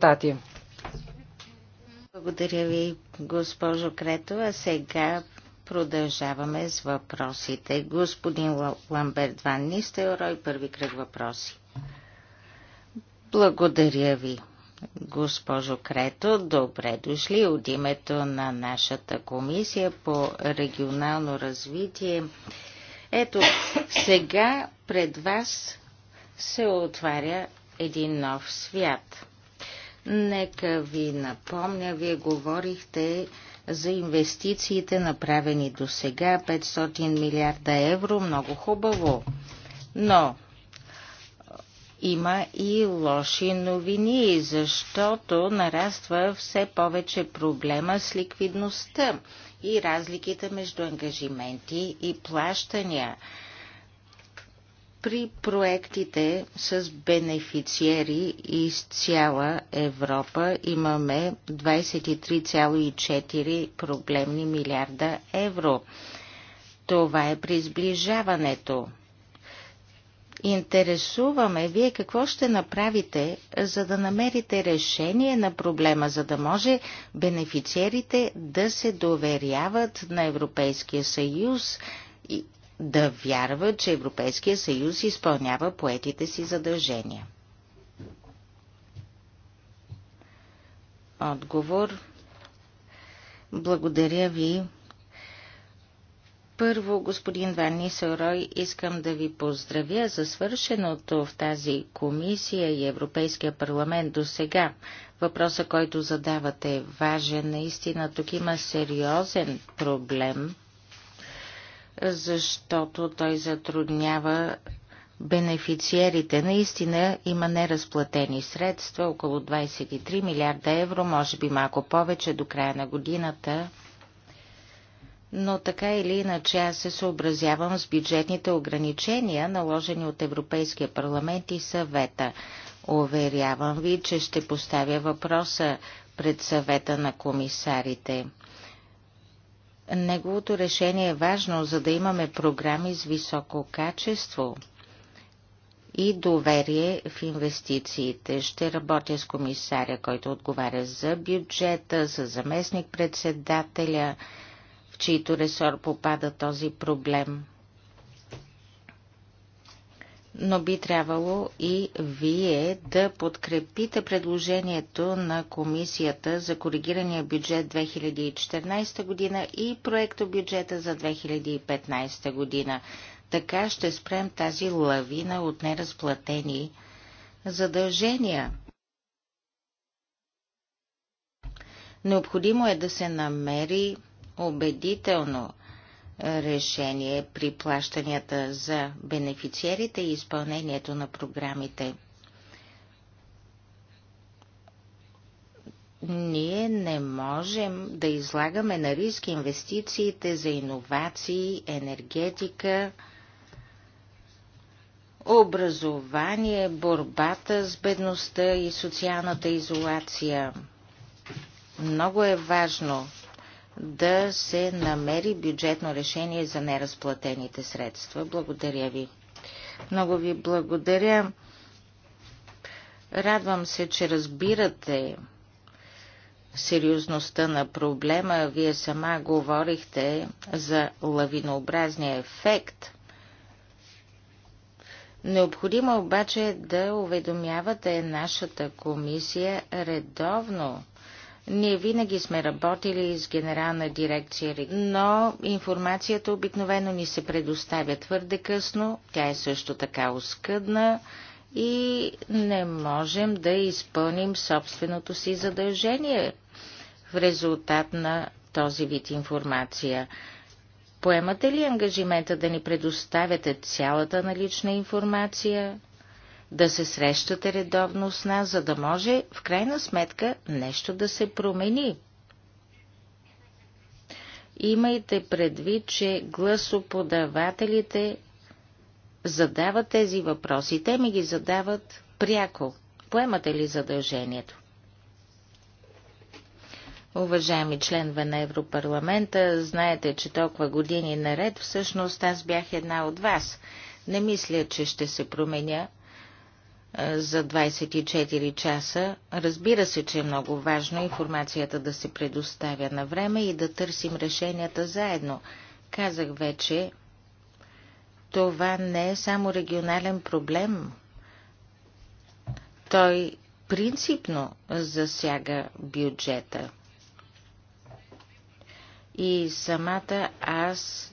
депутати. Благодаря ви, госпожо Кретова. Сега продължаваме с въпросите. Господин Ламберт Ван Рой, първи кръг въпроси. Благодаря ви, госпожо Крето. Добре дошли от името на нашата комисия по регионално развитие. Ето, сега пред вас се отваря един нов свят. Нека ви напомня, вие говорихте за инвестициите, направени до сега 500 милиарда евро. Много хубаво. Но има и лоши новини, защото нараства все повече проблема с ликвидността и разликите между ангажименти и плащания при проектите с бенефициери из цяла Европа имаме 23,4 проблемни милиарда евро. Това е при сближаването. Интересуваме вие какво ще направите, за да намерите решение на проблема, за да може бенефициерите да се доверяват на Европейския съюз да вярват, че Европейския съюз изпълнява поетите си задължения. Отговор. Благодаря ви. Първо, господин Ван Нисълрой, искам да ви поздравя за свършеното в тази комисия и Европейския парламент до сега. Въпросът, който задавате е важен. Наистина, тук има сериозен проблем – защото той затруднява бенефициерите. Наистина има неразплатени средства, около 23 милиарда евро, може би малко повече до края на годината. Но така или иначе аз се съобразявам с бюджетните ограничения, наложени от Европейския парламент и съвета. Уверявам ви, че ще поставя въпроса пред съвета на комисарите. Неговото решение е важно, за да имаме програми с високо качество и доверие в инвестициите. Ще работя с комисаря, който отговаря за бюджета, за заместник-председателя, в чийто ресор попада този проблем – но би трябвало и вие да подкрепите предложението на Комисията за коригирания бюджет 2014 година и проекто бюджета за 2015 година. Така ще спрем тази лавина от неразплатени задължения. Необходимо е да се намери убедително решение при плащанията за бенефициерите и изпълнението на програмите. Ние не можем да излагаме на риск инвестициите за иновации, енергетика, образование, борбата с бедността и социалната изолация. Много е важно да се намери бюджетно решение за неразплатените средства. Благодаря ви. Много ви благодаря. Радвам се, че разбирате сериозността на проблема. Вие сама говорихте за лавинообразния ефект. Необходимо обаче да уведомявате нашата комисия редовно ние винаги сме работили с генерална дирекция, но информацията обикновено ни се предоставя твърде късно, тя е също така оскъдна и не можем да изпълним собственото си задължение в резултат на този вид информация. Поемате ли ангажимента да ни предоставяте цялата налична информация? да се срещате редовно с нас, за да може в крайна сметка нещо да се промени. Имайте предвид, че гласоподавателите задават тези въпроси. Те ми ги задават пряко. Поемате ли задължението? Уважаеми членове на Европарламента, знаете, че толкова години наред всъщност аз бях една от вас. Не мисля, че ще се променя за 24 часа. Разбира се, че е много важно информацията да се предоставя на време и да търсим решенията заедно. Казах вече, това не е само регионален проблем. Той принципно засяга бюджета. И самата аз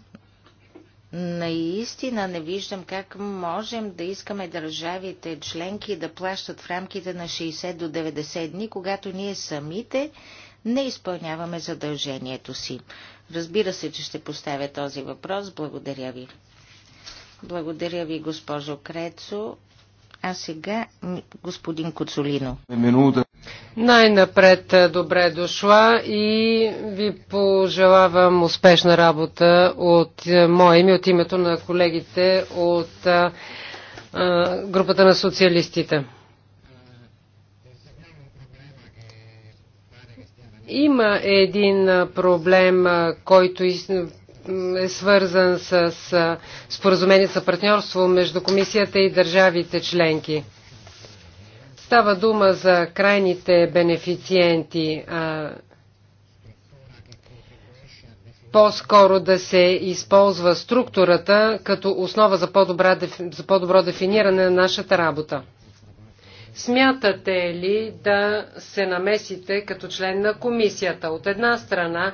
Наистина не виждам как можем да искаме държавите членки да плащат в рамките на 60 до 90 дни, когато ние самите не изпълняваме задължението си. Разбира се, че ще поставя този въпрос. Благодаря ви. Благодаря ви, госпожо Крецо. А сега господин Коцолино. Минута. Най-напред е, добре дошла и ви пожелавам успешна работа от е, мое име, от името на колегите от а, е, групата на социалистите. Има един проблем, който е свързан с споразумение за партньорство между комисията и държавите членки. Става дума за крайните бенефициенти, по-скоро да се използва структурата като основа за, по-добра, за по-добро дефиниране на нашата работа. Смятате ли да се намесите като член на комисията? От една страна,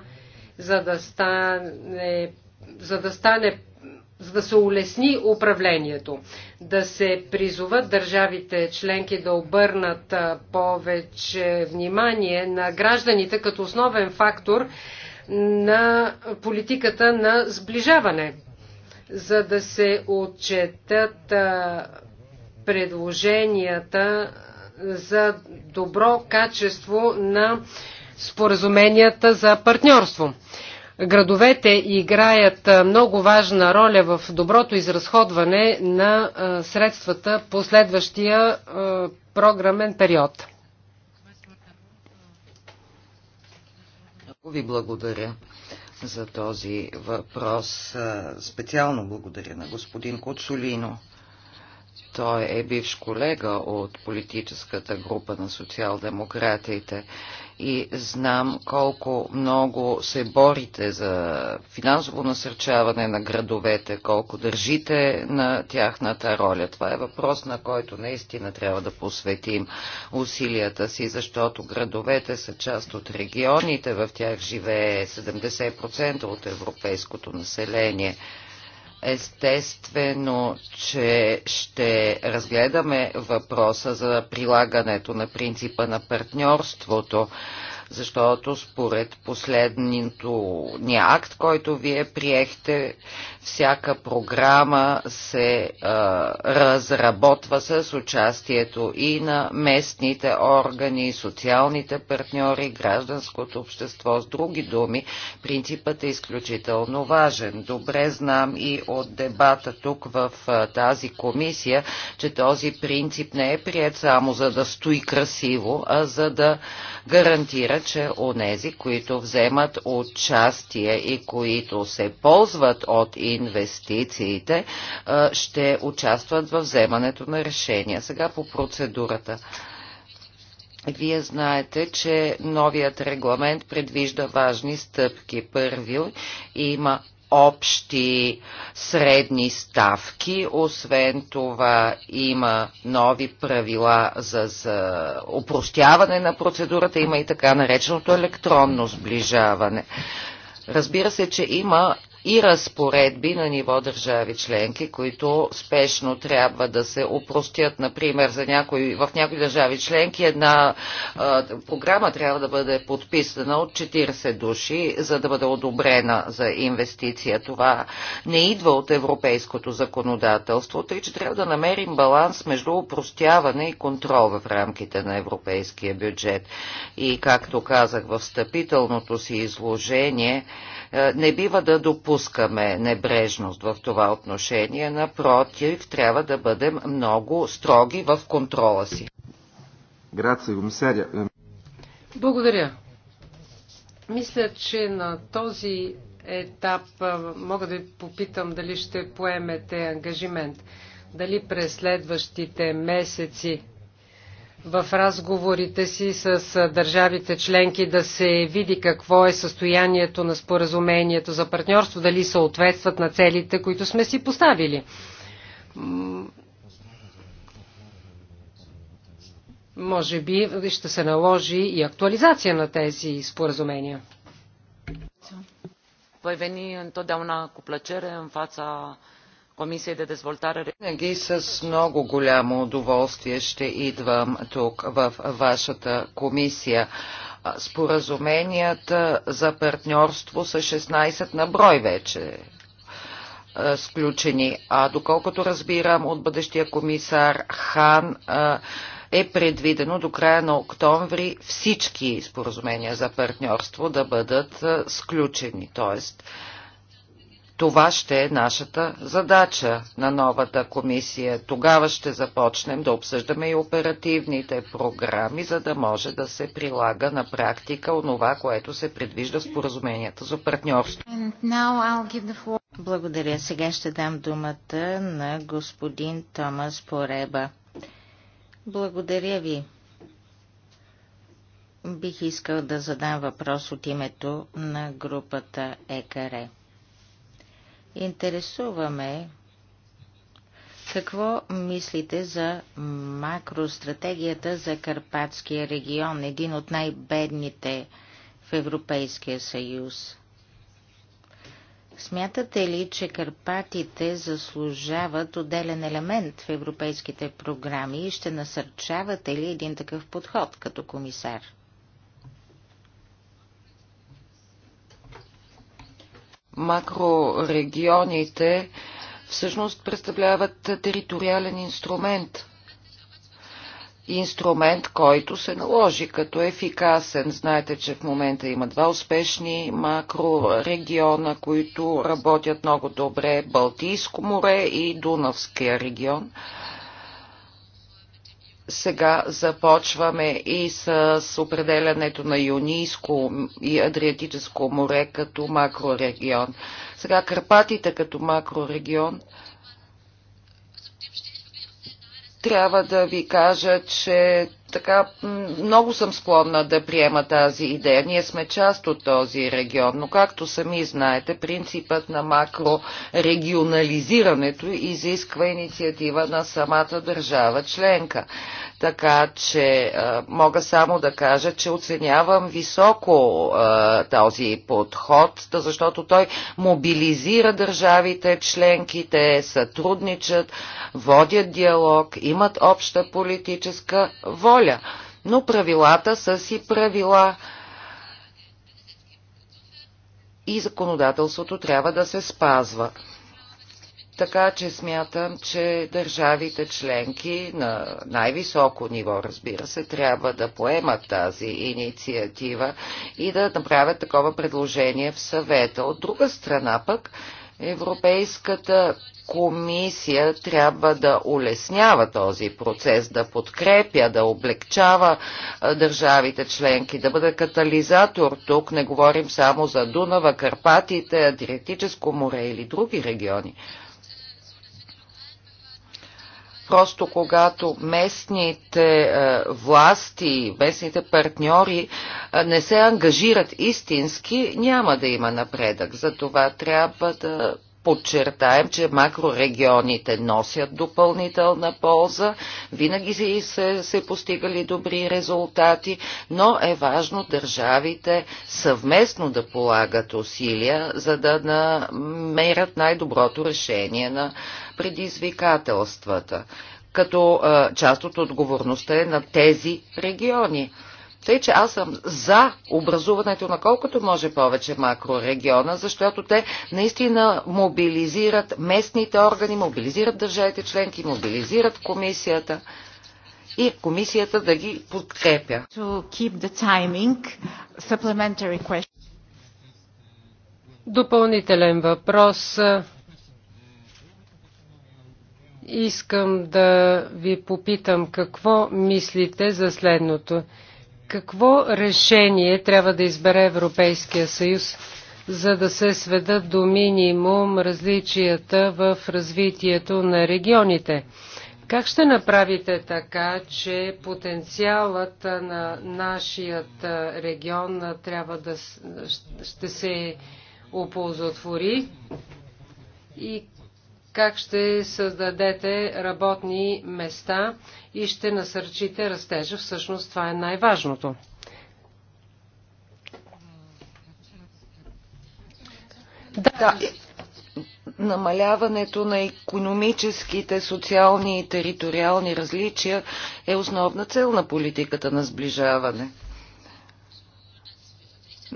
за да стане, за да стане за да се улесни управлението, да се призоват държавите членки да обърнат повече внимание на гражданите като основен фактор на политиката на сближаване, за да се отчетат предложенията за добро качество на споразуменията за партньорство градовете играят много важна роля в доброто изразходване на средствата по следващия програмен период. Много ви благодаря за този въпрос. Специално благодаря на господин Коцулино. Той е бивш колега от политическата група на социал-демократите и знам колко много се борите за финансово насърчаване на градовете, колко държите на тяхната роля. Това е въпрос, на който наистина трябва да посветим усилията си, защото градовете са част от регионите, в тях живее 70% от европейското население. Естествено, че ще разгледаме въпроса за прилагането на принципа на партньорството защото според последното ни акт, който вие приехте, всяка програма се а, разработва с участието и на местните органи, социалните партньори, гражданското общество. С други думи, принципът е изключително важен. Добре знам и от дебата тук в тази комисия, че този принцип не е прият само за да стои красиво, а за да гарантира, че онези, които вземат участие и които се ползват от инвестициите, ще участват в вземането на решения. Сега по процедурата. Вие знаете, че новият регламент предвижда важни стъпки. Първи има общи средни ставки. Освен това има нови правила за, за упростяване на процедурата, има и така нареченото електронно сближаване. Разбира се, че има и разпоредби на ниво държави членки, които спешно трябва да се опростят. Например, за някой, в някои държави членки една а, програма трябва да бъде подписана от 40 души, за да бъде одобрена за инвестиция. Това не идва от европейското законодателство, тъй че трябва да намерим баланс между опростяване и контрол в рамките на европейския бюджет. И както казах в встъпителното си изложение, е, не бива да допускаме небрежност в това отношение. Напротив, трябва да бъдем много строги в контрола си. Благодаря. Мисля, че на този етап е, мога да ви попитам дали ще поемете ангажимент. Дали през следващите месеци в разговорите си с държавите членки да се види какво е състоянието на споразумението за партньорство, дали съответстват на целите, които сме си поставили. Може би ще се наложи и актуализация на тези споразумения. Voi veni întotdeauna cu plăcere în fața Комисия за дezvoltare. Винаги с много голямо удоволствие ще идвам тук в вашата комисия. Споразуменията за партньорство са 16 на брой вече сключени. А доколкото разбирам от бъдещия комисар Хан, е предвидено до края на октомври всички споразумения за партньорство да бъдат сключени. Тоест, това ще е нашата задача на новата комисия. Тогава ще започнем да обсъждаме и оперативните програми, за да може да се прилага на практика онова, което се предвижда в споразуменията за партньорство. Благодаря. Сега ще дам думата на господин Томас Пореба. Благодаря ви. Бих искал да задам въпрос от името на групата ЕКАРЕ. Интересуваме какво мислите за макростратегията за Карпатския регион, един от най-бедните в Европейския съюз? Смятате ли, че Карпатите заслужават отделен елемент в европейските програми и ще насърчавате ли един такъв подход като комисар? макрорегионите всъщност представляват териториален инструмент. Инструмент, който се наложи като ефикасен. Знаете, че в момента има два успешни макрорегиона, които работят много добре. Балтийско море и Дунавския регион сега започваме и с определянето на Юнийско и Адриатическо море като макрорегион. Сега Карпатите като макрорегион трябва да ви кажа, че така много съм склонна да приема тази идея. Ние сме част от този регион, но както сами знаете, принципът на макрорегионализирането изисква инициатива на самата държава членка. Така че а, е, мога само да кажа, че оценявам високо а, е, този подход, защото той мобилизира държавите, членките, сътрудничат, водят диалог, имат обща политическа воля воля, но правилата са си правила и законодателството трябва да се спазва. Така че смятам, че държавите членки на най-високо ниво, разбира се, трябва да поемат тази инициатива и да направят такова предложение в съвета. От друга страна пък, Европейската комисия трябва да улеснява този процес, да подкрепя, да облегчава държавите членки, да бъде катализатор. Тук не говорим само за Дунава, Карпатите, Адриатическо море или други региони. Просто когато местните е, власти, местните партньори е, не се ангажират истински, няма да има напредък. Затова трябва да подчертаем, че макрорегионите носят допълнителна полза, винаги се, се, се постигали добри резултати, но е важно държавите съвместно да полагат усилия, за да намерят най-доброто решение на предизвикателствата, като а, част от отговорността е на тези региони. Тъй, че аз съм за образуването на колкото може повече макрорегиона, защото те наистина мобилизират местните органи, мобилизират държавите членки, мобилизират комисията и комисията да ги подкрепя. Timing, Допълнителен въпрос Искам да ви попитам какво мислите за следното. Какво решение трябва да избере Европейския съюз, за да се сведат до минимум различията в развитието на регионите? Как ще направите така, че потенциалът на нашият регион трябва да ще се оползотвори? И как ще създадете работни места и ще насърчите растежа. Всъщност това е най-важното. Да, намаляването на економическите, социални и териториални различия е основна цел на политиката на сближаване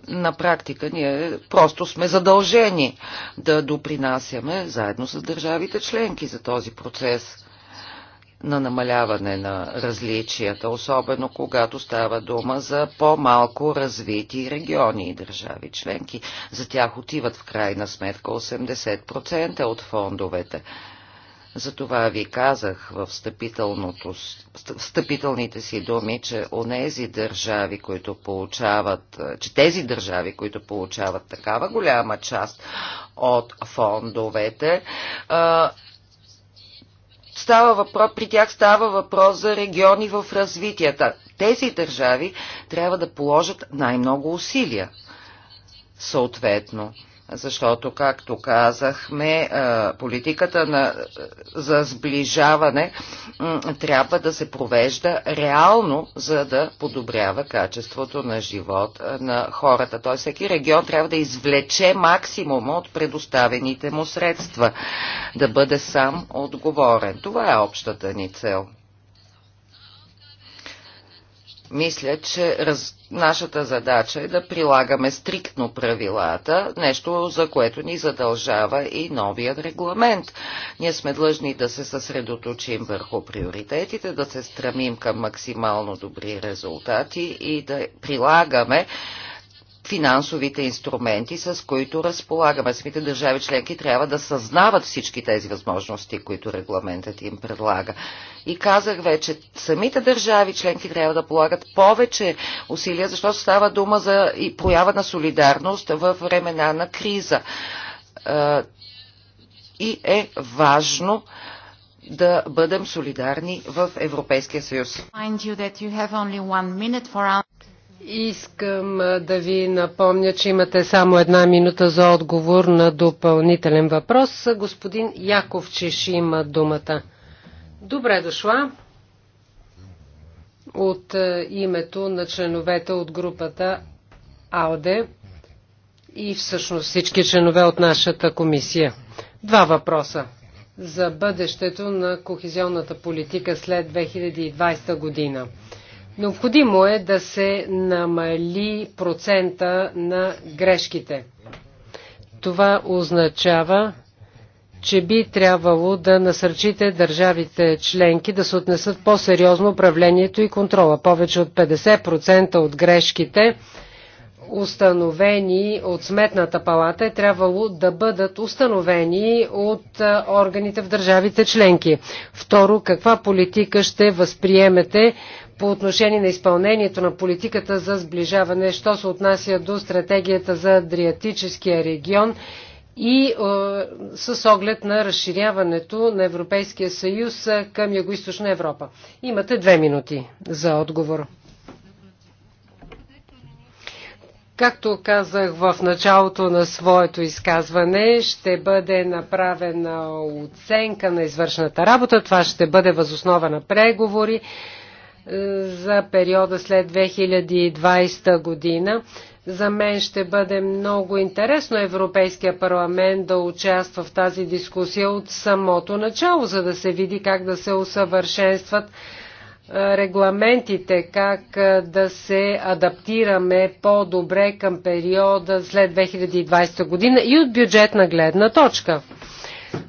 на практика ние просто сме задължени да допринасяме заедно с държавите членки за този процес на намаляване на различията, особено когато става дума за по-малко развити региони и държави членки. За тях отиват в крайна сметка 80% от фондовете. Затова ви казах в встъпителните си думи, че онези държави, които получават, че тези държави, които получават такава голяма част от фондовете, става въпрос, при тях става въпрос за региони в развитията. Тези държави трябва да положат най-много усилия. Съответно, защото, както казахме, е, политиката на, за сближаване трябва да се провежда реално, за да подобрява качеството на живот е, на хората. Тоест, всеки регион трябва да извлече максимума от предоставените му средства, да бъде сам отговорен. Това е общата ни цел. Мисля, че раз, Нашата задача е да прилагаме стриктно правилата, нещо за което ни задължава и новият регламент. Ние сме длъжни да се съсредоточим върху приоритетите, да се стремим към максимално добри резултати и да прилагаме финансовите инструменти, с които разполагаме. Самите държави членки трябва да съзнават всички тези възможности, които регламентът им предлага. И казах вече, самите държави членки трябва да полагат повече усилия, защото става дума за и проява на солидарност в времена на криза. И е важно да бъдем солидарни в Европейския съюз. Искам да ви напомня, че имате само една минута за отговор на допълнителен въпрос. Господин Яков Чеш има думата. Добре дошла от името на членовете от групата АОДЕ и всъщност всички членове от нашата комисия. Два въпроса за бъдещето на кохезионната политика след 2020 година. Необходимо е да се намали процента на грешките. Това означава, че би трябвало да насърчите държавите членки да се отнесат по-сериозно управлението и контрола. Повече от 50% от грешките, установени от Сметната палата, е трябвало да бъдат установени от органите в държавите членки. Второ, каква политика ще възприемете по отношение на изпълнението на политиката за сближаване, що се отнася до стратегията за Адриатическия регион и е, с оглед на разширяването на Европейския съюз е, към Юго-Источна Европа. Имате две минути за отговор. Както казах в началото на своето изказване, ще бъде направена оценка на извършната работа. Това ще бъде възоснова на преговори за периода след 2020 година. За мен ще бъде много интересно Европейския парламент да участва в тази дискусия от самото начало, за да се види как да се усъвършенстват регламентите, как да се адаптираме по-добре към периода след 2020 година и от бюджетна гледна точка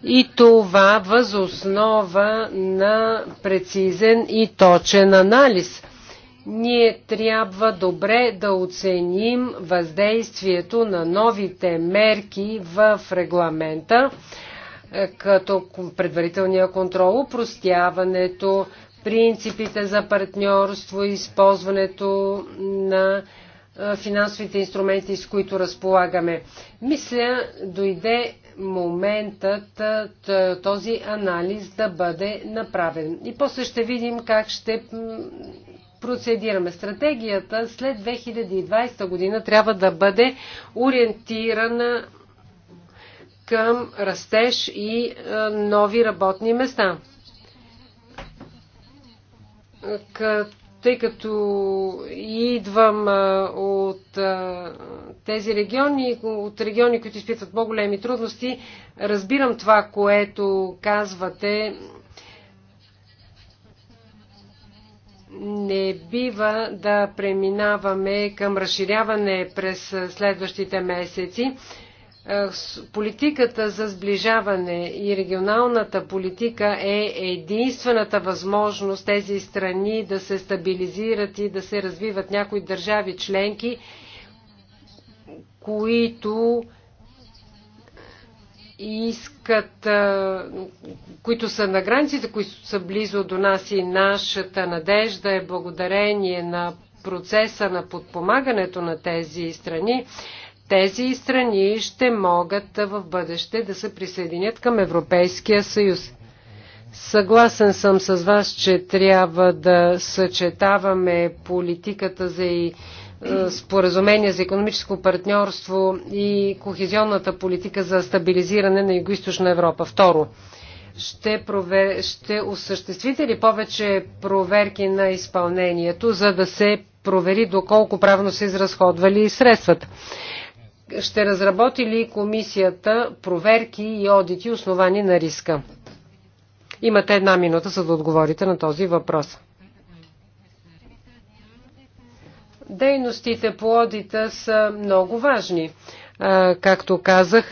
и това възоснова на прецизен и точен анализ. Ние трябва добре да оценим въздействието на новите мерки в регламента, е, като предварителния контрол, упростяването, принципите за партньорство, използването на е, финансовите инструменти, с които разполагаме. Мисля, дойде моментът този анализ да бъде направен. И после ще видим как ще процедираме. Стратегията след 2020 година трябва да бъде ориентирана към растеж и нови работни места. Като тъй като идвам от тези региони, от региони, които изпитват по-големи трудности, разбирам това, което казвате. Не бива да преминаваме към разширяване през следващите месеци. Е, политиката за сближаване и регионалната политика е единствената възможност тези страни да се стабилизират и да се развиват някои държави членки, които искат, е, които са на границите, които са близо до нас и нашата надежда е благодарение на процеса на подпомагането на тези страни тези страни ще могат в бъдеще да се присъединят към Европейския съюз. Съгласен съм с вас, че трябва да съчетаваме политиката за и е, споразумение за економическо партньорство и кохезионната политика за стабилизиране на Юго-Источна Европа. Второ, ще, провер... ще осъществите ли повече проверки на изпълнението, за да се провери доколко правно са изразходвали средствата? ще разработи ли комисията проверки и одити основани на риска? Имате една минута, за да отговорите на този въпрос. Дейностите по одита са много важни. Както казах,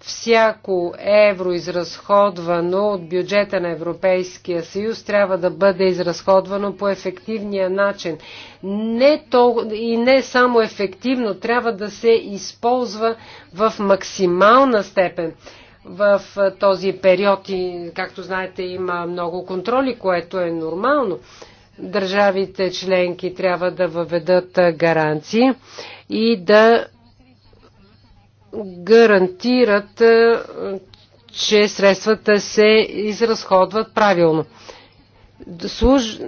всяко евро изразходвано от бюджета на Европейския съюз трябва да бъде изразходвано по ефективния начин. Не то, и не само ефективно, трябва да се използва в максимална степен. В този период, и, както знаете, има много контроли, което е нормално. Държавите членки трябва да въведат гаранции и да гарантират, е, че средствата се изразходват правилно. Служ...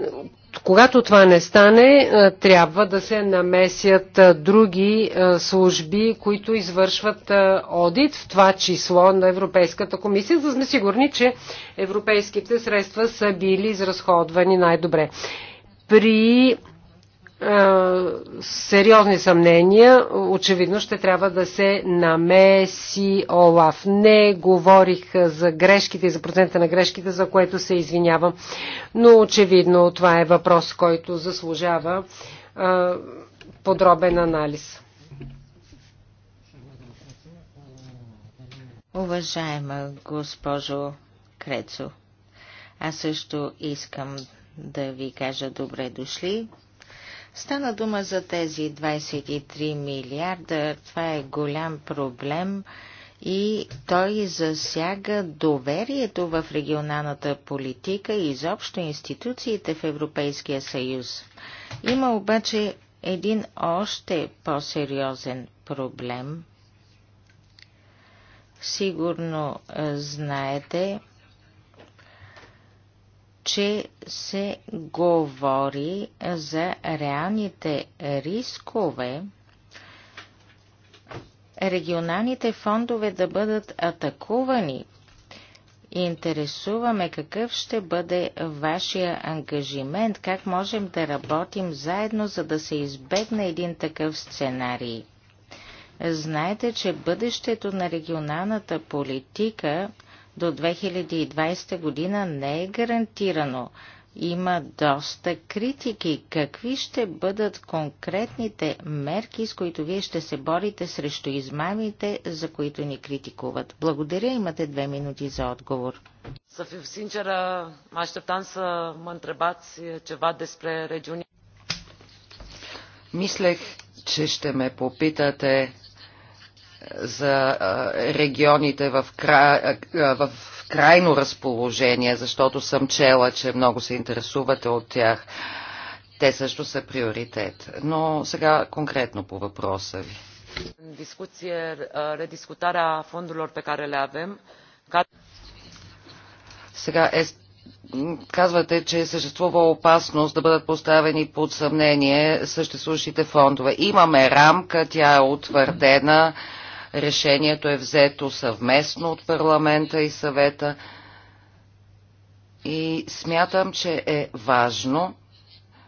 Когато това не стане, е, трябва да се намесят е, други служби, които извършват одит, в това число на Европейската комисия, за да сме сигурни, че европейските средства са били изразходвани най-добре. При е, сериозни съмнения, очевидно ще трябва да се намеси Олаф. Не говорих за грешките и за процента на грешките, за което се извинявам, но очевидно това е въпрос, който заслужава е, подробен анализ. Уважаема госпожо Крецо, аз също искам да ви кажа добре дошли Стана дума за тези 23 милиарда. Това е голям проблем и той засяга доверието в регионалната политика и изобщо институциите в Европейския съюз. Има обаче един още по-сериозен проблем. Сигурно знаете, че се говори за реалните рискове регионалните фондове да бъдат атакувани. Интересуваме какъв ще бъде вашия ангажимент, как можем да работим заедно, за да се избегне един такъв сценарий. Знаете, че бъдещето на регионалната политика – до 2020 година не е гарантирано. Има доста критики. Какви ще бъдат конкретните мерки, с които вие ще се борите срещу измамите, за които ни критикуват? Благодаря, имате две минути за отговор. Să fiu sinceră, așteptam să mă întrebați ceva despre regiunea. Мислех, че ще ме попитате за регионите в, кра... в крайно разположение, защото съм чела, че много се интересувате от тях. Те също са приоритет. Но сега конкретно по въпроса ви. Сега е, казвате, че съществува опасност да бъдат поставени под съмнение съществуващите фондове. Имаме рамка, тя е утвърдена. Mm-hmm Решението е взето съвместно от парламента и съвета и смятам, че е важно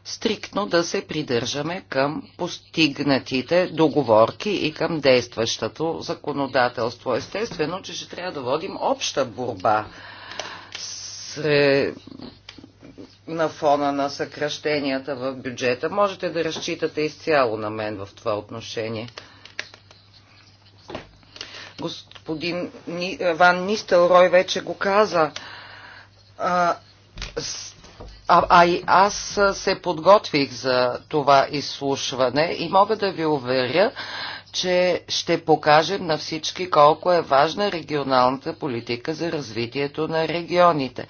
стриктно да се придържаме към постигнатите договорки и към действащото законодателство. Естествено, че ще трябва да водим обща борба с, на фона на съкръщенията в бюджета. Можете да разчитате изцяло на мен в това отношение. Господин Ван Нистелрой вече го каза. А, а, а и аз се подготвих за това изслушване и мога да ви уверя, че ще покажем на всички колко е важна регионалната политика за развитието на регионите.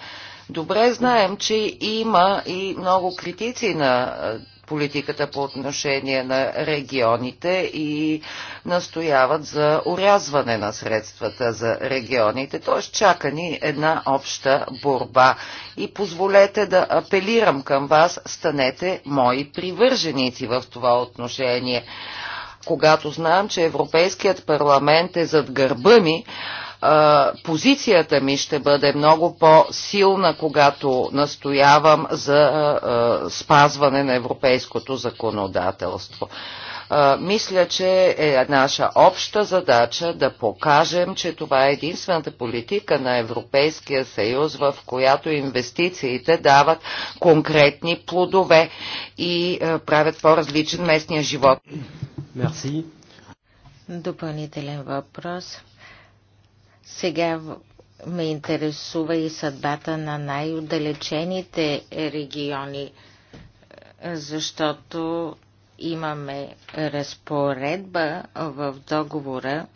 Добре знаем, че има и много критици на политиката по отношение на регионите и настояват за урязване на средствата за регионите. Т.е. чака ни една обща борба. И позволете да апелирам към вас, станете мои привърженици в това отношение. Когато знам, че Европейският парламент е зад гърба ми, позицията ми ще бъде много по-силна, когато настоявам за спазване на европейското законодателство. Мисля, че е наша обща задача да покажем, че това е единствената политика на Европейския съюз, в която инвестициите дават конкретни плодове и правят по-различен местния живот. Мерси. Допълнителен въпрос. Сега ме интересува и съдбата на най-отдалечените региони, защото имаме разпоредба в договора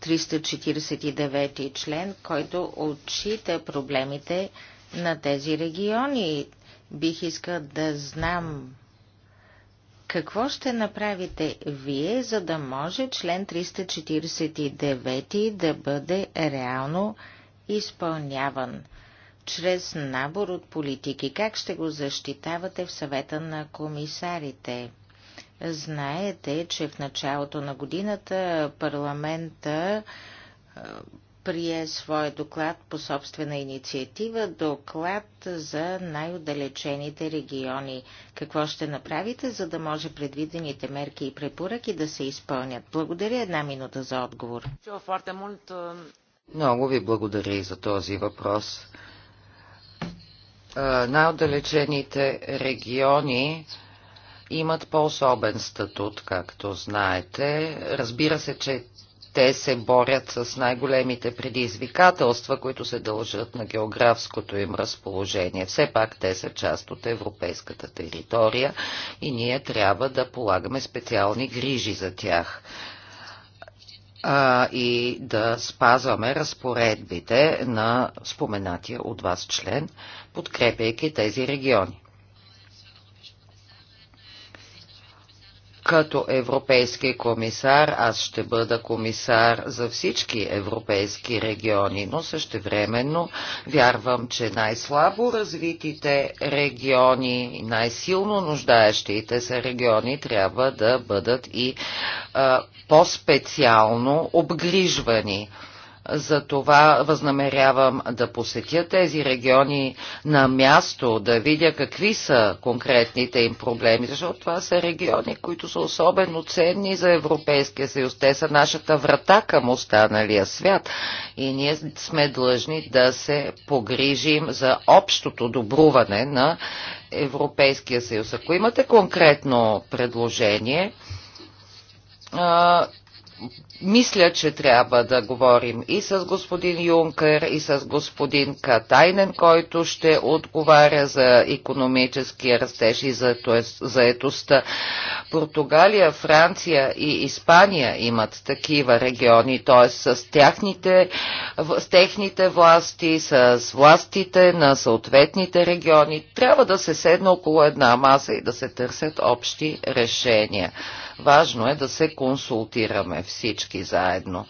349 член, който отчита проблемите на тези региони. Бих искал да знам какво ще направите вие, за да може член 349 да бъде реално изпълняван? Чрез набор от политики. Как ще го защитавате в съвета на комисарите? Знаете, че в началото на годината парламента прие своя доклад по собствена инициатива, доклад за най-отдалечените региони. Какво ще направите, за да може предвидените мерки и препоръки да се изпълнят? Благодаря една минута за отговор. Много ви благодаря и за този въпрос. Най-отдалечените региони имат по-особен статут, както знаете. Разбира се, че те се борят с най-големите предизвикателства, които се дължат на географското им разположение. Все пак те са част от европейската територия и ние трябва да полагаме специални грижи за тях а, и да спазваме разпоредбите на споменатия от вас член, подкрепяйки тези региони. Като европейски комисар аз ще бъда комисар за всички европейски региони, но същевременно вярвам, че най-слабо развитите региони, най-силно нуждаещите се региони трябва да бъдат и по-специално обгрижвани. За това възнамерявам да посетя тези региони на място, да видя какви са конкретните им проблеми, защото това са региони, които са особено ценни за Европейския съюз. Те са нашата врата към останалия свят и ние сме длъжни да се погрижим за общото добруване на Европейския съюз. Ако имате конкретно предложение, мисля, че трябва да говорим и с господин Юнкер, и с господин Катайнен, който ще отговаря за економическия растеж и за е, заетостта. Португалия, Франция и Испания имат такива региони, т.е. с техните, с техните власти, с властите на съответните региони. Трябва да се седне около една маса и да се търсят общи решения. Важно е да се консултираме всички всички заедно.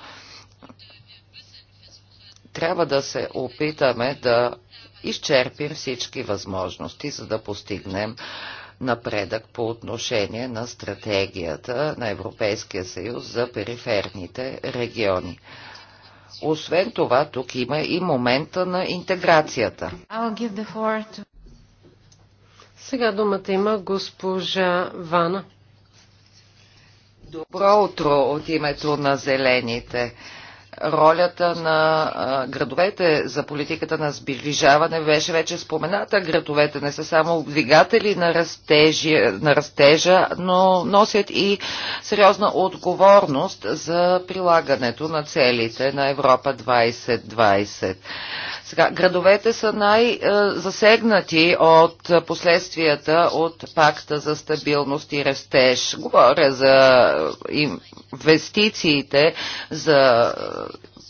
Трябва да се опитаме да изчерпим всички възможности, за да постигнем напредък по отношение на стратегията на Европейския съюз за периферните региони. Освен това, тук има и момента на интеграцията. To... Сега думата има госпожа Вана. Добро утро от името на зелените. Ролята на градовете за политиката на сближаване беше вече спомената. Градовете не са само двигатели на, растежи, на растежа, но носят и сериозна отговорност за прилагането на целите на Европа 2020. Сега, градовете са най-засегнати от последствията от пакта за стабилност и растеж. Говоря за инвестициите, за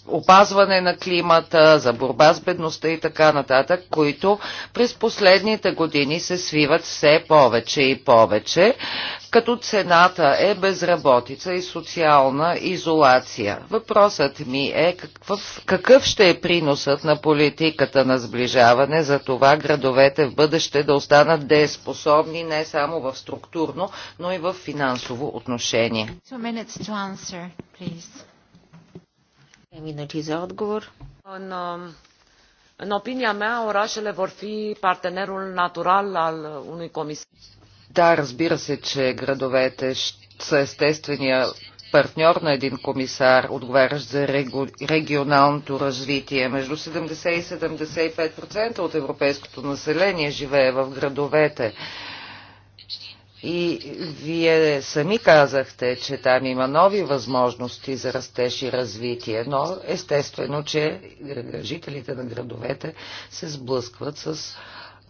опазване на климата, за борба с бедността и така нататък, които през последните години се свиват все повече и повече, като цената е безработица и социална изолация. Въпросът ми е какъв, какъв ще е приносът на политиката на сближаване за това градовете в бъдеще да останат дееспособни не само в структурно, но и в финансово отношение. Two Минути за отговор. În opinia mea, orașele vor fi partenerul natural al unui comisar. Да, разбира се, че градовете са естествения партньор на един комисар, отговарящ за регионалното развитие. Между 70 и 75% от европейското население живее в градовете. И вие сами казахте, че там има нови възможности за растеж и развитие, но естествено, че жителите на градовете се сблъскват с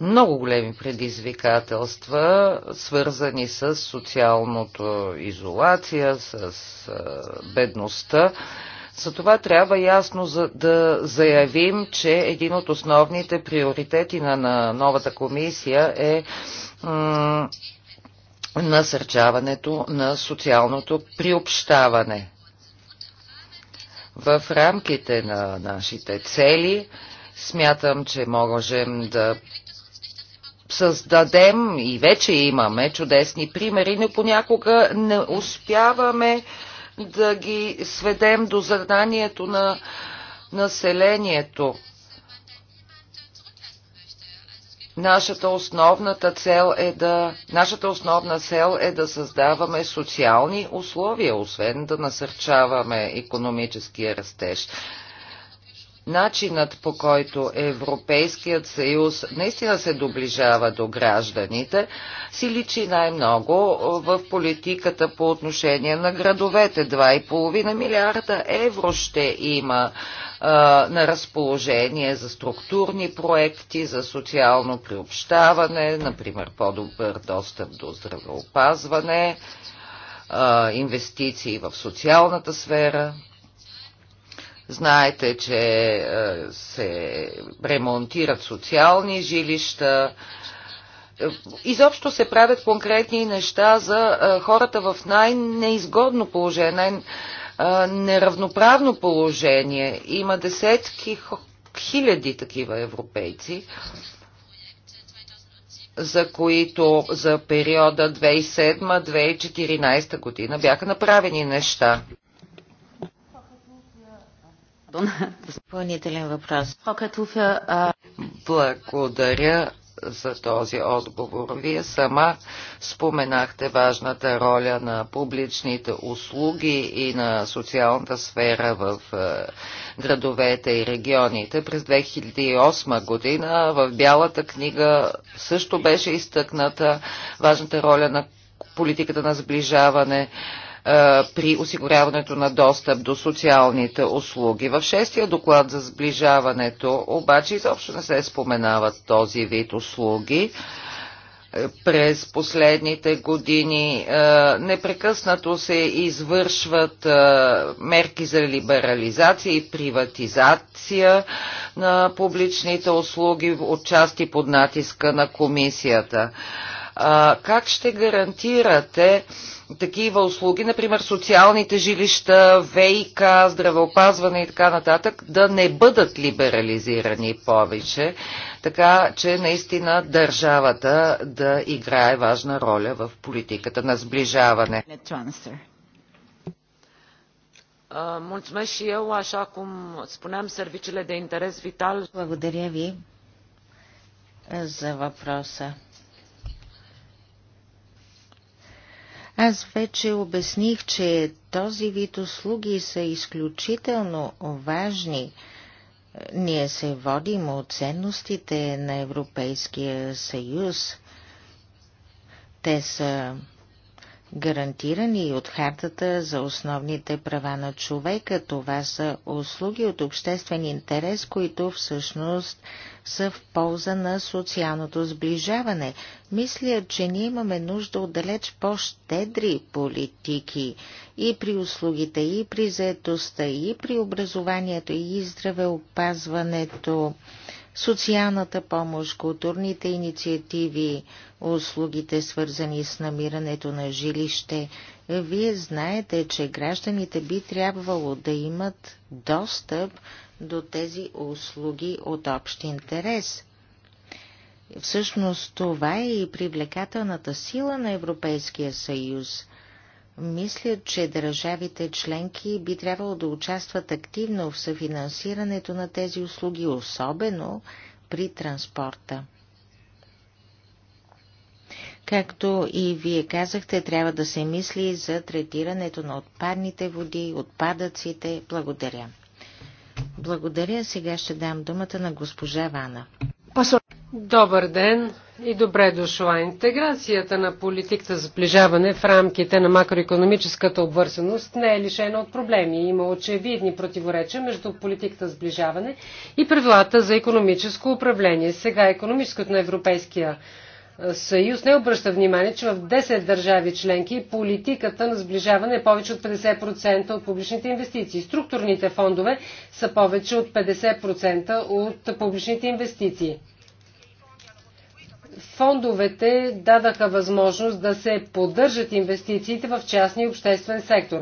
много големи предизвикателства, свързани с социалното изолация, с бедността. Затова трябва ясно да заявим, че един от основните приоритети на новата комисия е насърчаването на социалното приобщаване. В рамките на нашите цели смятам, че можем да създадем и вече имаме чудесни примери, но понякога не успяваме да ги сведем до заданието на населението. Нашата, основната цел е да, нашата основна цел е да създаваме социални условия, освен да насърчаваме економическия растеж начинът по който Европейският съюз наистина се доближава до гражданите, си личи най-много в политиката по отношение на градовете. 2,5 милиарда евро ще има а, на разположение за структурни проекти, за социално приобщаване, например по-добър достъп до здравеопазване, а, инвестиции в социалната сфера. Знаете, че е, се ремонтират социални жилища. Е, изобщо се правят конкретни неща за е, хората в най-неизгодно положение, най-неравноправно положение. Има десетки хиляди такива европейци, за които за периода 2007-2014 година бяха направени неща. Допълнителен въпрос. Благодаря за този отговор. Вие сама споменахте важната роля на публичните услуги и на социалната сфера в градовете и регионите. През 2008 година в Бялата книга също беше изтъкната важната роля на политиката на сближаване е, при осигуряването на достъп до социалните услуги. В шестия доклад за сближаването обаче изобщо не се споменават този вид услуги е, през последните години. Е, непрекъснато се извършват мерки за либерализация и приватизация на публичните услуги от части под натиска на комисията. Как ще гарантирате такива услуги, например социалните жилища, ВИК, здравеопазване и така нататък, да не бъдат либерализирани повече, така че наистина държавата да играе важна роля в политиката на сближаване. Mulțumesc și eu, așa cum spuneam, serviciile de интерес Витал Благодаря ви за въпроса. Аз вече обясних, че този вид услуги са изключително важни. Ние се водим от ценностите на Европейския съюз. Те са гарантирани и от Хартата за основните права на човека. Това са услуги от обществен интерес, които всъщност са в полза на социалното сближаване. Мисля, че ние имаме нужда от далеч по-щедри политики и при услугите, и при заетостта, и при образованието, и здравеопазването. опазването социалната помощ, културните инициативи, услугите свързани с намирането на жилище. Вие знаете, че гражданите би трябвало да имат достъп до тези услуги от общ интерес. Всъщност това е и привлекателната сила на Европейския съюз – мисля, че държавите членки би трябвало да участват активно в съфинансирането на тези услуги, особено при транспорта. Както и вие казахте, трябва да се мисли за третирането на отпадните води, отпадъците. Благодаря. Благодаря. Сега ще дам думата на госпожа Вана. Добър ден и добре дошла. Интеграцията на политиката за сближаване в рамките на макроекономическата обвързаност не е лишена от проблеми. Има очевидни противоречия между политиката за сближаване и правилата за економическо управление. Сега економическото на Европейския съюз не обръща внимание, че в 10 държави членки политиката на сближаване е повече от 50% от публичните инвестиции. Структурните фондове са повече от 50% от публичните инвестиции фондовете дадаха възможност да се поддържат инвестициите в частния и обществен сектор.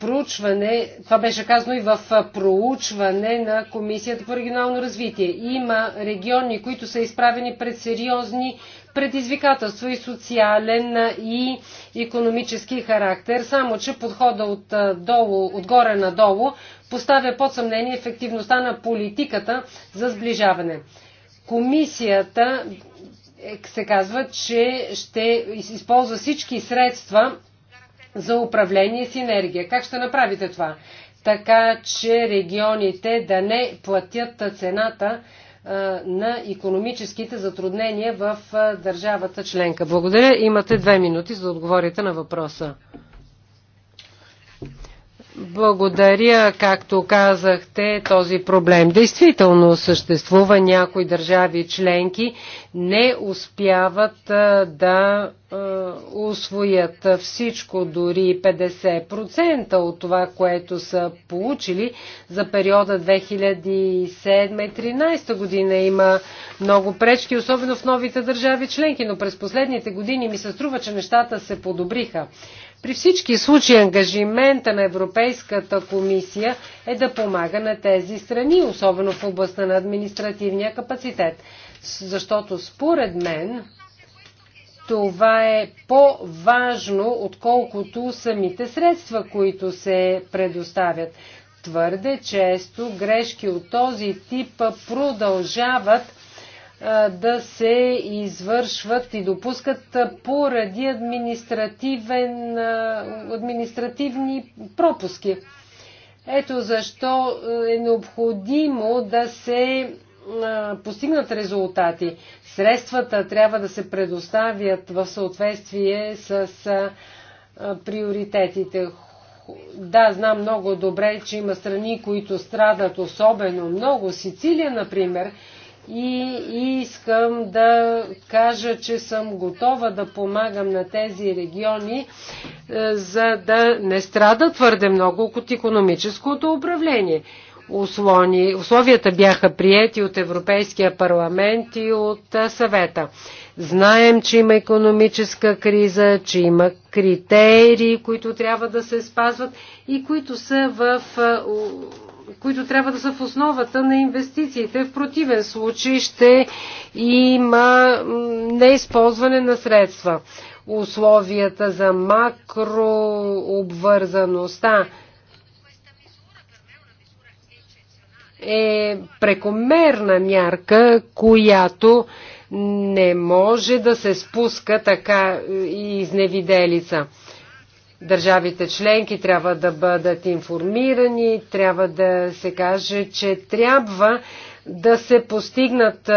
Проучване, това беше казано и в проучване на Комисията по регионално развитие. Има региони, които са изправени пред сериозни предизвикателства и социален и економически характер, само че подхода от долу, отгоре надолу поставя под съмнение ефективността на политиката за сближаване. Комисията е, се казва, че ще използва всички средства за управление и синергия. Как ще направите това? Така, че регионите да не платят цената на економическите затруднения в държавата членка. Благодаря. Имате две минути за да отговорите на въпроса. Благодаря, както казахте, този проблем. Действително съществува някои държави членки не успяват да освоят всичко, дори 50% от това, което са получили за периода 2007-2013 година. Има много пречки, особено в новите държави членки, но през последните години ми се струва, че нещата се подобриха. При всички случаи ангажимента на Европейската комисия е да помага на тези страни, особено в областта на административния капацитет. Защото според мен това е по-важно, отколкото самите средства, които се предоставят. Твърде често грешки от този тип продължават да се извършват и допускат поради административен, административни пропуски. Ето защо е, е необходимо да се постигнат резултати. Средствата трябва да се предоставят в съответствие с приоритетите. Да, знам много добре, че има страни, които страдат особено много. Сицилия, например, и искам да кажа, че съм готова да помагам на тези региони, е, за да не страда твърде много от економическото управление. Услони, условията бяха приети от Европейския парламент и от е, съвета. Знаем, че има економическа криза, че има критерии, които трябва да се спазват и които са в е, които трябва да са в основата на инвестициите. В противен случай ще има неизползване на средства. Условията за макрообвързаността е прекомерна мярка, която не може да се спуска така и е, изневиделица. Държавите членки трябва да бъдат информирани, трябва да се каже, че трябва да се постигнат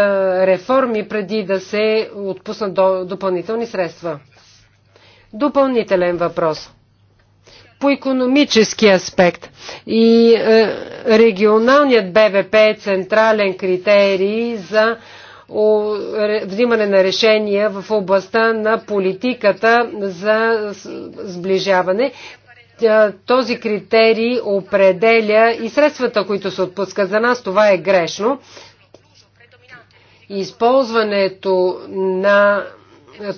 реформи преди да се отпуснат допълнителни средства. Допълнителен въпрос по економически аспект и регионалният БВП е централен критерий за взимане на решения в областта на политиката за сближаване. Този критерий определя и средствата, които се отпускат за нас. Това е грешно. Използването на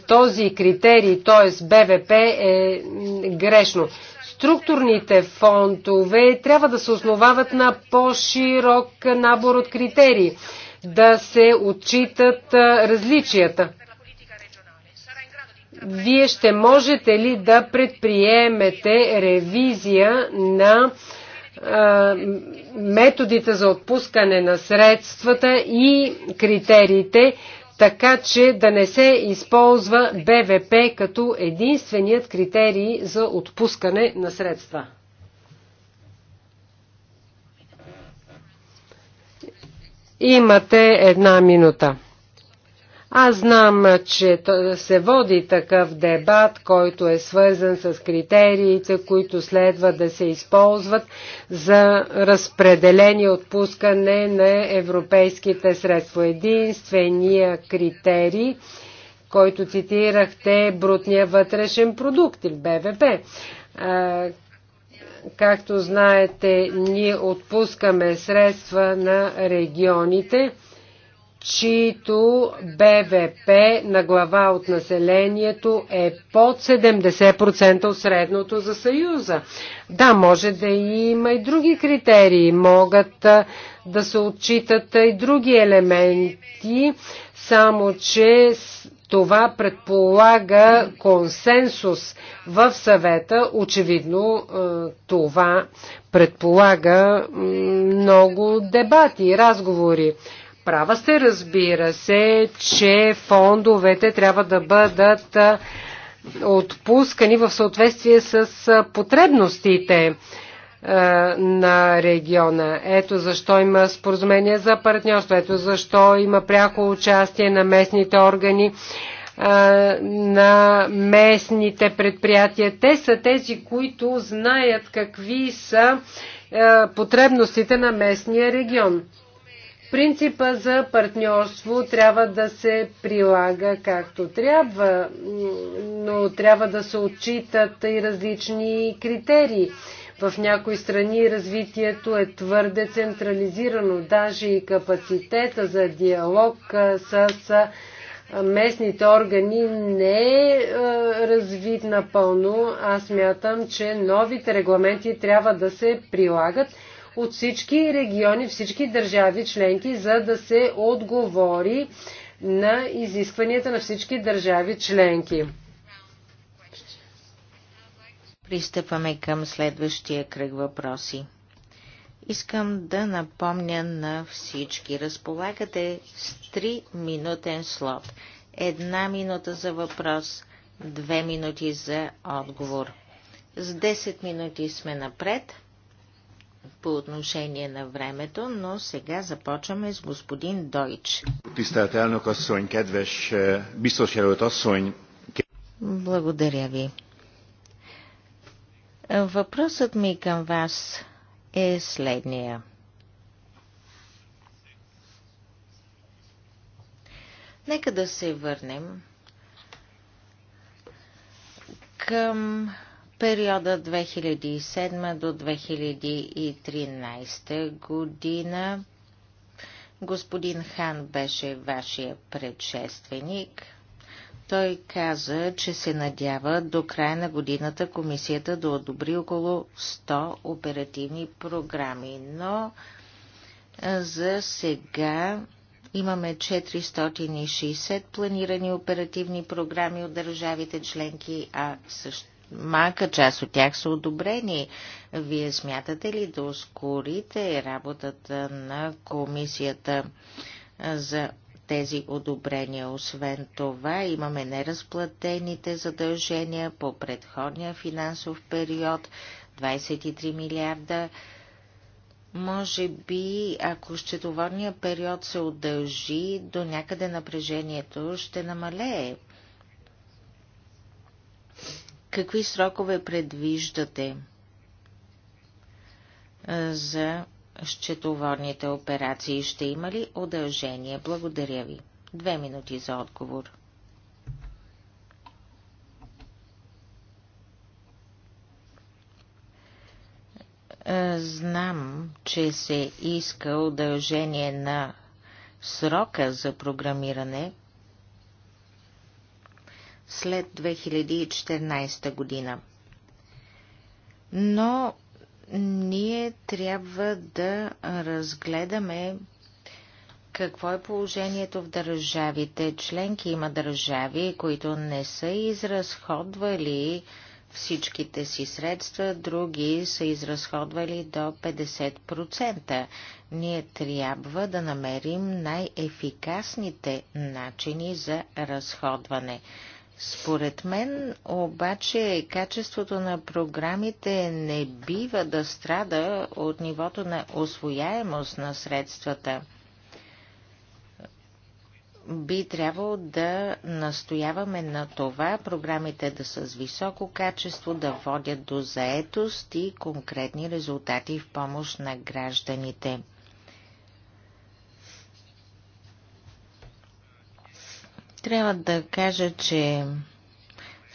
този критерий, т.е. БВП, е грешно. Структурните фондове трябва да се основават на по-широк набор от критерии да се отчитат различията. Вие ще можете ли да предприемете ревизия на методите за отпускане на средствата и критериите, така че да не се използва БВП като единственият критерий за отпускане на средства. Имате една минута. Аз знам, че се води такъв дебат, който е свързан с критериите, които следва да се използват за разпределение отпускане на европейските средства. Единствения критерий, който цитирахте, е брутния вътрешен продукт или БВП Както знаете, ние отпускаме средства на регионите, чието БВП на глава от населението е под 70% от средното за Съюза. Да, може да има и други критерии, могат да се отчитат и други елементи, само че това предполага консенсус в съвета. Очевидно е, това предполага много дебати и разговори. Права сте, разбира се, че фондовете трябва да бъдат е, отпускани в съответствие с е, потребностите е, на региона. Ето защо има споразумение за партньорство, ето защо има пряко участие на местните органи, е, на местните предприятия. Те са тези, които знаят какви са е, потребностите на местния регион. Принципа за партньорство трябва да се прилага както трябва, но трябва да се отчитат и различни критерии в някои страни развитието е твърде централизирано, даже и капацитета за диалог с местните органи не е развит напълно. Аз мятам, че новите регламенти трябва да се прилагат от всички региони, всички държави членки, за да се отговори на изискванията на всички държави членки. Пристъпваме към следващия кръг въпроси. Искам да напомня на всички. Разполагате с 3-минутен слот. Една минута за въпрос, две минути за отговор. С 10 минути сме напред по отношение на времето, но сега започваме с господин Дойч. Е, Благодаря ви. Въпросът ми към вас е следния. Нека да се върнем към периода 2007 до 2013 година. Господин Хан беше вашия предшественик – той каза, че се надява до края на годината комисията да одобри около 100 оперативни програми, но за сега имаме 460 планирани оперативни програми от държавите членки, а също малка част от тях са одобрени. Вие смятате ли да ускорите работата на комисията за тези одобрения. Освен това, имаме неразплатените задължения по предходния финансов период 23 милиарда. Може би, ако счетоводният период се удължи, до някъде напрежението ще намалее. Какви срокове предвиждате за счетоводните операции. Ще има ли удължение? Благодаря ви. Две минути за отговор. Е, знам, че се иска удължение на срока за програмиране след 2014 година. Но ние трябва да разгледаме какво е положението в държавите членки. Има държави, които не са изразходвали всичките си средства, други са изразходвали до 50%. Ние трябва да намерим най-ефикасните начини за разходване. Според мен обаче качеството на програмите не бива да страда от нивото на освояемост на средствата. Би трябвало да настояваме на това програмите да са с високо качество, да водят до заетост и конкретни резултати в помощ на гражданите. Трябва да кажа, че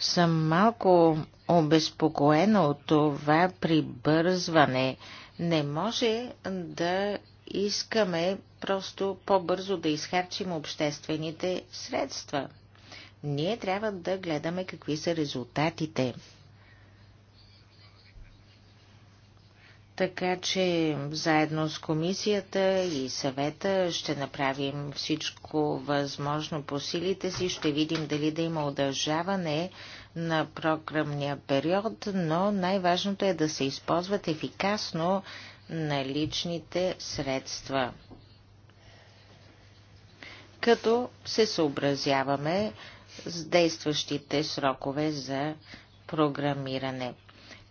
съм малко обезпокоена от това прибързване. Не може да искаме просто по-бързо да изхарчим обществените средства. Ние трябва да гледаме какви са резултатите. Така че заедно с комисията и съвета ще направим всичко възможно по силите си. Ще видим дали да има удължаване на програмния период, но най-важното е да се използват ефикасно наличните средства. Като се съобразяваме с действащите срокове за програмиране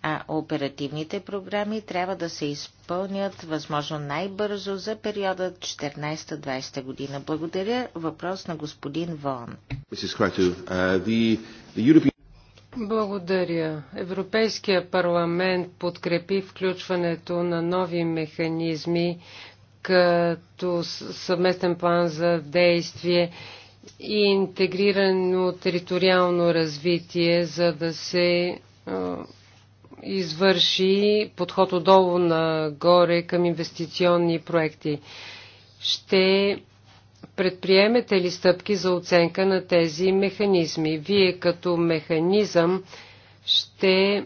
а оперативните програми трябва да се изпълнят възможно най-бързо за периода 14-20 година. Благодаря. Въпрос на господин Вон. Благодаря. Европейския парламент подкрепи включването на нови механизми като съвместен план за действие и интегрирано териториално развитие, за да се извърши подход отдолу нагоре към инвестиционни проекти. Ще предприемете ли стъпки за оценка на тези механизми? Вие като механизъм ще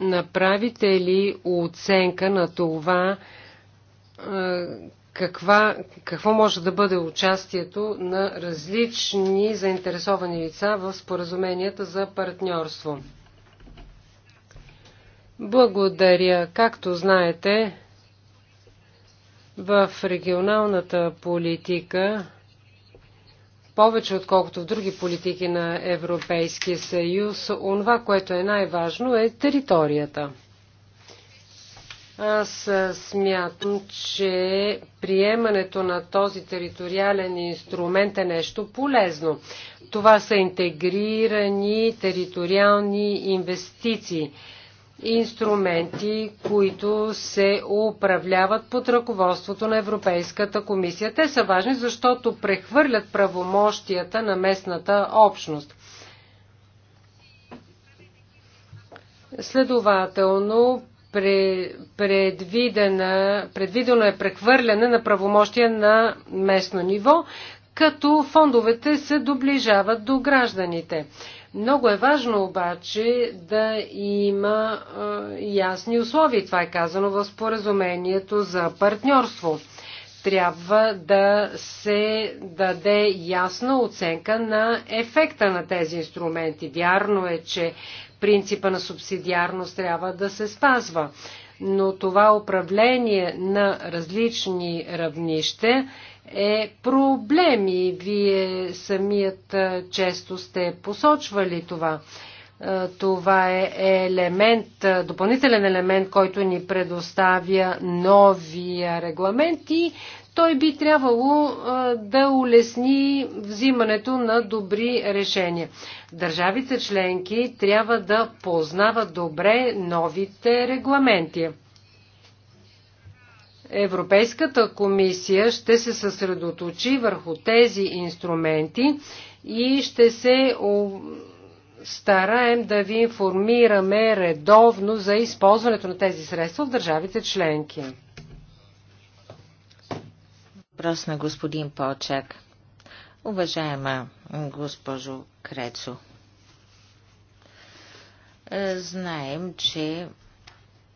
направите ли оценка на това каква, какво може да бъде участието на различни заинтересовани лица в споразуменията за партньорство? Благодаря. Както знаете, в регионалната политика, повече отколкото в други политики на Европейския съюз, онова, което е най-важно, е територията. Аз смятам, че приемането на този териториален инструмент е нещо полезно. Това са интегрирани териториални инвестиции инструменти, които се управляват под ръководството на Европейската комисия. Те са важни, защото прехвърлят правомощията на местната общност. Следователно, предвидено е прехвърляне на правомощия на местно ниво, като фондовете се доближават до гражданите. Много е важно обаче да има ясни условия. Това е казано в споразумението за партньорство трябва да се даде ясна оценка на ефекта на тези инструменти. Вярно е, че принципа на субсидиарност трябва да се спазва но това управление на различни равнища е проблем и вие самият често сте посочвали това. Това е елемент, допълнителен елемент, който ни предоставя новия регламент и той би трябвало да улесни взимането на добри решения. Държавите членки трябва да познават добре новите регламенти. Европейската комисия ще се съсредоточи върху тези инструменти и ще се стараем да ви информираме редовно за използването на тези средства в държавите членки въпрос на господин Почак. Уважаема госпожо Крецо, знаем, че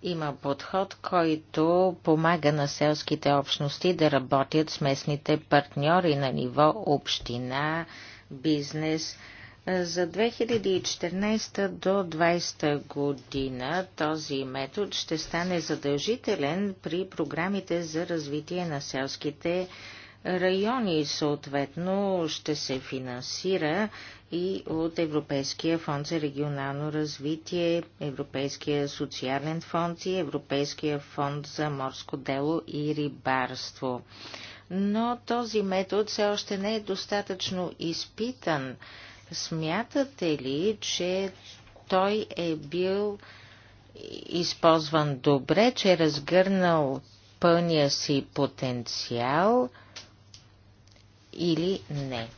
има подход, който помага на селските общности да работят с местните партньори на ниво община, бизнес, за 2014 до 2020 година този метод ще стане задължителен при програмите за развитие на селските райони. Съответно ще се финансира и от Европейския фонд за регионално развитие, Европейския социален фонд и Европейския фонд за морско дело и рибарство. Но този метод все още не е достатъчно изпитан Смятате ли, че той е бил използван добре, че е разгърнал пълния си потенциал или не?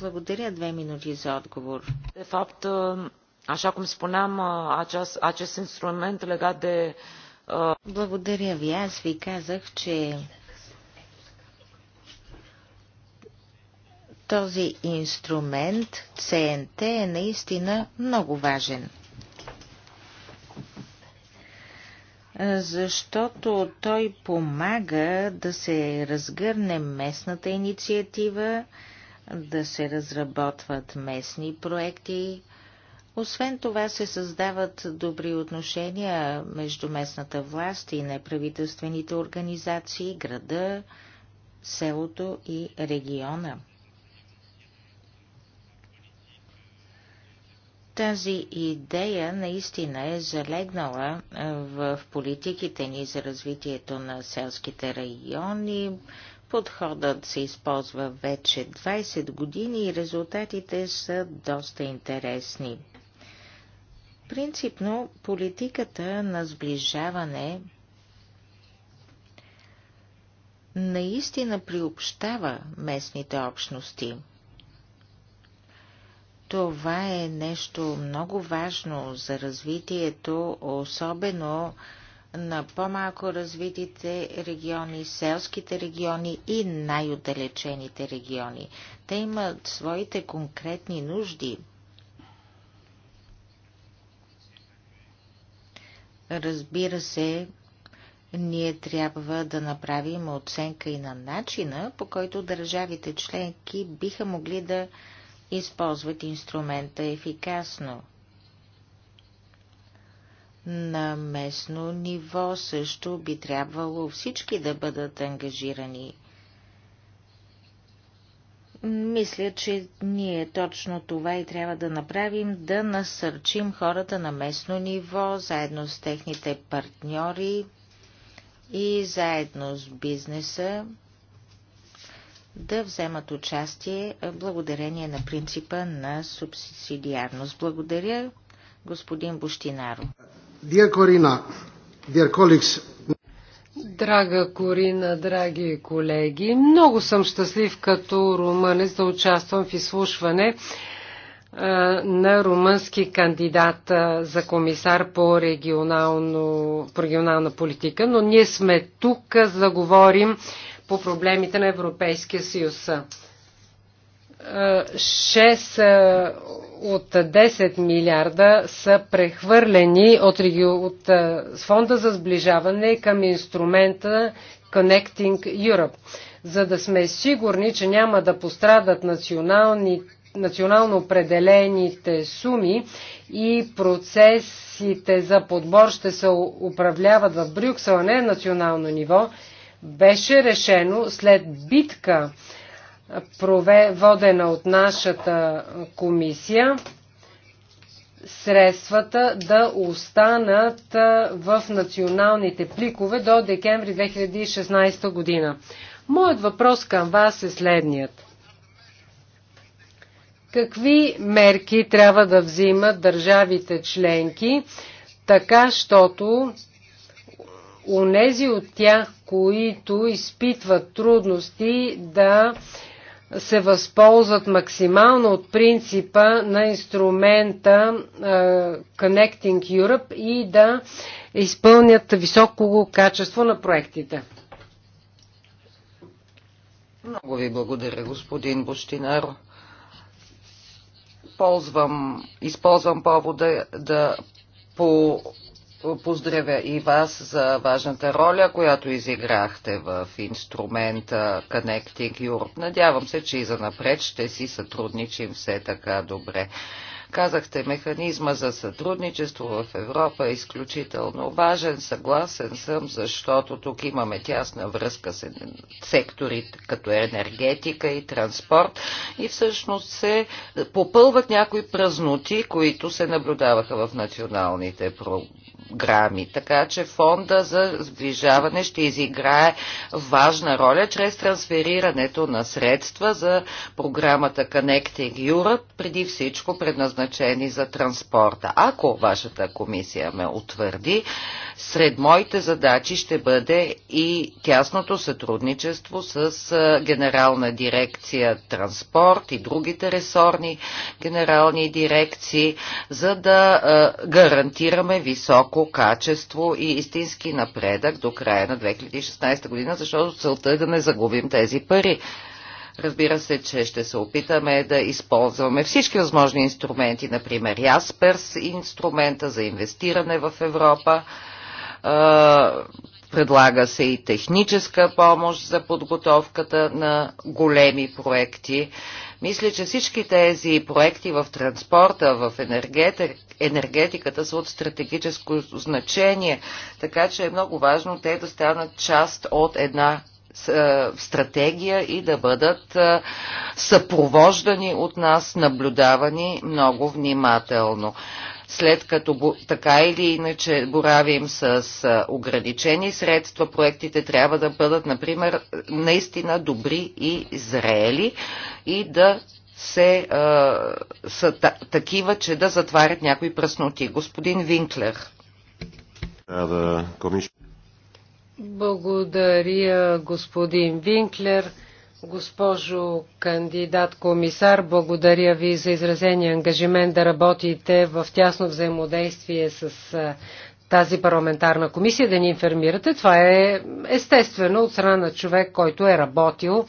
Благодаря две минути за отговор. De fapt, așa cum spuneam, acest, acest instrument legat de... Благодаря ви. Аз ви казах, че Този инструмент ЦНТ е наистина много важен. Защото той помага да се разгърне местната инициатива, да се разработват местни проекти. Освен това се създават добри отношения между местната власт и неправителствените организации, града, селото и региона. Тази идея наистина е залегнала в политиките ни за развитието на селските райони. Подходът се използва вече 20 години и резултатите са доста интересни. Принципно политиката на сближаване наистина приобщава местните общности – това е нещо много важно за развитието, особено на по-малко развитите региони, селските региони и най-отдалечените региони. Те имат своите конкретни нужди. Разбира се, ние трябва да направим оценка и на начина, по който държавите членки биха могли да използват инструмента ефикасно. На местно ниво също би трябвало всички да бъдат ангажирани. Мисля, че ние точно това и трябва да направим, да насърчим хората на местно ниво, заедно с техните партньори и заедно с бизнеса да вземат участие е, благодарение на принципа на субсидиарност. Благодаря, господин Буштинаро. Дия Корина, dear колекс... Драга Корина, драги колеги, много съм щастлив като румънец да участвам в изслушване е, на румънски кандидат е, за комисар по, регионално, по регионална политика, но ние сме тук за да говорим по проблемите на Европейския съюз. 6 е, е, от 10 милиарда са прехвърлени от, реги... от е, фонда за сближаване към инструмента Connecting Europe, за да сме сигурни, че няма да пострадат национални, национално определените суми и процесите за подбор ще се управляват в Брюксел, а не национално ниво беше решено след битка, водена от нашата комисия, средствата да останат в националните пликове до декември 2016 година. Моят въпрос към вас е следният. Какви мерки трябва да взимат държавите членки, така щото онези от тях, които изпитват трудности да се възползват максимално от принципа на инструмента Connecting Europe и да изпълнят високо качество на проектите. Много ви благодаря, господин Бощинаро. Ползвам, използвам повода да по поздравя и вас за важната роля, която изиграхте в инструмента Connecting Europe. Надявам се, че и за напред ще си сътрудничим все така добре. Казахте, механизма за сътрудничество в Европа е изключително важен. Съгласен съм, защото тук имаме тясна връзка с сектори като е енергетика и транспорт и всъщност се попълват някои празноти, които се наблюдаваха в националните програми програми. Така че фонда за сближаване ще изиграе важна роля чрез трансферирането на средства за програмата Connecting Europe, преди всичко предназначени за транспорта. Ако вашата комисия ме утвърди, сред моите задачи ще бъде и тясното сътрудничество с Генерална дирекция транспорт и другите ресорни генерални дирекции, за да гарантираме високо високо качество и истински напредък до края на 2016 година, защото целта е да не загубим тези пари. Разбира се, че ще се опитаме да използваме всички възможни инструменти, например Ясперс, инструмента за инвестиране в Европа. Предлага се и техническа помощ за подготовката на големи проекти. Мисля, че всички тези проекти в транспорта, в енергетиката са от стратегическо значение, така че е много важно те да станат част от една е, стратегия и да бъдат е, съпровождани от нас, наблюдавани много внимателно след като така или иначе боравим с ограничени средства, проектите трябва да бъдат, например, наистина добри и зрели и да се, а, са та, такива, че да затварят някои пръсноти. Господин Винклер. Благодаря, господин Винклер. Госпожо кандидат комисар, благодаря ви за изразения ангажимент да работите в тясно взаимодействие с тази парламентарна комисия, да ни информирате. Това е естествено от страна на човек, който е работил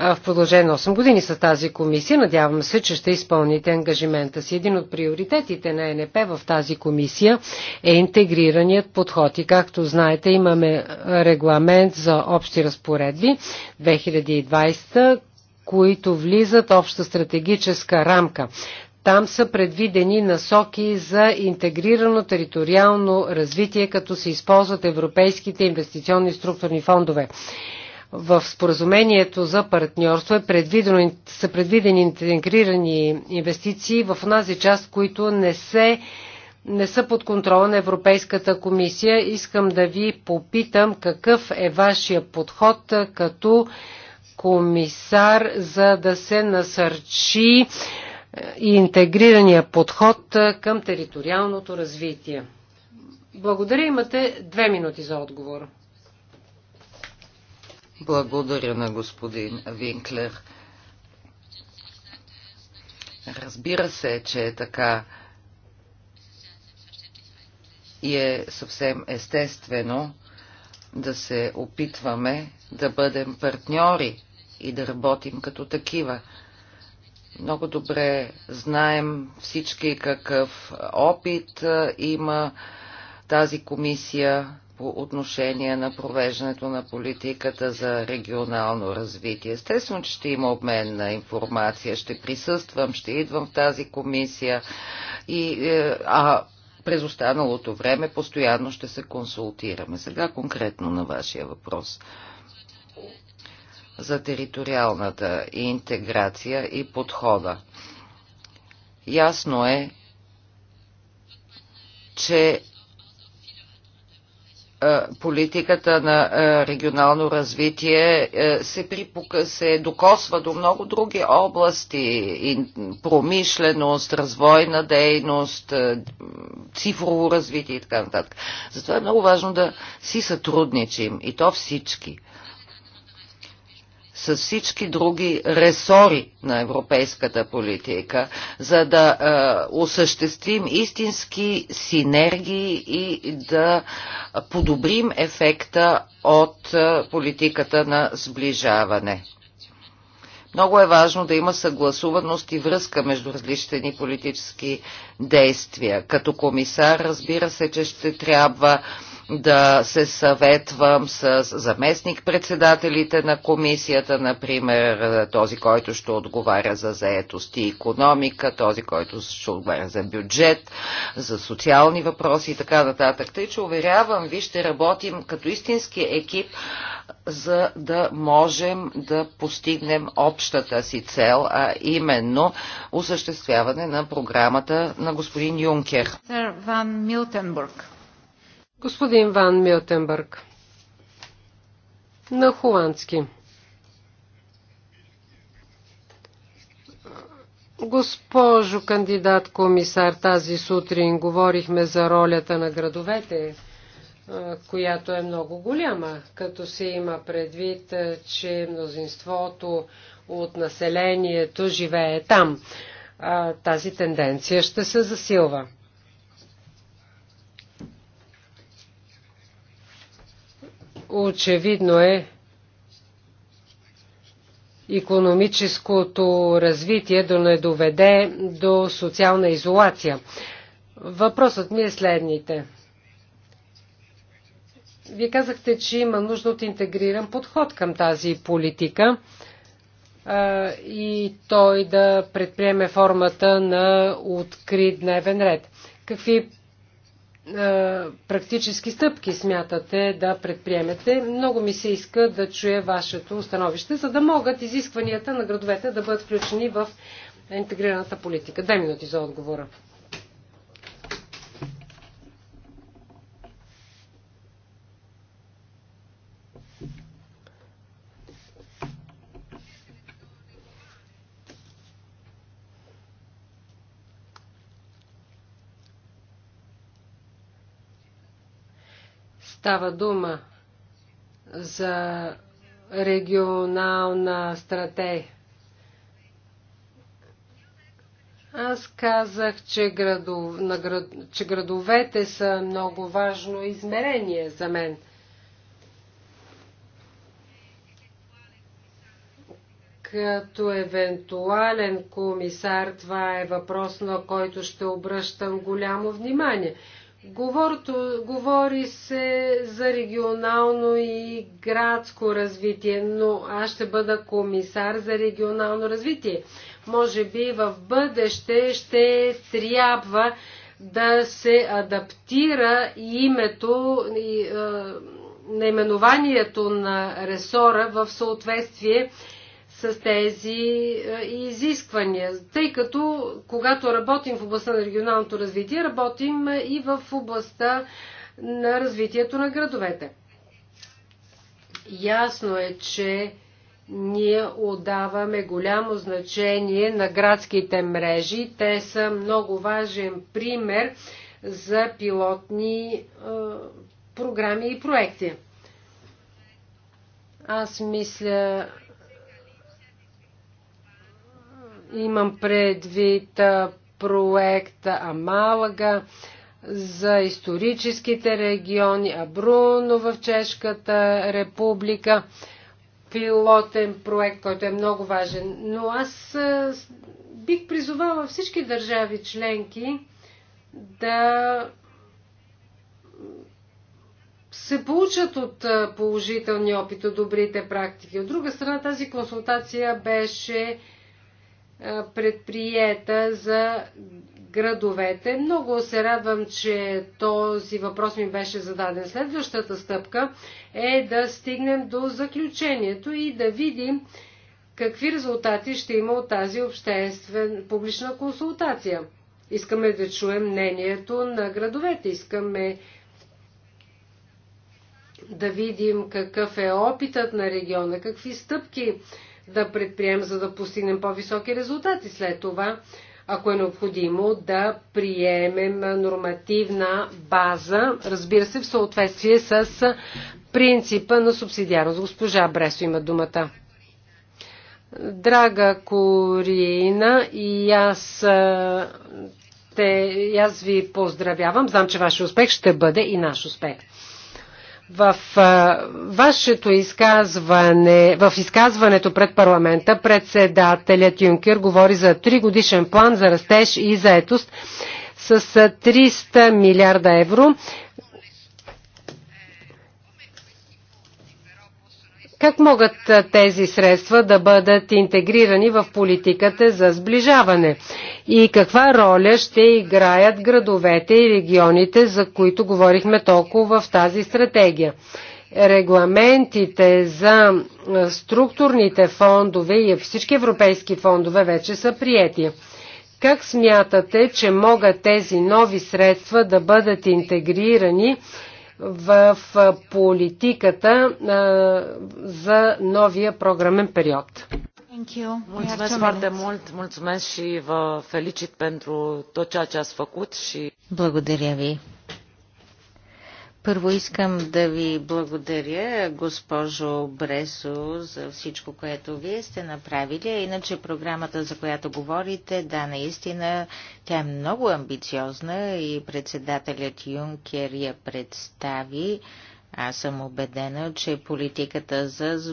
в продължение на 8 години с тази комисия. Надявам се, че ще изпълните ангажимента си. Един от приоритетите на ЕНП в тази комисия е интегрираният подход. И както знаете, имаме регламент за общи разпоредби 2020 които влизат в обща стратегическа рамка. Там са предвидени насоки за интегрирано териториално развитие, като се използват европейските инвестиционни структурни фондове. В споразумението за партньорство е предвидено, са предвидени интегрирани инвестиции в тази част, които не, се, не са под контрола на Европейската комисия. Искам да ви попитам какъв е вашия подход като комисар, за да се насърчи и интегрирания подход към териториалното развитие. Благодаря, имате две минути за отговор. Благодаря на господин Винклер. Разбира се, че е така и е съвсем естествено да се опитваме да бъдем партньори и да работим като такива. Много добре знаем всички какъв опит има тази комисия по отношение на провеждането на политиката за регионално развитие. Естествено, че ще има обмен на информация, ще присъствам, ще идвам в тази комисия, и, е, а през останалото време постоянно ще се консултираме. Сега конкретно на вашия въпрос за териториалната интеграция и подхода. Ясно е, че политиката на регионално развитие се, припука, се докосва до много други области промишленост, развойна дейност, цифрово развитие и така нататък. Затова е много важно да си сътрудничим и то всички с всички други ресори на европейската политика, за да е, осъществим истински синергии и да подобрим ефекта от е, политиката на сближаване. Много е важно да има съгласуваност и връзка между различните ни политически действия. Като комисар, разбира се, че ще трябва да се съветвам с заместник-председателите на комисията, например този, който ще отговаря за заетост и економика, този, който ще отговаря за бюджет, за социални въпроси и така нататък. Тъй, че уверявам ви, ще работим като истински екип, за да можем да постигнем общата си цел, а именно осъществяване на програмата на господин Юнкер. Ван Милтенбург. Господин Ван Милтенбърг. На холандски. Госпожо кандидат комисар, тази сутрин говорихме за ролята на градовете, която е много голяма, като се има предвид, че мнозинството от населението живее там. Тази тенденция ще се засилва. Очевидно е, економическото развитие да не доведе до социална изолация. Въпросът ми е следните. Вие казахте, че има нужда от интегриран подход към тази политика а, и той да предприеме формата на открит дневен ред. Какви е, практически стъпки смятате да предприемете. Много ми се иска да чуя вашето установище, за да могат изискванията на градовете да бъдат включени в интегрираната политика. Две минути за отговора. Става дума за регионална стратегия. Аз казах, че, градов, на град, че градовете са много важно измерение за мен. Като евентуален комисар, това е въпрос, на който ще обръщам голямо внимание. Говорто, говори се за регионално и градско развитие, но аз ще бъда комисар за регионално развитие. Може би в бъдеще ще трябва да се адаптира името и е, наименованието на ресора в съответствие с тези е, изисквания. Тъй като, когато работим в областта на регионалното развитие, работим е, и в областта на развитието на градовете. Ясно е, че ние отдаваме голямо значение на градските мрежи. Те са много важен пример за пилотни е, програми и проекти. Аз мисля, Имам предвид проекта Амалага за историческите региони Абруно в Чешката република. Пилотен проект, който е много важен. Но аз бих призовала всички държави членки да се получат от положителни опит, от добрите практики. От друга страна, тази консултация беше е, предприета за градовете. Много се радвам, че този въпрос ми беше зададен. Следващата стъпка е да стигнем до заключението и да видим какви резултати ще има от тази обществен публична консултация. Искаме да чуем мнението на градовете, искаме да видим какъв е опитът на региона, какви стъпки да предприемем, за да постигнем по-високи резултати. След това, ако е необходимо, да приемем нормативна база, разбира се, в съответствие с принципа на субсидиарност. Госпожа Бресо има думата. Драга Корина, и аз, те, аз ви поздравявам. Знам, че вашия успех ще бъде и наш успех в вашето изказване, в изказването пред парламента, председателят Юнкер говори за тригодишен план за растеж и заетост с 300 милиарда евро. Как могат тези средства да бъдат интегрирани в политиката за сближаване? И каква роля ще играят градовете и регионите, за които говорихме толкова в тази стратегия? Регламентите за структурните фондове и всички европейски фондове вече са прияти. Как смятате, че могат тези нови средства да бъдат интегрирани в политиката за новия програмен период. Mulțumesc foarte mult, mulțumesc și vă felicit pentru tot ceea ce ați făcut și Благодаря ви. Първо искам да ви благодаря, госпожо Бресо, за всичко, което вие сте направили. Иначе програмата, за която говорите, да, наистина, тя е много амбициозна и председателят Юнкер я представи. Аз съм убедена, че политиката за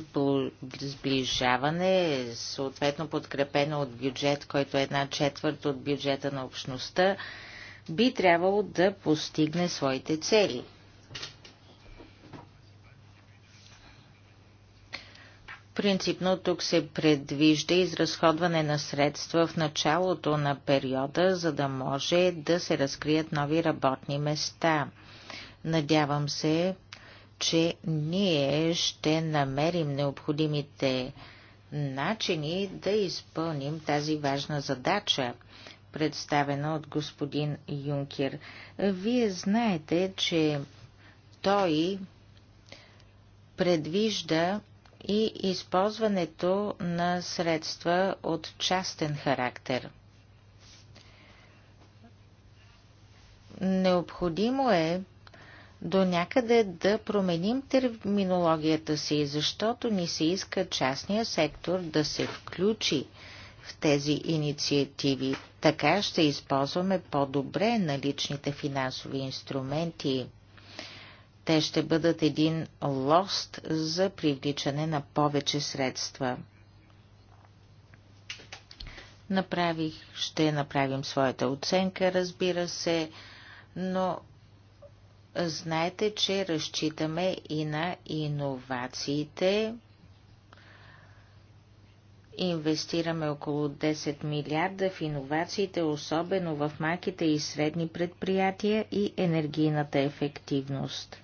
сближаване е съответно подкрепена от бюджет, който е една четвърт от бюджета на общността, би трябвало да постигне своите цели – Принципно тук се предвижда изразходване на средства в началото на периода, за да може да се разкрият нови работни места. Надявам се, че ние ще намерим необходимите начини да изпълним тази важна задача, представена от господин Юнкер. Вие знаете, че той предвижда и използването на средства от частен характер. Необходимо е до някъде да променим терминологията си, защото ни се иска частния сектор да се включи в тези инициативи. Така ще използваме по-добре наличните финансови инструменти. Те ще бъдат един лост за привличане на повече средства. Направих, ще направим своята оценка, разбира се, но знаете, че разчитаме и на иновациите. Инвестираме около 10 милиарда в иновациите, особено в малките и средни предприятия и енергийната ефективност.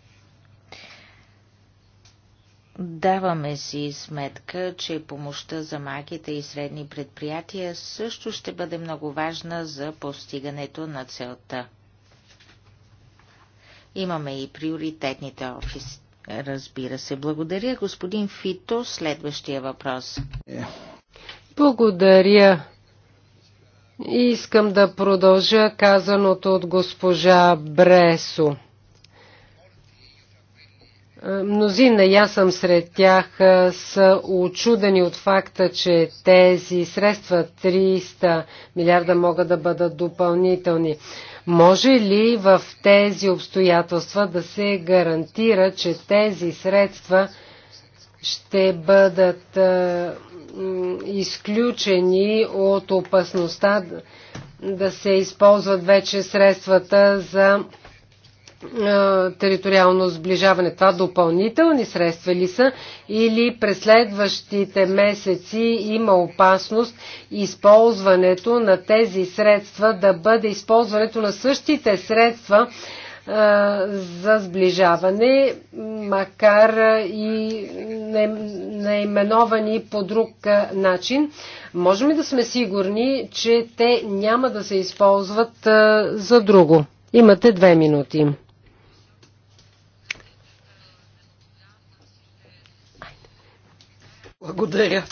Даваме си сметка, че помощта за малките и средни предприятия също ще бъде много важна за постигането на целта. Имаме и приоритетните офиси. Разбира се. Благодаря, господин Фито. Следващия въпрос. Е. Благодаря. Искам да продължа казаното от госпожа Бресо. Мнозина, и аз съм сред тях, са очудени от факта, че тези средства 300 милиарда могат да бъдат допълнителни. Може ли в тези обстоятелства да се гарантира, че тези средства ще бъдат изключени от опасността да се използват вече средствата за е, териториално сближаване. Това допълнителни средства ли са или през следващите месеци има опасност използването на тези средства да бъде използването на същите средства е, за сближаване, макар и наименовани по друг е, начин. Можем ли да сме сигурни, че те няма да се използват за друго? Имате две минути. Благодаря.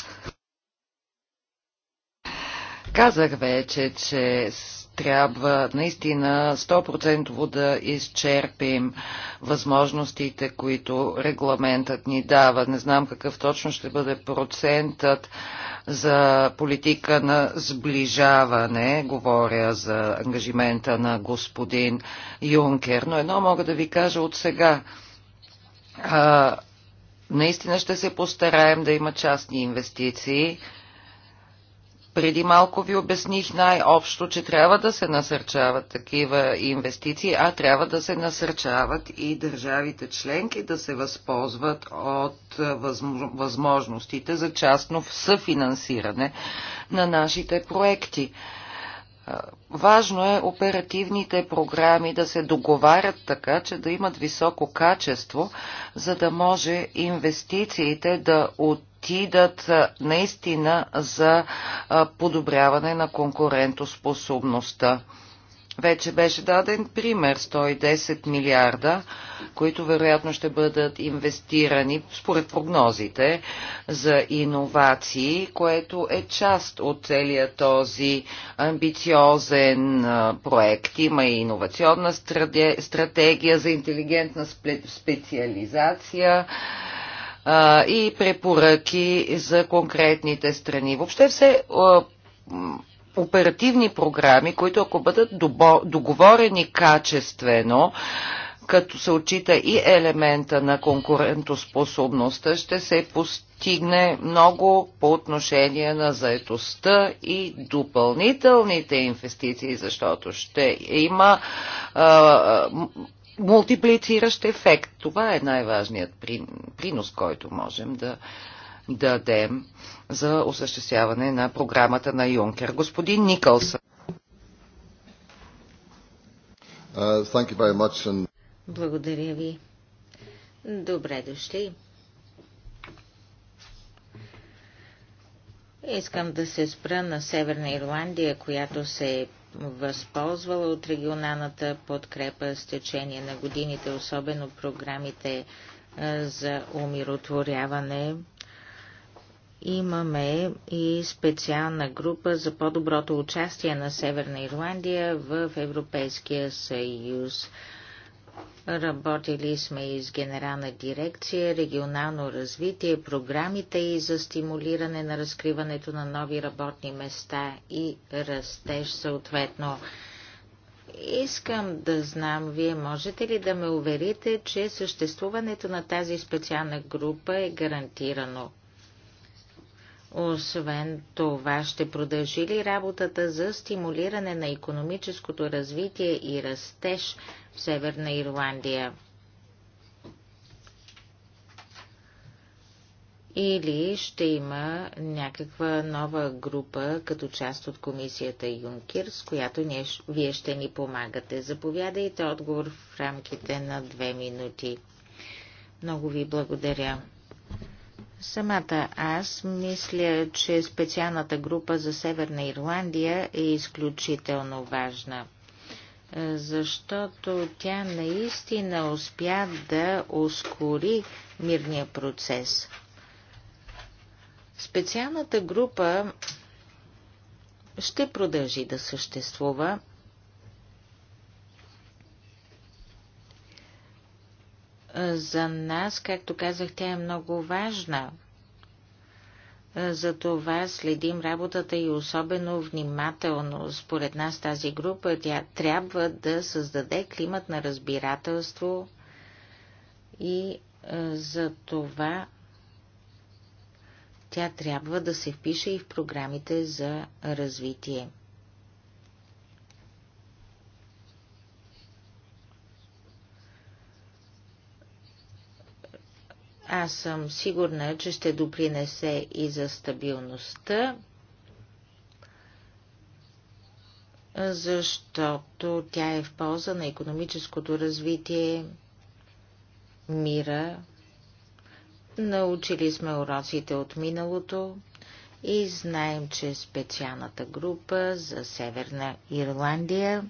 Казах вече, че трябва наистина 100% да изчерпим възможностите, които регламентът ни дава. Не знам какъв точно ще бъде процентът за политика на сближаване, говоря за ангажимента на господин Юнкер, но едно мога да ви кажа от сега Наистина ще се постараем да има частни инвестиции. Преди малко ви обясних най-общо, че трябва да се насърчават такива инвестиции, а трябва да се насърчават и държавите членки да се възползват от възможностите за частно съфинансиране на нашите проекти. Важно е оперативните програми да се договарят така, че да имат високо качество, за да може инвестициите да отидат наистина за подобряване на конкурентоспособността. Вече беше даден пример 110 милиарда, които вероятно ще бъдат инвестирани според прогнозите за иновации, което е част от целия този амбициозен проект. Има и иновационна стратегия за интелигентна специализация и препоръки за конкретните страни. Въобще все оперативни програми, които ако бъдат договорени качествено, като се отчита и елемента на конкурентоспособността, ще се постигне много по отношение на заетостта и допълнителните инвестиции, защото ще има а, мултиплициращ ефект. Това е най-важният принос, който можем да дадем за осъществяване на програмата на Юнкер. Господин Никълсън. Uh, Благодаря ви. Добре дошли. Искам да се спра на Северна Ирландия, която се е възползвала от регионалната подкрепа с течение на годините, особено програмите за умиротворяване имаме и специална група за по-доброто участие на Северна Ирландия в Европейския съюз. Работили сме и с Генерална дирекция, регионално развитие, програмите и за стимулиране на разкриването на нови работни места и растеж съответно. Искам да знам, вие можете ли да ме уверите, че съществуването на тази специална група е гарантирано? Освен това, ще продължи ли работата за стимулиране на економическото развитие и растеж в Северна Ирландия? Или ще има някаква нова група като част от комисията Юнкер, с която ние, вие ще ни помагате. Заповядайте отговор в рамките на две минути. Много ви благодаря. Самата аз мисля, че специалната група за Северна Ирландия е изключително важна, е, защото тя наистина успя да ускори мирния процес. Специалната група ще продължи да съществува, за нас, както казах, тя е много важна. Затова следим работата и особено внимателно. Според нас тази група тя трябва да създаде климат на разбирателство и е, за това тя трябва да се впише и в програмите за развитие. Аз съм сигурна, че ще допринесе и за стабилността, защото тя е в полза на економическото развитие, мира. Научили сме уроците от миналото и знаем, че специалната група за Северна Ирландия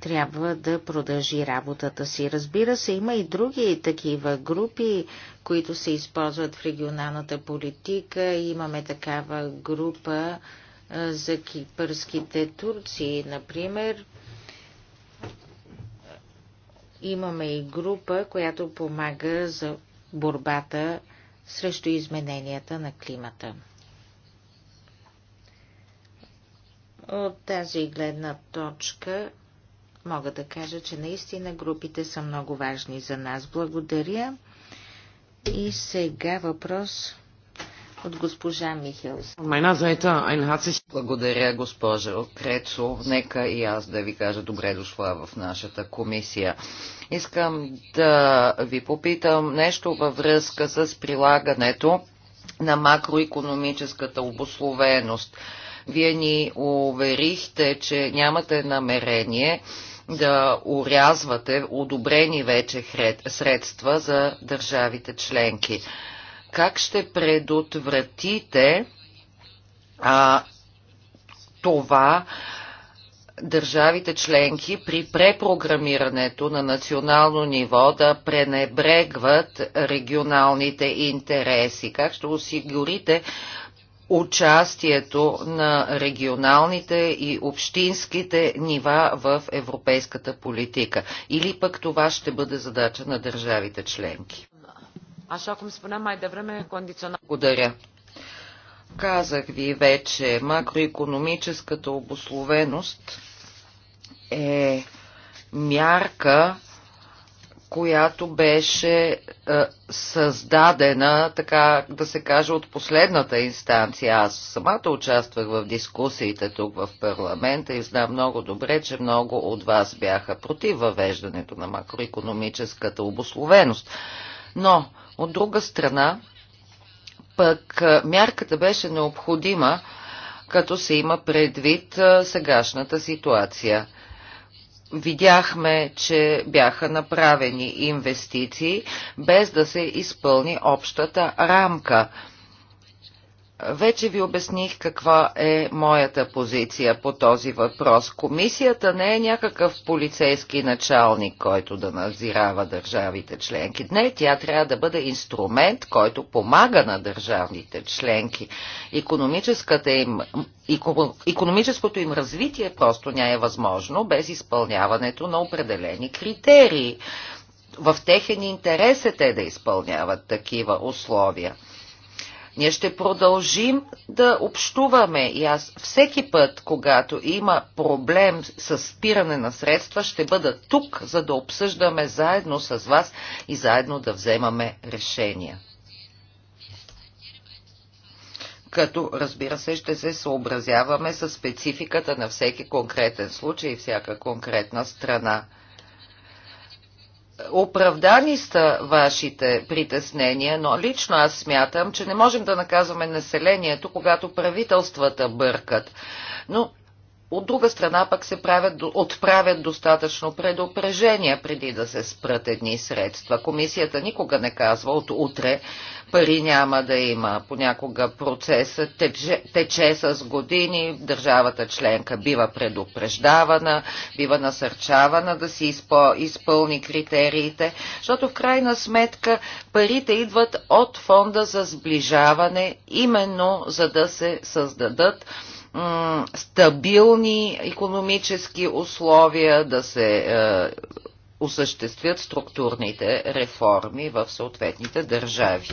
трябва да продължи работата си. Разбира се, има и други такива групи, които се използват в регионалната политика. Имаме такава група за кипърските турци, например. Имаме и група, която помага за борбата срещу измененията на климата. От тази гледна точка мога да кажа, че наистина групите са много важни за нас. Благодаря. И сега въпрос от госпожа Михелс. Благодаря, госпожа Крецо. Нека и аз да ви кажа добре дошла в нашата комисия. Искам да ви попитам нещо във връзка с прилагането на макроекономическата обословеност. Вие ни уверихте, че нямате намерение да урязвате одобрени вече средства за държавите членки. Как ще предотвратите а, това държавите членки при препрограмирането на национално ниво да пренебрегват регионалните интереси? Как ще осигурите участието на регионалните и общинските нива в европейската политика? Или пък това ще бъде задача на държавите членки? Благодаря. Казах ви вече, макроекономическата обословеност е мярка, която беше е, създадена, така да се каже, от последната инстанция. Аз самата участвах в дискусиите тук в парламента и знам много добре, че много от вас бяха против въвеждането на макроекономическата обословеност. Но, от друга страна, пък е, мярката беше необходима, като се има предвид е, сегашната ситуация – видяхме, че бяха направени инвестиции, без да се изпълни общата рамка. Вече ви обясних каква е моята позиция по този въпрос. Комисията не е някакъв полицейски началник, който да надзирава държавите членки. Не, тя трябва да бъде инструмент, който помага на държавните членки. Им, економическото им развитие просто не е възможно без изпълняването на определени критерии. В техен интерес е те да изпълняват такива условия. Ние ще продължим да общуваме и аз всеки път, когато има проблем с спиране на средства, ще бъда тук, за да обсъждаме заедно с вас и заедно да вземаме решения. Като, разбира се, ще се съобразяваме с спецификата на всеки конкретен случай и всяка конкретна страна. Оправдани са вашите притеснения, но лично аз смятам, че не можем да наказваме населението, когато правителствата бъркат. Но от друга страна пък се правят, отправят достатъчно предупреждения преди да се спрат едни средства. Комисията никога не казва от утре пари няма да има. Понякога процесът тече, тече с години, държавата членка бива предупреждавана, бива насърчавана да си изпълни критериите, защото в крайна сметка парите идват от фонда за сближаване, именно за да се създадат стабилни економически условия, да се е, осъществят структурните реформи в съответните държави.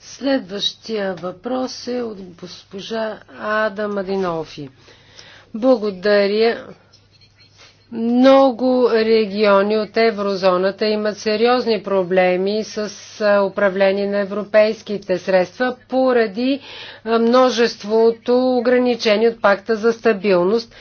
Следващия въпрос е от госпожа Ада Мадинофи. Благодаря. Много региони от еврозоната имат сериозни проблеми с управление на европейските средства поради множеството ограничени от пакта за стабилност.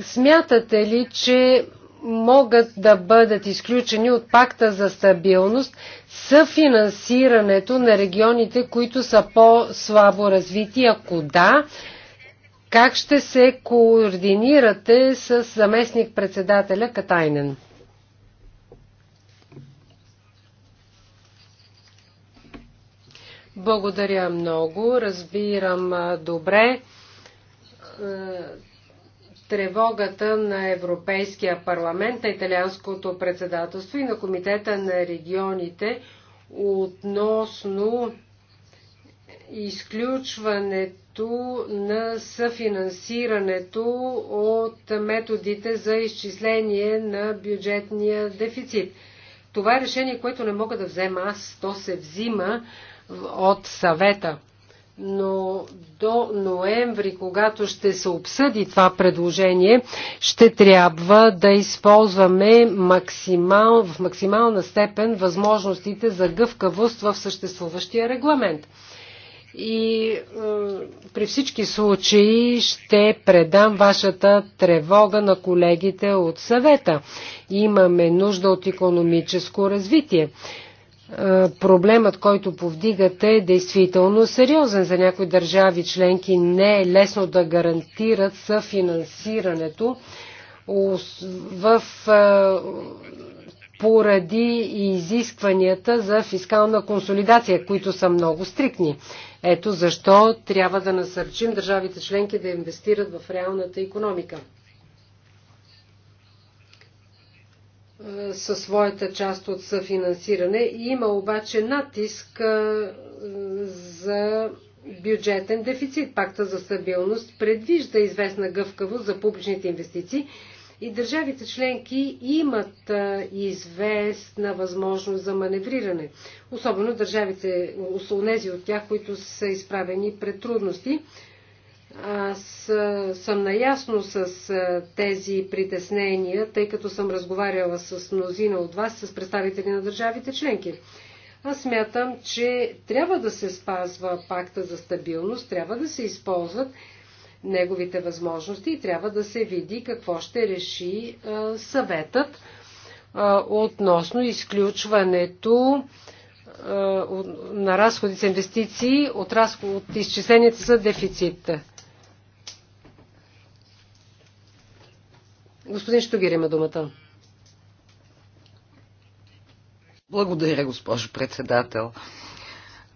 Смятате ли, че могат да бъдат изключени от пакта за стабилност съфинансирането на регионите, които са по-слабо развити? Ако да, как ще се координирате с заместник-председателя Катайнен? Благодаря много. Разбирам добре тревогата на Европейския парламент, на италианското председателство и на Комитета на регионите относно изключването както на съфинансирането от методите за изчисление на бюджетния дефицит. Това е решение, което не мога да взема аз, то се взима от съвета. Но до ноември, когато ще се обсъди това предложение, ще трябва да използваме максимал, в максимална степен възможностите за гъвкавост в съществуващия регламент и е, при всички случаи ще предам вашата тревога на колегите от съвета. Имаме нужда от економическо развитие. Е, проблемът, който повдигате, е действително сериозен. За някои държави членки не е лесно да гарантират съфинансирането в, е, поради изискванията за фискална консолидация, които са много стрикни. Ето защо трябва да насърчим държавите членки да инвестират в реалната економика. със своята част от съфинансиране. Има обаче натиск за бюджетен дефицит. Пакта за стабилност предвижда известна гъвкавост за публичните инвестиции, и държавите членки имат известна възможност за маневриране, особено държавите, тези от тях, които са изправени пред трудности. Аз съм наясно с тези притеснения, тъй като съм разговаряла с мнозина от вас, с представители на държавите членки. Аз смятам, че трябва да се спазва пакта за стабилност, трябва да се използват неговите възможности и трябва да се види какво ще реши съветът относно изключването на разходи за инвестиции от, разход, от изчисленията за дефицит. Господин Штогир има думата. Благодаря, госпожо председател.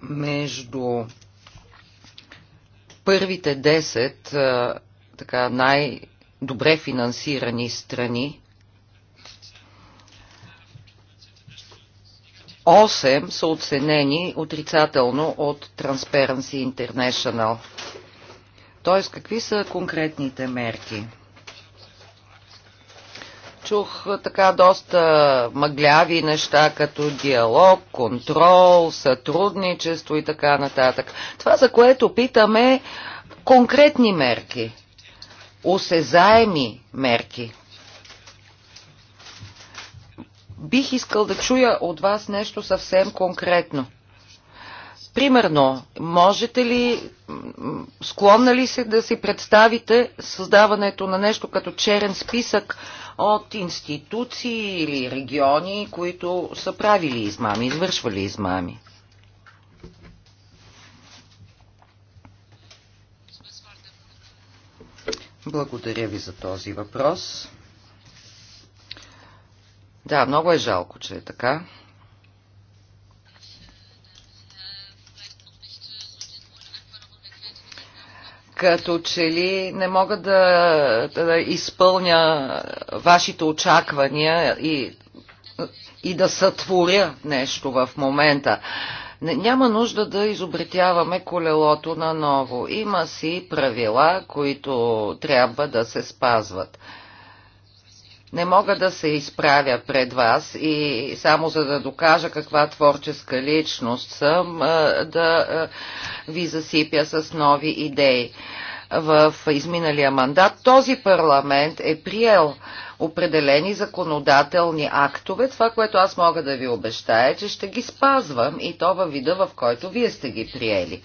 Между първите 10 така, най-добре финансирани страни 8 са оценени отрицателно от Transparency International. Тоест, какви са конкретните мерки? чух така доста мъгляви неща, като диалог, контрол, сътрудничество и така нататък. Това, за което питаме, конкретни мерки, осезаеми мерки. Бих искал да чуя от вас нещо съвсем конкретно. Примерно, можете ли, склонна ли се да си представите създаването на нещо като черен списък от институции или региони, които са правили измами, извършвали измами. Благодаря ви за този въпрос. Да, много е жалко, че е така. като че ли не мога да, да изпълня вашите очаквания и, и да сътворя нещо в момента. Не, няма нужда да изобретяваме колелото наново. Има си правила, които трябва да се спазват. Не мога да се изправя пред вас и само за да докажа каква творческа личност съм, да ви засипя с нови идеи. В изминалия мандат този парламент е приел определени законодателни актове. Това, което аз мога да ви обещая, е, че ще ги спазвам и то във вида, в който вие сте ги приели.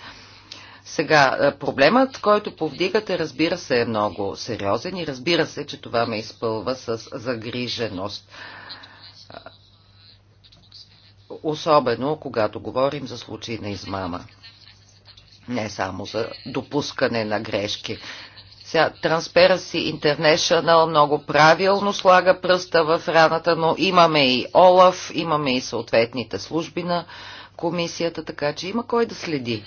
Сега, е, проблемът, който повдигате, разбира се, е много сериозен и разбира се, че това ме изпълва с загриженост. Особено, когато говорим за случаи на измама. Не само за допускане на грешки. Сега, Transparency International много правилно слага пръста в раната, но имаме и ОЛАФ, имаме и съответните служби на комисията, така че има кой да следи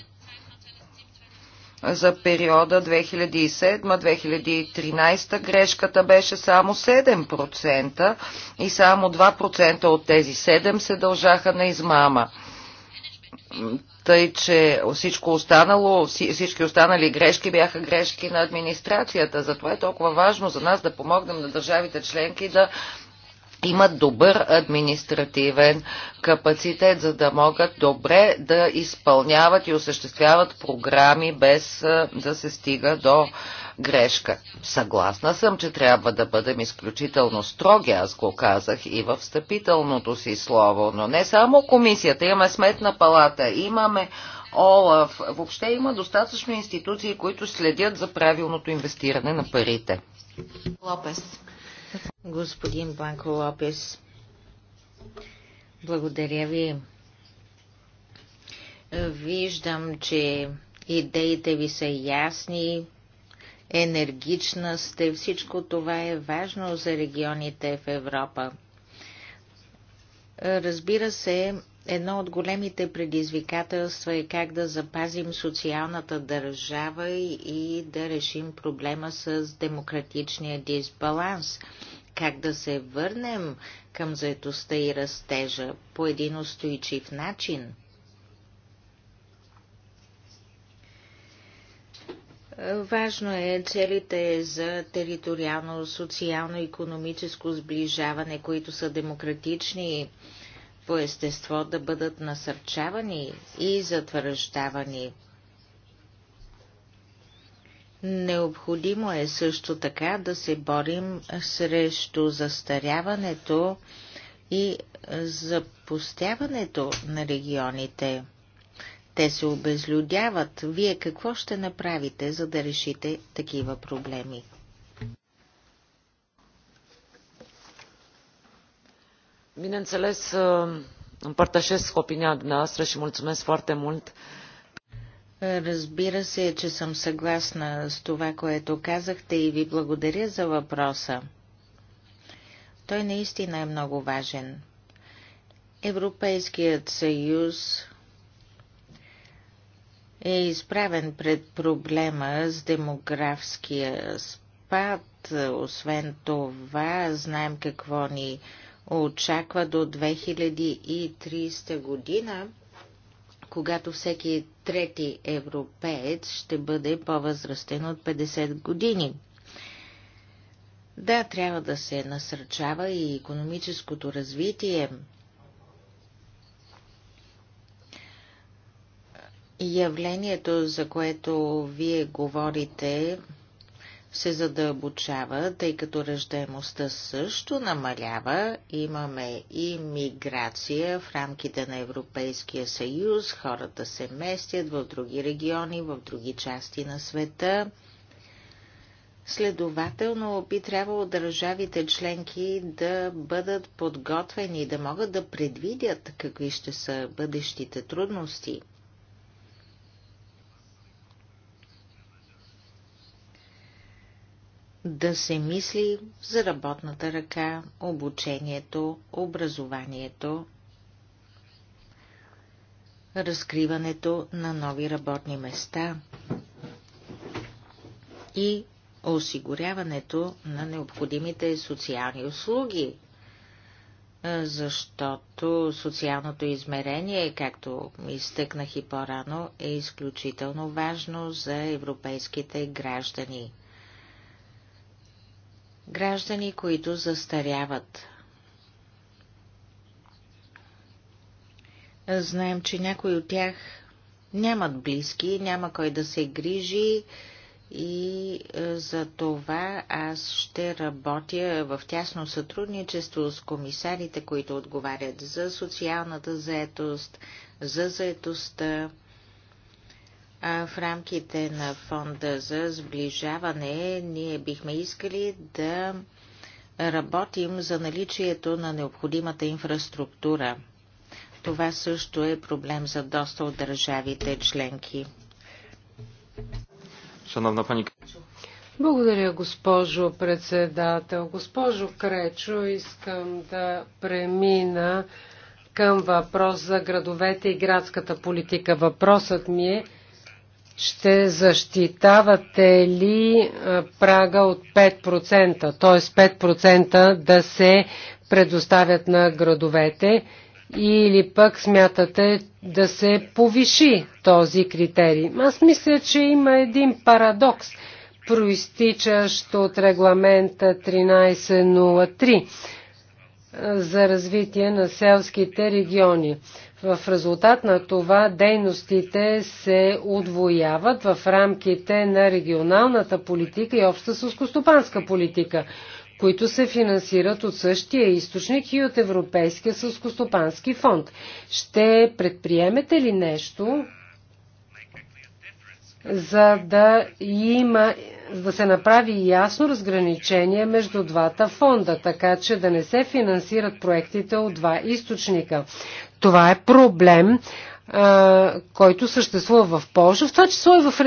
за периода 2007-2013 грешката беше само 7% и само 2% от тези 7 се дължаха на измама. Тъй, че всичко останало, всички останали грешки бяха грешки на администрацията. Затова е толкова важно за нас да помогнем на държавите членки да имат добър административен капацитет, за да могат добре да изпълняват и осъществяват програми без да се стига до грешка. Съгласна съм, че трябва да бъдем изключително строги, аз го казах и в встъпителното си слово, но не само комисията, имаме сметна палата, имаме ОЛАФ, въобще има достатъчно институции, които следят за правилното инвестиране на парите. Лопес. Господин Банко Лопес, благодаря ви. Виждам, че идеите ви са ясни, енергична сте. Всичко това е важно за регионите в Европа. Разбира се, Едно от големите предизвикателства е как да запазим социалната държава и да решим проблема с демократичния дисбаланс. Как да се върнем към заетостта и растежа по един устойчив начин. Важно е целите за териториално, социално, економическо сближаване, които са демократични по естество да бъдат насърчавани и затвърждавани. Необходимо е също така да се борим срещу застаряването и запустяването на регионите. Те се обезлюдяват. Вие какво ще направите, за да решите такива проблеми? bineînțeles uh, împărtășesc opinia dumneavoastră și mulțumesc foarte mult. Разбира се, че съм съгласна с това, което казахте и ви благодаря за въпроса. Той наистина е много важен. Европейският съюз е изправен пред проблема с демографския спад. Освен това, знаем какво ни очаква до 2030 година, когато всеки трети европеец ще бъде по-възрастен от 50 години. Да, трябва да се насърчава и економическото развитие. Явлението, за което вие говорите, се задълбочава, тъй като ръждаемостта също намалява. Имаме и миграция в рамките на Европейския съюз, хората се местят в други региони, в други части на света. Следователно би трябвало държавите членки да бъдат подготвени, да могат да предвидят какви ще са бъдещите трудности – да се мисли за работната ръка, обучението, образованието, разкриването на нови работни места и осигуряването на необходимите социални услуги, защото социалното измерение, както изтъкнах и по-рано, е изключително важно за европейските граждани – Граждани, които застаряват. Знаем, че някои от тях нямат близки, няма кой да се грижи и е, за това аз ще работя в тясно сътрудничество с комисарите, които отговарят за социалната заетост, за заетостта, в рамките на фонда за сближаване ние бихме искали да работим за наличието на необходимата инфраструктура. Това също е проблем за доста от държавите членки. Шановна пани. Благодаря, госпожо председател. Госпожо Кречо, искам да премина към въпрос за градовете и градската политика. Въпросът ми е ще защитавате ли прага от 5%, т.е. 5% да се предоставят на градовете или пък смятате да се повиши този критерий? Аз мисля, че има един парадокс, проистичащ от регламента 1303 за развитие на селските региони. В резултат на това дейностите се отвояват в рамките на регионалната политика и обща сълскостопанска политика, които се финансират от същия източник и от Европейския сълскостопански фонд. Ще предприемете ли нещо за да има да се направи ясно разграничение между двата фонда, така че да не се финансират проектите от два източника. Това е проблем, който съществува в Польша, в това число и в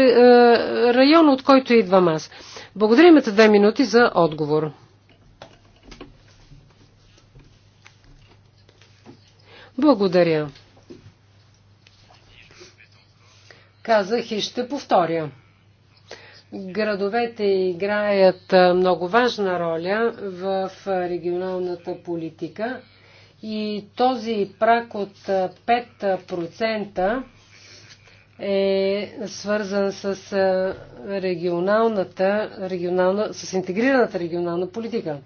района, от който идвам аз. Благодаря имате две минути за отговор. Благодаря. казах и ще повторя. Градовете играят много важна роля в регионалната политика и този прак от 5% е свързан с регионалната, регионална, с интегрираната регионална политика.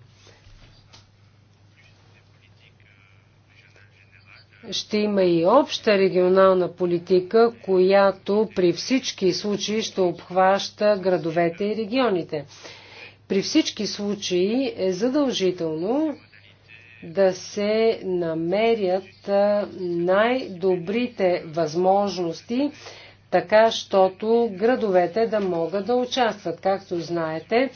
ще има и обща регионална политика, която при всички случаи ще обхваща градовете и регионите. При всички случаи е задължително да се намерят най-добрите възможности, така, щото градовете да могат да участват. Както знаете,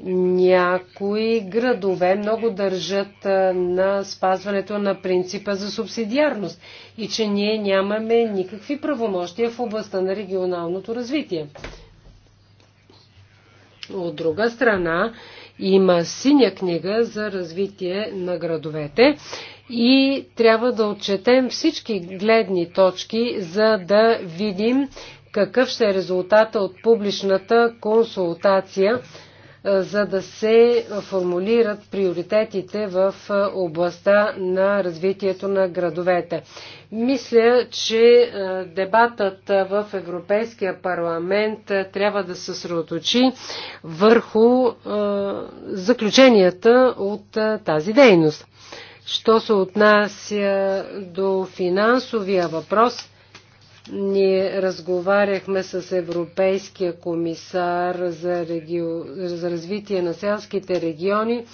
някои градове много държат на спазването на принципа за субсидиарност и че ние нямаме никакви правомощия в областта на регионалното развитие. От друга страна, има синя книга за развитие на градовете и трябва да отчетем всички гледни точки, за да видим какъв ще е резултата от публичната консултация за да се формулират приоритетите в областта на развитието на градовете. Мисля, че дебатът в Европейския парламент трябва да се съсредоточи върху заключенията от тази дейност. Що се отнася до финансовия въпрос, ние разговаряхме с Европейския комисар за, реги... за развитие на селските региони,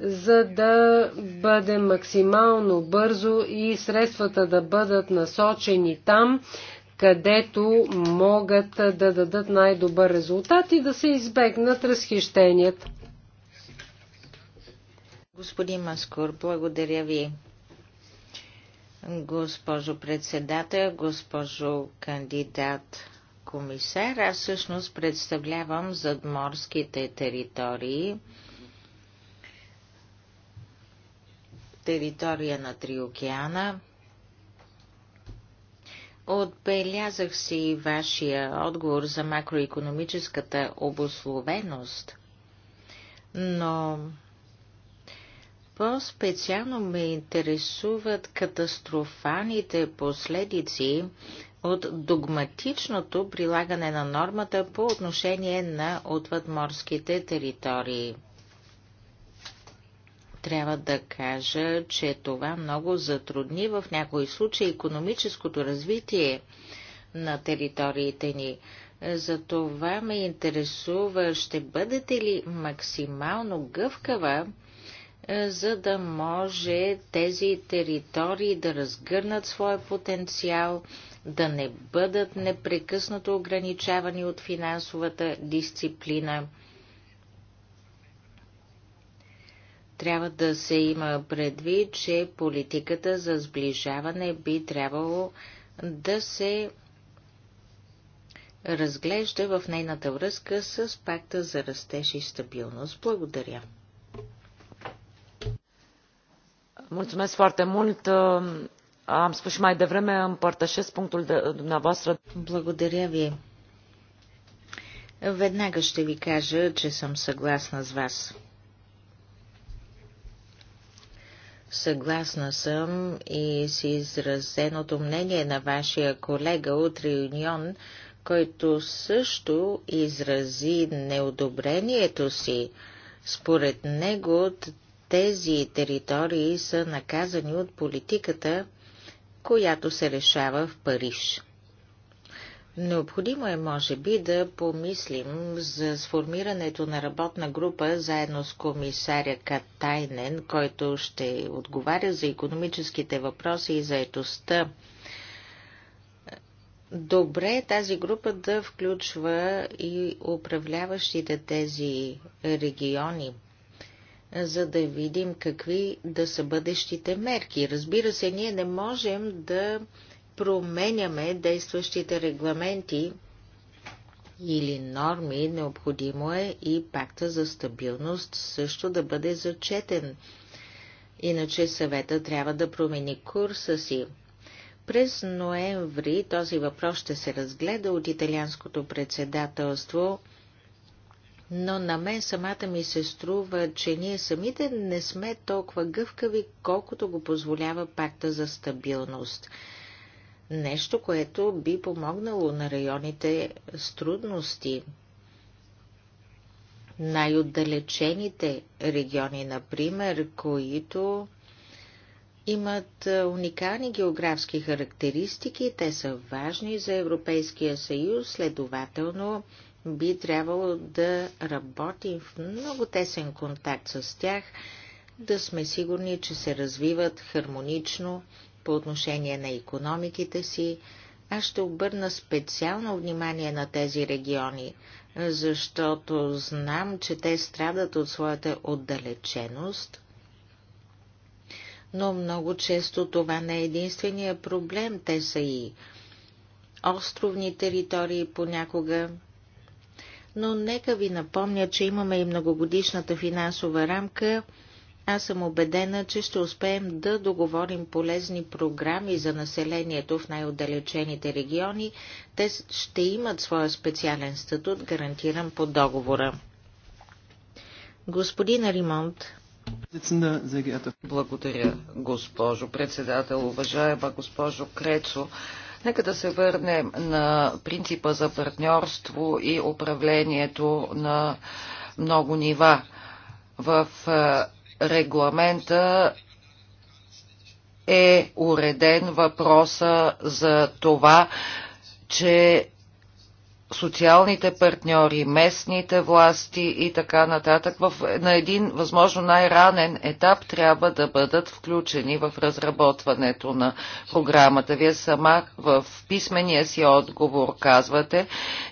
за да бъде максимално бързо и средствата да бъдат насочени там, където могат да дадат най-добър резултат и да се избегнат разхищенията. Господин Маскор, благодаря ви госпожо председател, госпожо кандидат комисар. Аз всъщност представлявам задморските територии, територия на Три океана. Отбелязах си и вашия отговор за макроекономическата обословеност, но по-специално ме интересуват катастрофаните последици от догматичното прилагане на нормата по отношение на отвъдморските територии. Трябва да кажа, че това много затрудни в някои случаи економическото развитие на териториите ни. За това ме интересува, ще бъдете ли максимално гъвкава е, за да може тези територии да разгърнат своя потенциал, да не бъдат непрекъснато ограничавани от финансовата дисциплина. Трябва да се има предвид, че политиката за сближаване би трябвало да се разглежда в нейната връзка с пакта за растеж и стабилност. Благодаря. Mulțumesc foarte mult. Am spus și mai devreme, împărtășesc punctul de, dumneavoastră. Благодаря ви. Веднага ще ви кажа, че съм съгласна с вас. Съгласна съм и с изразеното мнение на вашия колега от Реюнион, който също изрази неодобрението си. Според него тези територии са наказани от политиката, която се решава в Париж. Необходимо е, може би, да помислим за сформирането на работна група заедно с комисаря Катайнен, който ще отговаря за економическите въпроси и заетостта. Добре е тази група да включва и управляващите тези региони за да видим какви да са бъдещите мерки. Разбира се, ние не можем да променяме действащите регламенти или норми, необходимо е и пакта за стабилност също да бъде зачетен. Иначе съвета трябва да промени курса си. През ноември този въпрос ще се разгледа от италианското председателство – но на мен самата ми се струва, че ние самите не сме толкова гъвкави, колкото го позволява пакта за стабилност. Нещо, което би помогнало на районите с трудности. Най-отдалечените региони, например, които имат е, уникални географски характеристики, те са важни за Европейския съюз, следователно би трябвало да работим в много тесен контакт с тях, да сме сигурни, че се развиват хармонично по отношение на економиките си. Аз ще обърна специално внимание на тези региони, защото знам, че те страдат от своята отдалеченост, но много често това не е единствения проблем. Те са и островни територии понякога, но нека ви напомня, че имаме и многогодишната финансова рамка. Аз съм убедена, че ще успеем да договорим полезни програми за населението в най-отдалечените региони. Те ще имат своя специален статут, гарантиран по договора. Господин Римонт, благодаря, госпожо председател. Уважаема госпожо Крецо, Нека да се върнем на принципа за партньорство и управлението на много нива. В е, регламента е уреден въпроса за това, че социалните партньори, местните власти и така нататък в, на един възможно най-ранен етап трябва да бъдат включени в разработването на програмата. Вие сама в писмения си отговор казвате,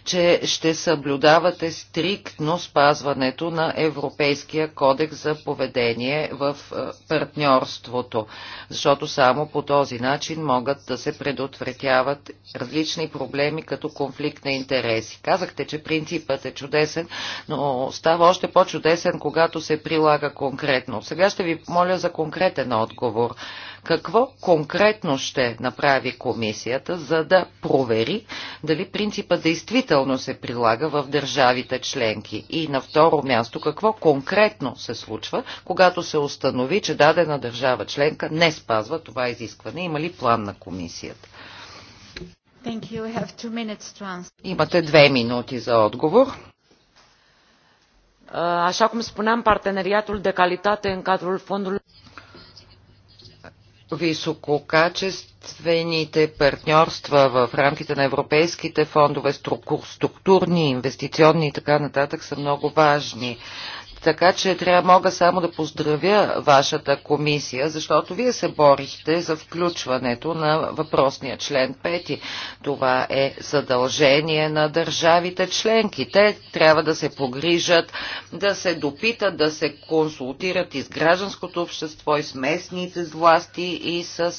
че ще съблюдавате стриктно спазването на Европейския кодекс за поведение в е, партньорството, защото само по този начин могат да се предотвратяват различни проблеми като конфликт на интерес интереси. Казахте, че принципът е чудесен, но става още по-чудесен, когато се прилага конкретно. Сега ще ви моля за конкретен отговор. Какво конкретно ще направи комисията, за да провери дали принципът действително се прилага в държавите членки? И на второ място, какво конкретно се случва, когато се установи, че дадена държава членка не спазва това изискване? Има ли план на комисията? Имате две минути за отговор. Așa cum spuneam, parteneriatul de calitate în cadrul fondului висококачествените партньорства в рамките на европейските фондове, структурни, инвестиционни и така нататък са много важни. Така че трябва мога само да поздравя вашата комисия, защото вие се борихте за включването на въпросния член 5. Това е задължение на държавите членки. Те трябва да се погрижат, да се допитат, да се консултират и с гражданското общество, и с местните власти, и с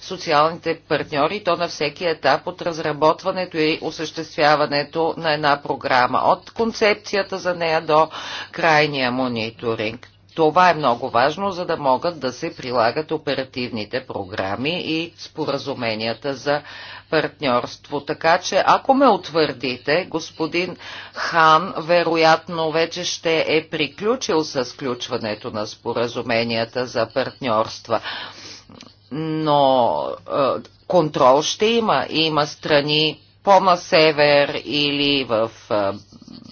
социалните партньори, то на всеки етап от разработването и осъществяването на една програма. От концепцията за нея до крайния ежегодния мониторинг. Това е много важно, за да могат да се прилагат оперативните програми и споразуменията за партньорство. Така че, ако ме утвърдите, господин Хан вероятно вече ще е приключил с включването на споразуменията за партньорства. Но е, контрол ще има. Има страни по-на север или в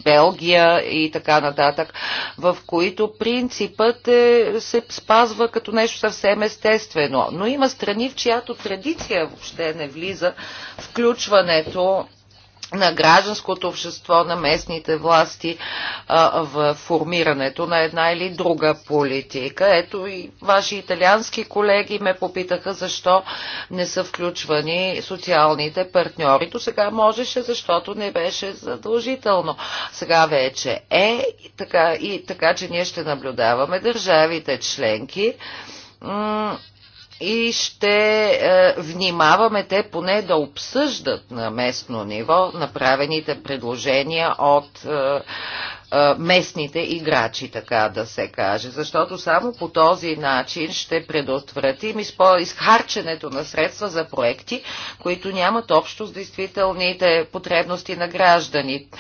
Белгия и така нататък, в които принципът е, се спазва като нещо съвсем естествено. Но има страни, в чиято традиция въобще не влиза включването на гражданското общество, на местните власти а, в формирането на една или друга политика. Ето и ваши италиански колеги ме попитаха защо не са включвани социалните партньори. До сега можеше, защото не беше задължително. Сега вече е, и така, и така че ние ще наблюдаваме държавите членки и ще е, внимаваме те поне да обсъждат на местно ниво направените предложения от е, е, местните играчи, така да се каже. Защото само по този начин ще предотвратим изхарченето на средства за проекти, които нямат общо с действителните потребности на гражданите.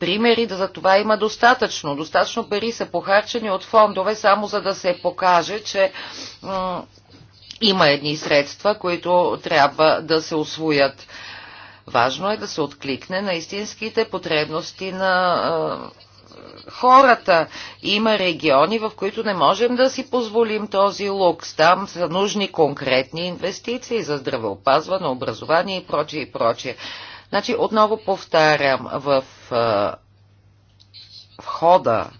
Примери да за това има достатъчно. Достатъчно пари са похарчени от фондове, само за да се покаже, че има едни средства, които трябва да се освоят. Важно е да се откликне на истинските потребности на хората. Има региони, в които не можем да си позволим този лукс. Там са нужни конкретни инвестиции за здравеопазване, образование и прочее и прочее. Значи, отново повтарям, в, в хода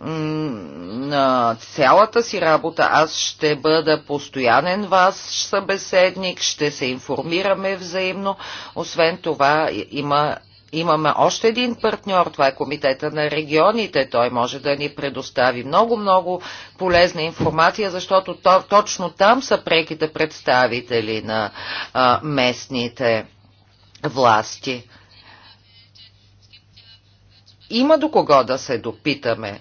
на цялата си работа аз ще бъда постоянен вас събеседник, ще се информираме взаимно. Освен това има Имаме още един партньор, това е Комитета на регионите. Той може да ни предостави много-много полезна информация, защото то, точно там са преките представители на а, местните власти. Има до кого да се допитаме.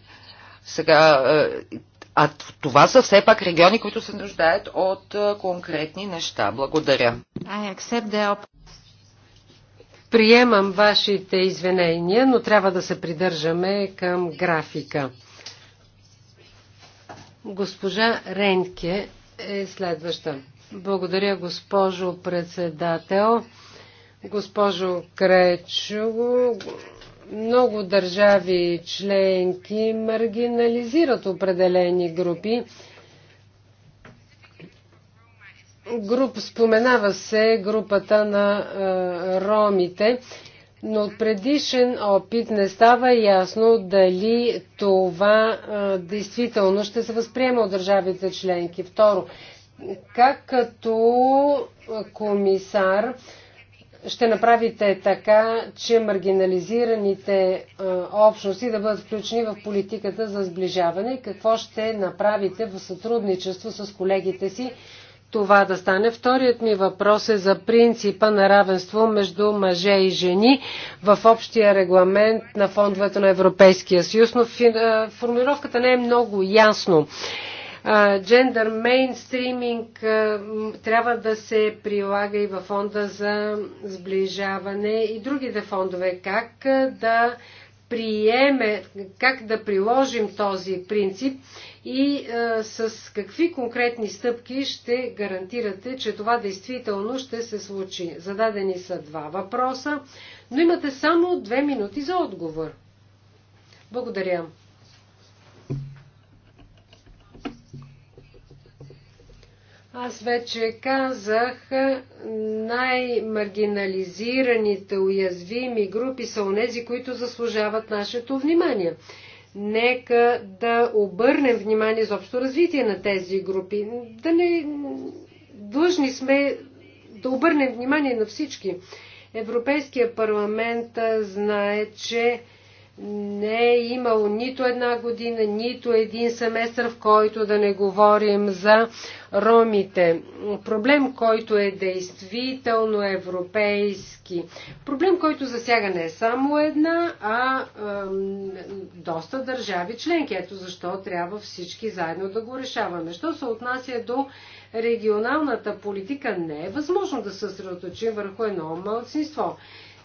Сега, е, а това са все пак региони, които се нуждаят от е, конкретни неща. Благодаря. Приемам вашите извинения, но трябва да се придържаме към графика. Госпожа Ренке е следваща. Благодаря, госпожо председател. Госпожо Кречо, много държави членки маргинализират определени групи. Груп, споменава се групата на е, ромите, но от предишен опит не става ясно дали това е, действително ще се възприема от държавите членки. Второ, как като комисар ще направите така, че маргинализираните общности да бъдат включени в политиката за сближаване? Какво ще направите в сътрудничество с колегите си това да стане? Вторият ми въпрос е за принципа на равенство между мъже и жени в общия регламент на фондовете на Европейския съюз, но формировката не е много ясно. Джендър мейнстриминг трябва да се прилага и във фонда за сближаване и другите фондове. Как да приеме, как да приложим този принцип и а, с какви конкретни стъпки ще гарантирате, че това действително ще се случи. Зададени са два въпроса, но имате само две минути за отговор. Благодаря. Аз вече казах, най-маргинализираните, уязвими групи са онези, които заслужават нашето внимание. Нека да обърнем внимание за общо развитие на тези групи. Да не... Длъжни сме да обърнем внимание на всички. Европейския парламент знае, че не е имало нито една година, нито един семестър, в който да не говорим за ромите. Проблем, който е действително европейски. Проблем, който засяга не само една, а ем, доста държави членки. Ето защо трябва всички заедно да го решаваме. Що се отнася до регионалната политика, не е възможно да се съсредоточим върху едно малцинство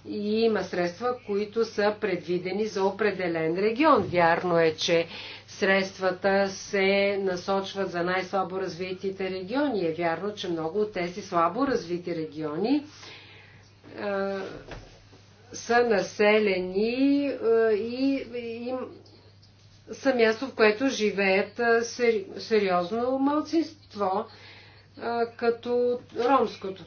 и има средства, които са предвидени за определен регион. Вярно е, че средствата се насочват за най-слабо развитите региони. Е вярно, че много от тези слабо развити региони а, са населени а, и им са място, в което живеят а, сери, сериозно малцинство, а, като ромското.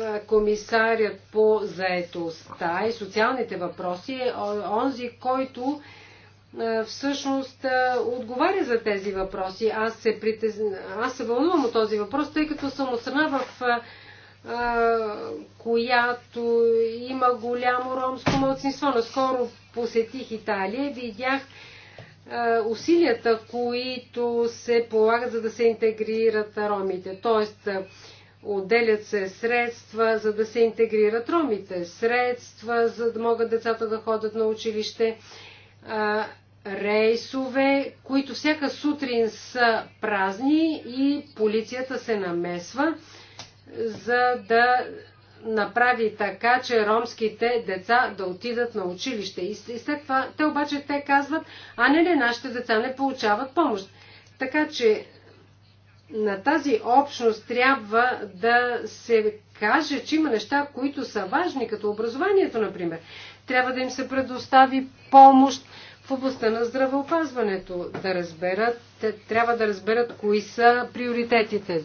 Е, комисарят по заетостта и социалните въпроси е онзи, който е, всъщност е, отговаря за тези въпроси. Аз се, притез... Аз се вълнувам от този въпрос, тъй като съм от страна, в която има голямо ромско младсинство. Наскоро посетих Италия и видях усилията, които се полагат за да се интегрират ромите. Тоест, Отделят се средства, за да се интегрират ромите, средства, за да могат децата да ходят на училище, рейсове, които всяка сутрин са празни и полицията се намесва, за да направи така, че ромските деца да отидат на училище. И след това те обаче те казват, а не, не, нашите деца не получават помощ. Така че на тази общност трябва да се каже, че има неща, които са важни, като образованието, например. Трябва да им се предостави помощ в областта на здравеопазването, да разберат, трябва да разберат кои са приоритетите.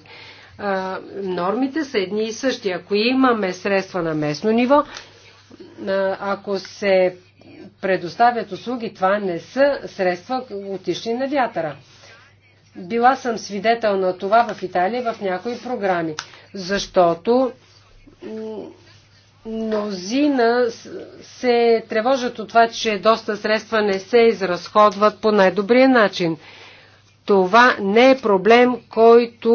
Нормите са едни и същи. Ако имаме средства на местно ниво, ако се предоставят услуги, това не са средства отишли на вятъра. Била съм свидетел на това в Италия в някои програми, защото мнозина се тревожат от това, че доста средства не се изразходват по най-добрия начин. Това не е проблем, който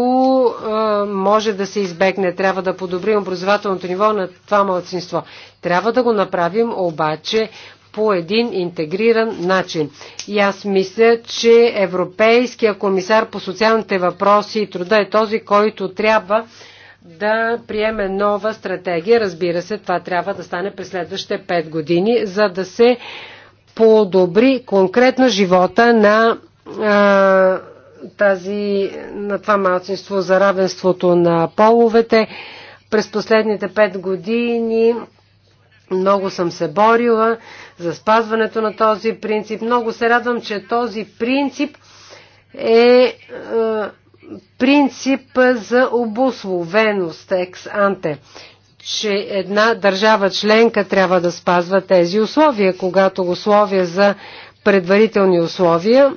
е, може да се избегне. Трябва да подобрим образователното ниво на това малцинство. Трябва да го направим обаче по един интегриран начин. И аз мисля, че Европейския комисар по социалните въпроси и труда е този, който трябва да приеме нова стратегия. Разбира се, това трябва да стане през следващите 5 години, за да се подобри конкретно живота на а, тази, на това малцинство за равенството на половете. През последните 5 години много съм се борила за спазването на този принцип. Много се радвам, че този принцип е, е принцип за обусловеност екс анте, че една държава членка трябва да спазва тези условия, когато условия за предварителни условия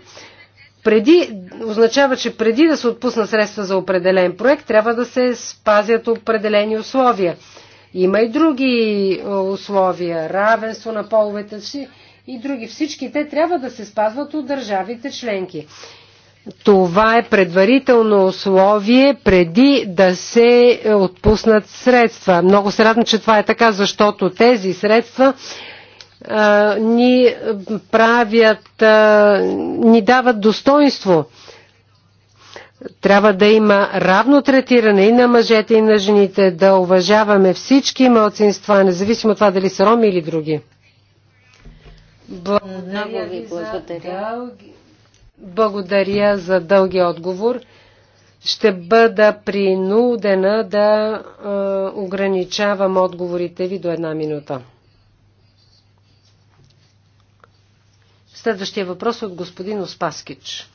преди, означава, че преди да се отпусна средства за определен проект, трябва да се спазят определени условия. Има и други е, условия, равенство на половете и други. Всички те трябва да се спазват от държавите членки. Това е предварително условие преди да се е, отпуснат средства. Много се радвам, че това е така, защото тези средства а, е, ни правят, а, ни дават достоинство. Трябва да има равно третиране и на мъжете, и на жените, да уважаваме всички младсинства, независимо от това дали са роми или други. Благодаря ви благодаря. За... Благодаря за дългия отговор. Ще бъда принудена да е, ограничавам отговорите ви до една минута. Следващия въпрос е от господин Оспаскич.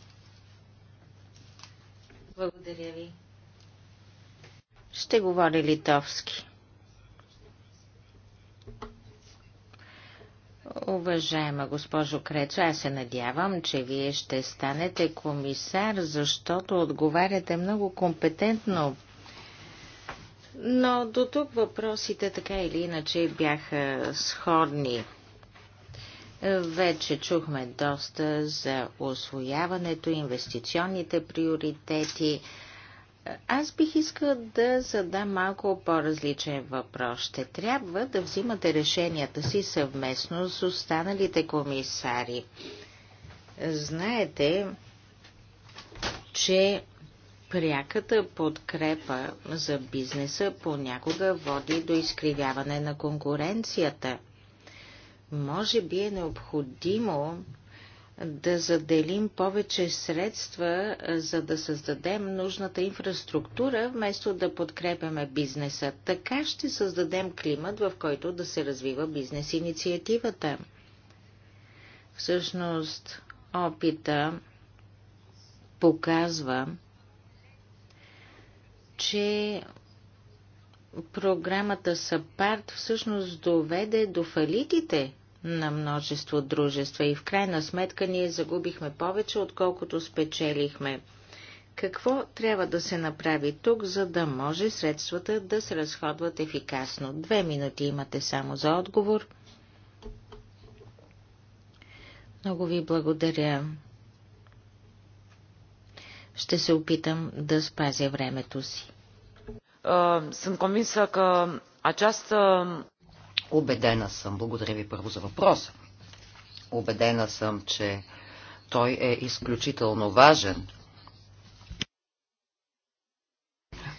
Благодаря ви. Ще говори литовски. Уважаема госпожо Креча, аз се надявам, че вие ще станете комисар, защото отговаряте много компетентно. Но до тук въпросите така или иначе бяха сходни. Вече чухме доста за освояването, инвестиционните приоритети. Аз бих искал да задам малко по-различен въпрос. Ще трябва да взимате решенията си съвместно с останалите комисари. Знаете, че пряката подкрепа за бизнеса понякога води до изкривяване на конкуренцията – може би е необходимо да заделим повече средства, за да създадем нужната инфраструктура, вместо да подкрепяме бизнеса. Така ще създадем климат, в който да се развива бизнес инициативата. Всъщност, опита показва, че програмата САПАРТ всъщност доведе до фалитите на множество дружества и в крайна сметка ние загубихме повече, отколкото спечелихме. Какво трябва да се направи тук, за да може средствата да се разходват ефикасно? Две минути имате само за отговор. Много ви благодаря. Ще се опитам да спазя времето си. Съм convinsă că această Обедена съм, благодаря ви първо за въпроса. Обедена съм, че той е изключително важен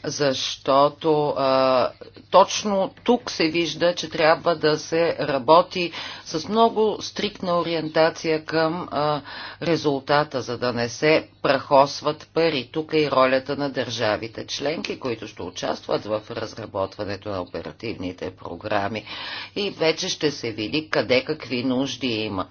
защото а, точно тук се вижда, че трябва да се работи с много стриктна ориентация към а, резултата, за да не се прахосват пари. Тук е и ролята на държавите членки, които ще участват в разработването на оперативните програми и вече ще се види къде какви нужди има.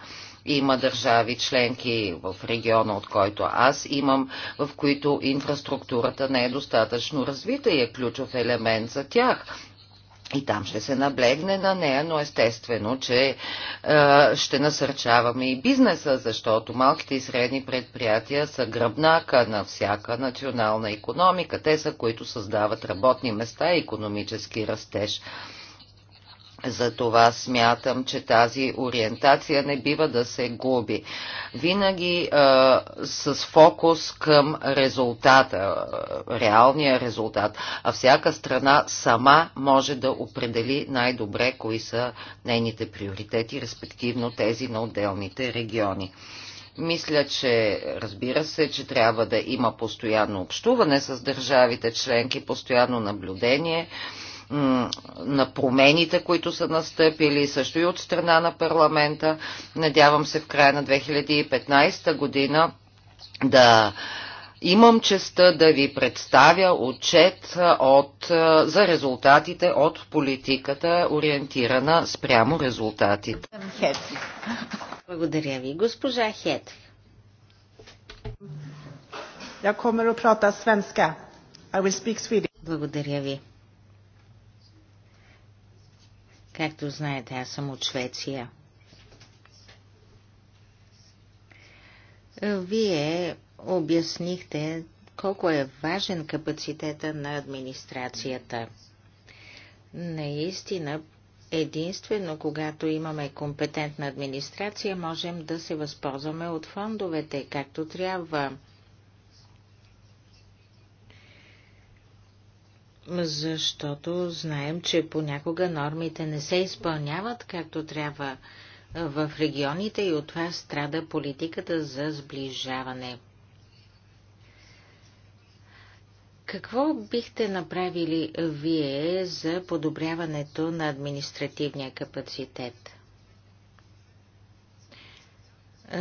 Има държави членки в региона, от който аз имам, в които инфраструктурата не е достатъчно развита и е ключов елемент за тях. И там ще се наблегне на нея, но естествено, че е, ще насърчаваме и бизнеса, защото малките и средни предприятия са гръбнака на всяка национална економика. Те са, които създават работни места и економически растеж. Затова смятам, че тази ориентация не бива да се губи. Винаги а, с фокус към резултата, реалния резултат, а всяка страна сама може да определи най-добре кои са нейните приоритети, респективно тези на отделните региони. Мисля, че разбира се, че трябва да има постоянно общуване с държавите членки, постоянно наблюдение. А, на промените, които са настъпили, също и от страна на парламента. Надявам се в края на 2015 година да имам честа да ви представя отчет от, за резултатите от политиката, ориентирана спрямо резултатите. Благодаря ви, госпожа Хет. I will speak Swedish. Благодаря ви. Както знаете, аз съм от Швеция. Вие обяснихте колко е важен капацитета на администрацията. Наистина, единствено когато имаме компетентна администрация, можем да се възползваме от фондовете както трябва. защото знаем, че понякога нормите не се изпълняват както трябва в регионите и от това страда политиката за сближаване. Какво бихте направили вие за подобряването на административния капацитет?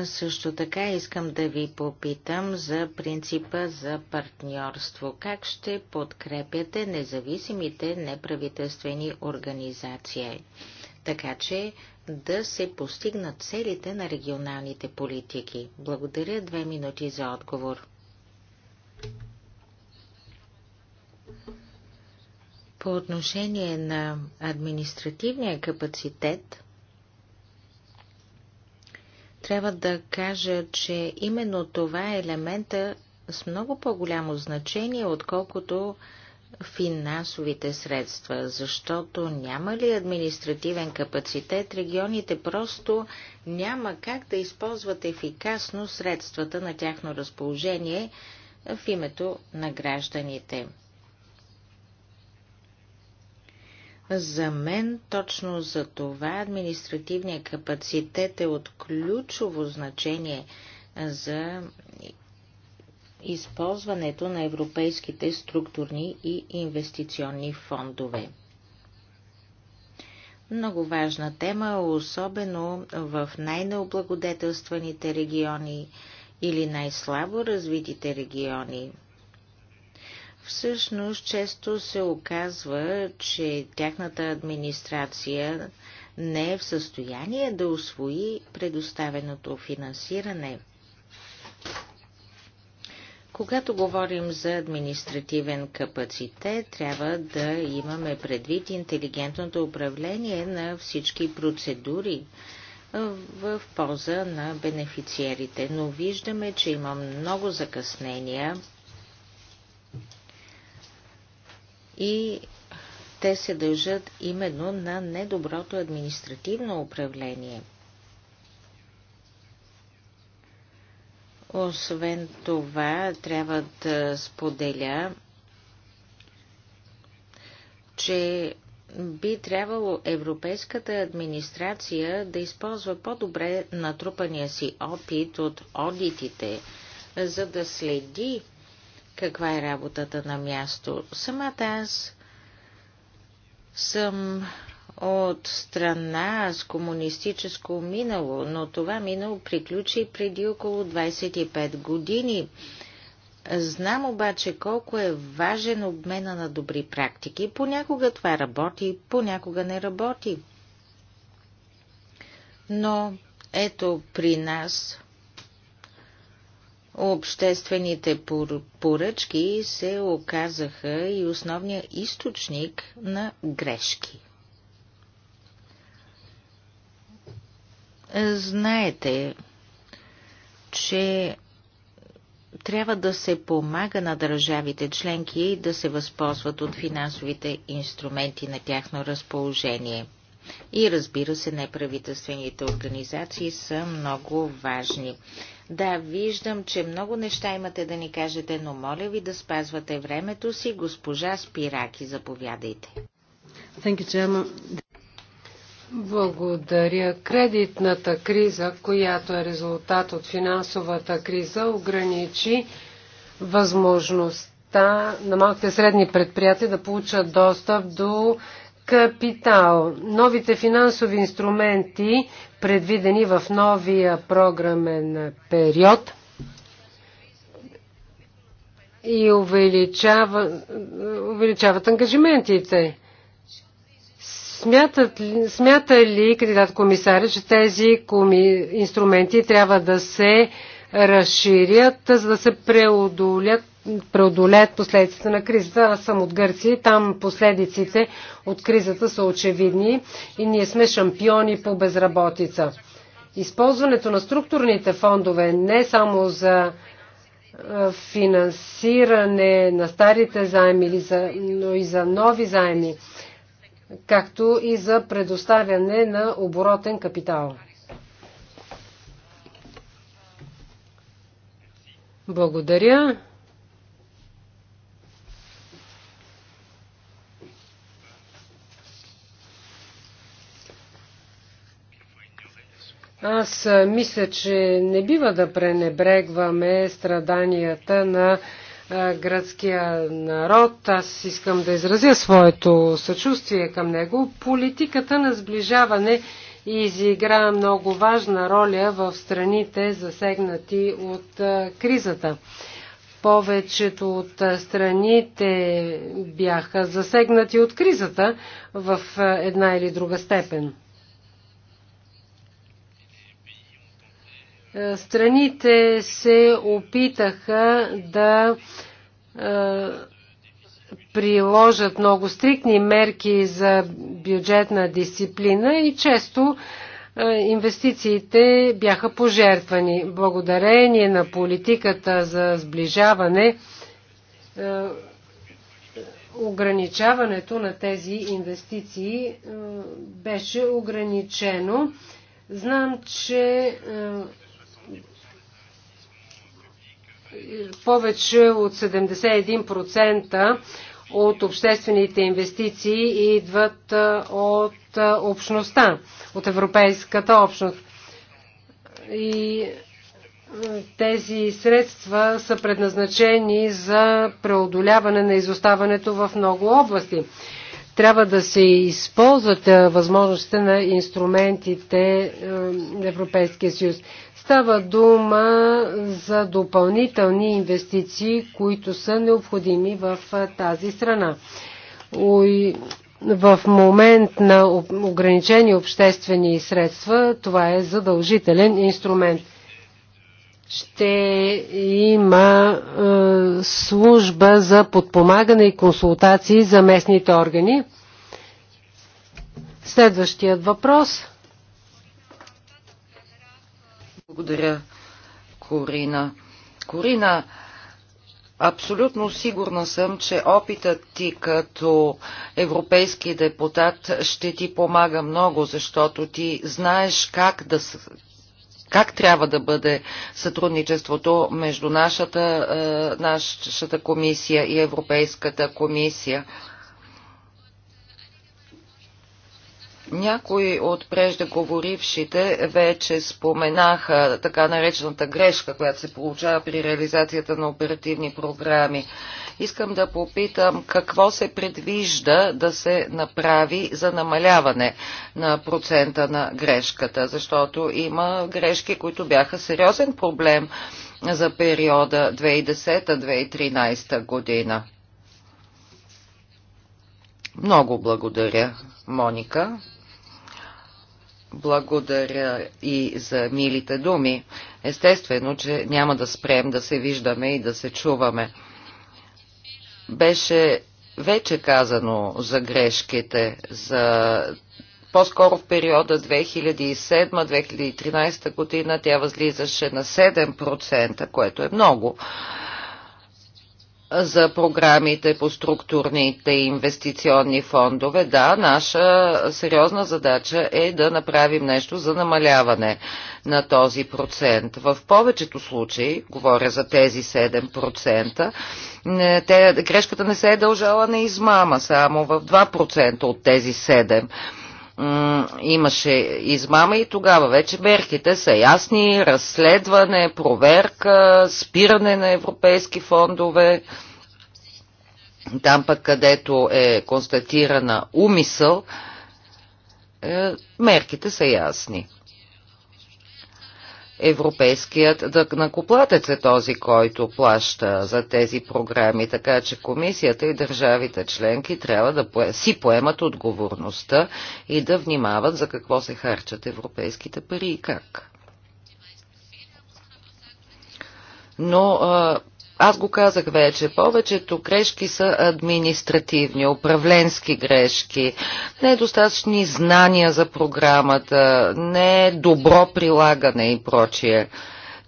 Също така искам да ви попитам за принципа за партньорство. Как ще подкрепяте независимите неправителствени организации, така че да се постигнат целите на регионалните политики? Благодаря две минути за отговор. По отношение на административния капацитет, трябва да кажа, че именно това е елемента с много по-голямо значение, отколкото финансовите средства, защото няма ли административен капацитет, регионите просто няма как да използват ефикасно средствата на тяхно разположение в името на гражданите. За мен точно за това административният капацитет е от ключово значение за използването на европейските структурни и инвестиционни фондове. Много важна тема, особено в най-необлагодетелстваните региони или най-слабо развитите региони. Всъщност често се оказва, че тяхната администрация не е в състояние да освои предоставеното финансиране. Когато говорим за административен капацитет, трябва да имаме предвид интелигентното управление на всички процедури в полза на бенефициерите. Но виждаме, че има много закъснения и те се дължат именно на недоброто административно управление. Освен това, трябва да споделя, че би трябвало европейската администрация да използва по-добре натрупания си опит от одитите, за да следи каква е работата на място. Самата аз съм от страна с комунистическо минало, но това минало приключи преди около 25 години. Знам обаче колко е важен обмена на добри практики. Понякога това работи, понякога не работи. Но ето при нас Обществените поръчки се оказаха и основния източник на грешки. Знаете, че трябва да се помага на държавите членки и да се възползват от финансовите инструменти на тяхно разположение. И разбира се, неправителствените организации са много важни. Да, виждам, че много неща имате да ни кажете, но моля ви да спазвате времето си. Госпожа Спираки, заповядайте. Благодаря. Кредитната криза, която е резултат от финансовата криза, ограничи възможността на малките средни предприятия да получат достъп до капитал. Новите финансови инструменти, предвидени в новия програмен период и увеличава, увеличават ангажиментите. Смятат, смята ли кандидат комисаря, че тези коми, инструменти трябва да се разширят, за да се преодолят преодолеят последиците на кризата. Аз съм от Гърция. Там последиците от кризата са очевидни и ние сме шампиони по безработица. Използването на структурните фондове не само за финансиране на старите заеми, но и за нови заеми, както и за предоставяне на оборотен капитал. Благодаря. Аз мисля, че не бива да пренебрегваме страданията на гръцкия народ. Аз искам да изразя своето съчувствие към него. Политиката на сближаване изигра много важна роля в страните засегнати от кризата. Повечето от страните бяха засегнати от кризата в една или друга степен. Е, страните се опитаха да е, приложат много стрикни мерки за бюджетна дисциплина и често е, инвестициите бяха пожертвани. Благодарение на политиката за сближаване, ограничаването на тези инвестиции беше ограничено. Знам, че повече от 71% от обществените инвестиции идват от общността, от европейската общност. И тези средства са предназначени за преодоляване на изоставането в много области. Трябва да се използват възможностите на инструментите на Европейския съюз. Става дума за допълнителни инвестиции, които са необходими в тази страна. В момент на ограничени обществени средства това е задължителен инструмент. Ще има служба за подпомагане и консултации за местните органи. Следващият въпрос – Благодаря, Корина. Корина, Абсолютно сигурна съм, че опитът ти като европейски депутат ще ти помага много, защото ти знаеш как да как трябва да бъде сътрудничеството между нашата, е, нашата комисия и Европейската комисия. Някои от преждеговорившите вече споменаха така наречената грешка, която се получава при реализацията на оперативни програми. Искам да попитам какво се предвижда да се направи за намаляване на процента на грешката, защото има грешки, които бяха сериозен проблем за периода 2010-2013 година. Много благодаря, Моника. Благодаря и за милите думи. Естествено, че няма да спрем да се виждаме и да се чуваме. Беше вече казано за грешките, за по-скоро в периода 2007-2013 година тя възлизаше на 7%, което е много за програмите по структурните и инвестиционни фондове. Да, наша сериозна задача е да направим нещо за намаляване на този процент. В повечето случаи, говоря за тези 7%, не, те, грешката не се е дължала на измама, само в 2% от тези 7% имаше измама и тогава вече мерките са ясни, разследване, проверка, спиране на европейски фондове. Там пък където е констатирана умисъл, е, мерките са ясни европейският накоплатец е този, който плаща за тези програми, така че комисията и държавите членки трябва да си поемат отговорността и да внимават за какво се харчат европейските пари и как. Но аз го казах вече, повечето грешки са административни, управленски грешки, недостатъчни е знания за програмата, не е добро прилагане и прочие.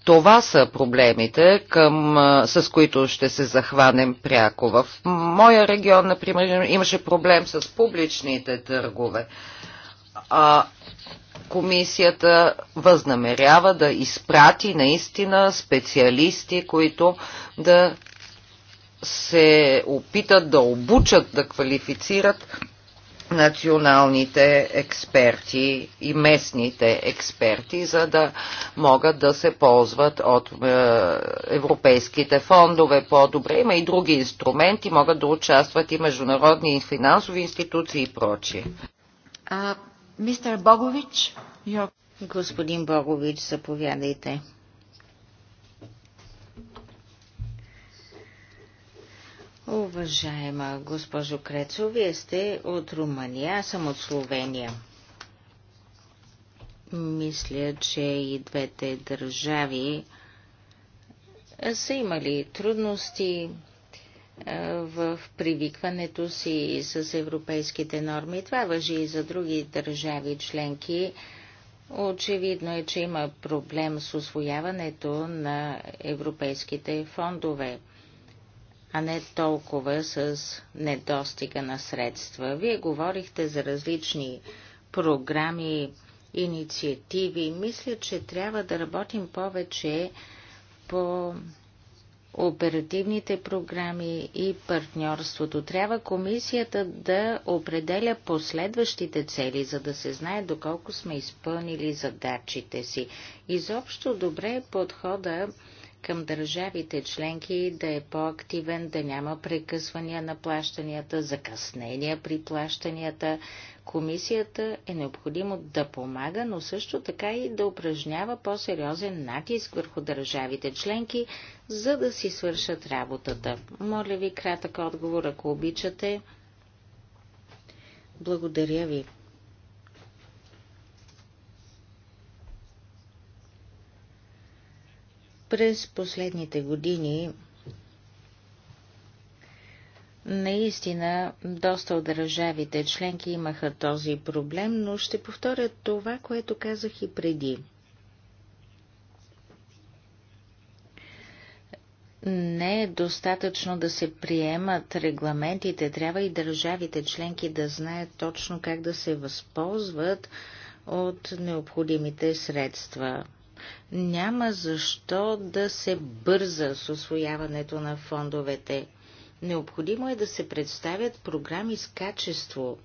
Това са проблемите, към, с които ще се захванем пряко. В моя регион, например, имаше проблем с публичните търгове. А комисията възнамерява да изпрати наистина специалисти, които да се опитат да обучат, да квалифицират националните експерти и местните експерти, за да могат да се ползват от е, европейските фондове по-добре. Има и други инструменти, могат да участват и международни финансови институции и прочие. Мистер Богович, your... Господин Богович, заповядайте. Уважаема госпожо Крецо, вие сте от Румъния, аз съм от Словения. Мисля, че и двете държави са имали трудности, е, в привикването си с европейските норми. Това въжи и за други държави членки. Очевидно е, че има проблем с освояването на европейските фондове, а не толкова с недостига на средства. Вие говорихте за различни програми, инициативи. Мисля, че трябва да работим повече по оперативните програми и партньорството. Трябва комисията да определя последващите цели, за да се знае доколко сме изпълнили задачите си. Изобщо добре е подхода към държавите членки да е по-активен, да няма прекъсвания на плащанията, закъснения при плащанията, Комисията е необходимо да помага, но също така и да упражнява по-сериозен натиск върху държавите членки, за да си свършат работата. Моля ви кратък отговор, ако обичате. Благодаря ви. През последните години Наистина, доста от държавите членки имаха този проблем, но ще повторя това, което казах и преди. Не е достатъчно да се приемат регламентите, трябва и държавите членки да знаят точно как да се възползват от необходимите средства. Няма защо да се бърза с освояването на фондовете – Необходимо е да се представят програми с качество.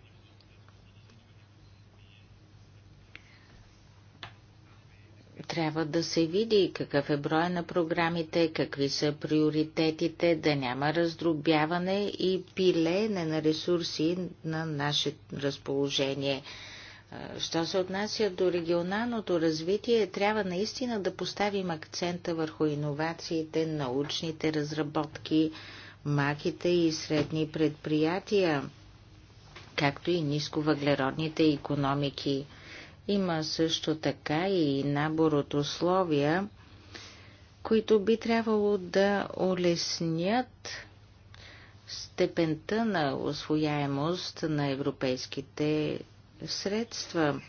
Трябва да се види какъв е броя на програмите, какви са приоритетите, да няма раздробяване и пилеене на ресурси на наше разположение. Що се отнася до регионалното развитие, трябва наистина да поставим акцента върху иновациите, научните разработки, малките и средни предприятия, както и нисковъглеродните економики. Има също така и набор от условия, които би трябвало да улеснят степента на освояемост на европейските средства.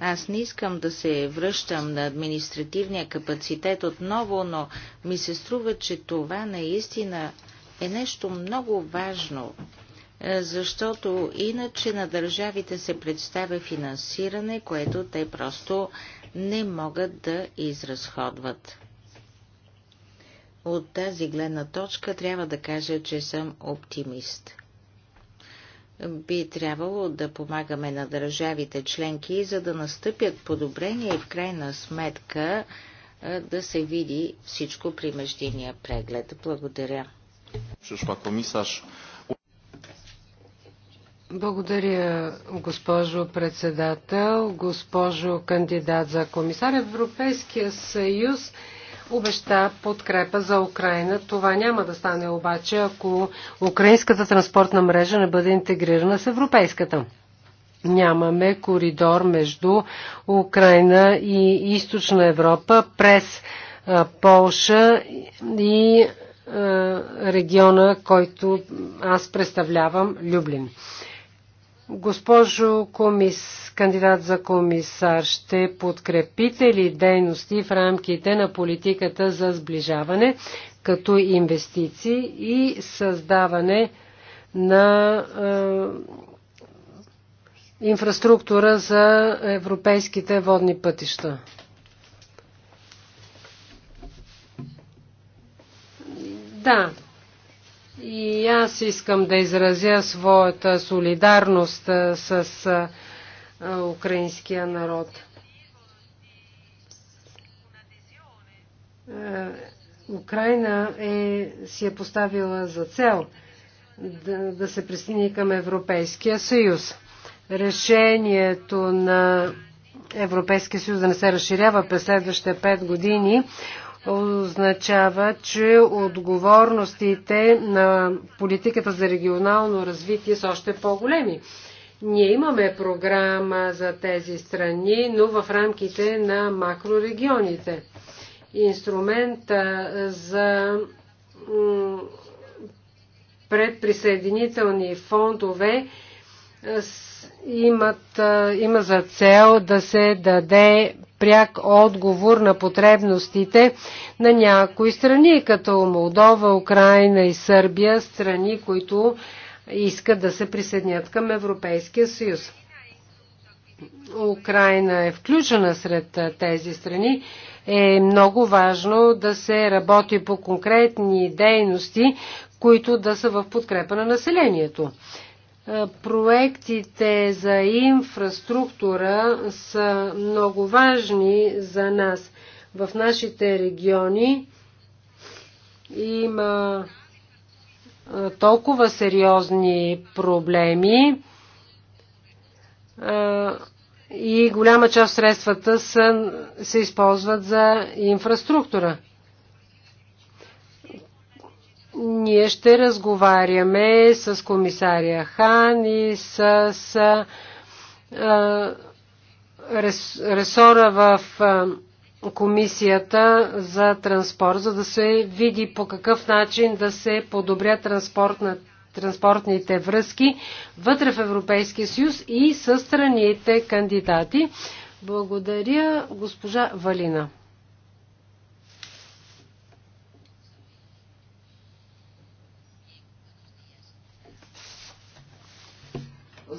Аз не искам да се връщам на административния капацитет отново, но ми се струва, че това наистина е нещо много важно, е, защото иначе на държавите се представя финансиране, което те просто не могат да изразходват. От тази гледна точка трябва да кажа, че съм оптимист. Би трябвало да помагаме на държавите членки, за да настъпят подобрения и в крайна сметка е, да се види всичко при междиния преглед. Благодаря. Благодаря, госпожо председател, госпожо кандидат за комисар. Европейския съюз обеща подкрепа за Украина. Това няма да стане обаче, ако украинската транспортна мрежа не бъде интегрирана с европейската. Нямаме коридор между Украина и източна Европа през Полша и е, региона, който аз представлявам, Люблин. Госпожо комис, кандидат за комисар, ще подкрепите ли дейности в рамките на политиката за сближаване като инвестиции и създаване на е, инфраструктура за европейските водни пътища? Да. И аз искам да изразя своята солидарност с украинския народ. Украина е, си е поставила за цел да, да се присъедини към Европейския съюз. Решението на Европейския съюз да не се разширява през следващите 5 години означава, че отговорностите на политиката за регионално развитие са още по-големи. Ние имаме програма за тези страни, но в рамките на макрорегионите. Инструмента за предприсъединителни фондове имат, има за цел да се даде пряк отговор на потребностите на някои страни, като Молдова, Украина и Сърбия, страни, които искат да се присъединят към Европейския съюз. Украина е включена сред тези страни, е много важно да се работи по конкретни дейности, които да са в подкрепа на населението. Е, проектите за инфраструктура са много важни за нас. В нашите региони има е, толкова сериозни проблеми е, и голяма част средствата са, се използват за инфраструктура. Ние ще разговаряме с комисария Хан и с ресора в комисията за транспорт, за да се види по какъв начин да се подобря на транспортните връзки вътре в Европейския съюз и със страните кандидати. Благодаря, госпожа Валина.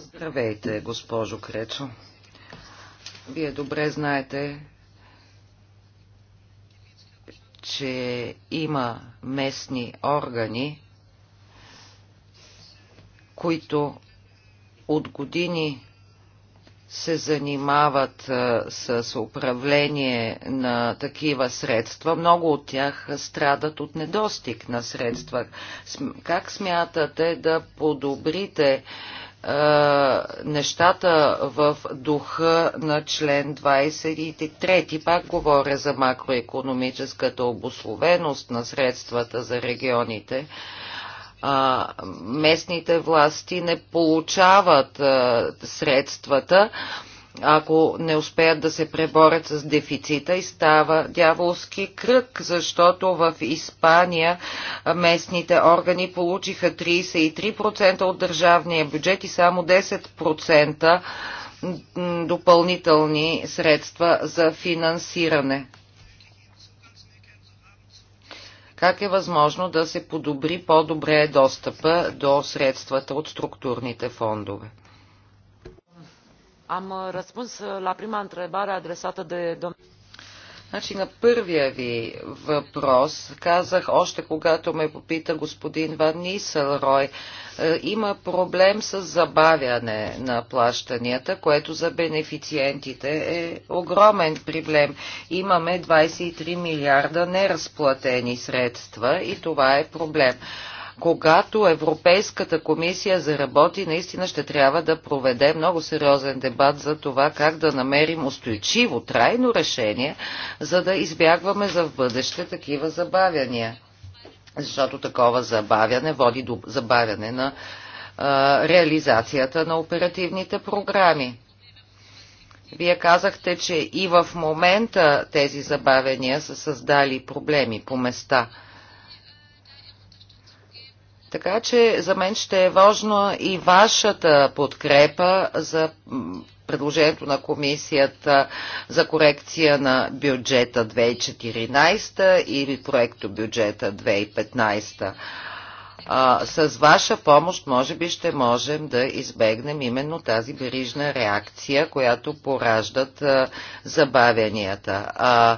Здравейте, госпожо Кречо. Вие добре знаете, че има местни органи, които от години се занимават с управление на такива средства. Много от тях страдат от недостиг на средства. Как смятате да подобрите е, нещата в духа на член 23. Пак говоря за макроекономическата обословеност на средствата за регионите. А, е, местните власти не получават а, е, средствата. А, ако не успеят да се преборят с дефицита и става дяволски кръг, защото в Испания местните органи получиха 33% от държавния бюджет и само 10% допълнителни средства за финансиране. Как е възможно да се подобри по-добре достъпа до средствата от структурните фондове? Am uh, răspuns uh, la prima întrebare adresată de domnul. Значи на първия ви въпрос казах още когато ме попита господин Ван Рой, е, има проблем с забавяне на плащанията, което за бенефициентите е огромен проблем. Имаме 23 милиарда неразплатени средства и това е проблем когато Европейската комисия заработи, наистина ще трябва да проведе много сериозен дебат за това как да намерим устойчиво, трайно решение, за да избягваме за в бъдеще такива забавяния. Защото такова забавяне води до забавяне на а, реализацията на оперативните програми. Вие казахте, че и в момента тези забавения са създали проблеми по места – така че за мен ще е важно и вашата подкрепа за предложението на комисията за корекция на бюджета 2014 или проекто бюджета 2015. А, с ваша помощ може би ще можем да избегнем именно тази берижна реакция, която пораждат а, забавянията. А,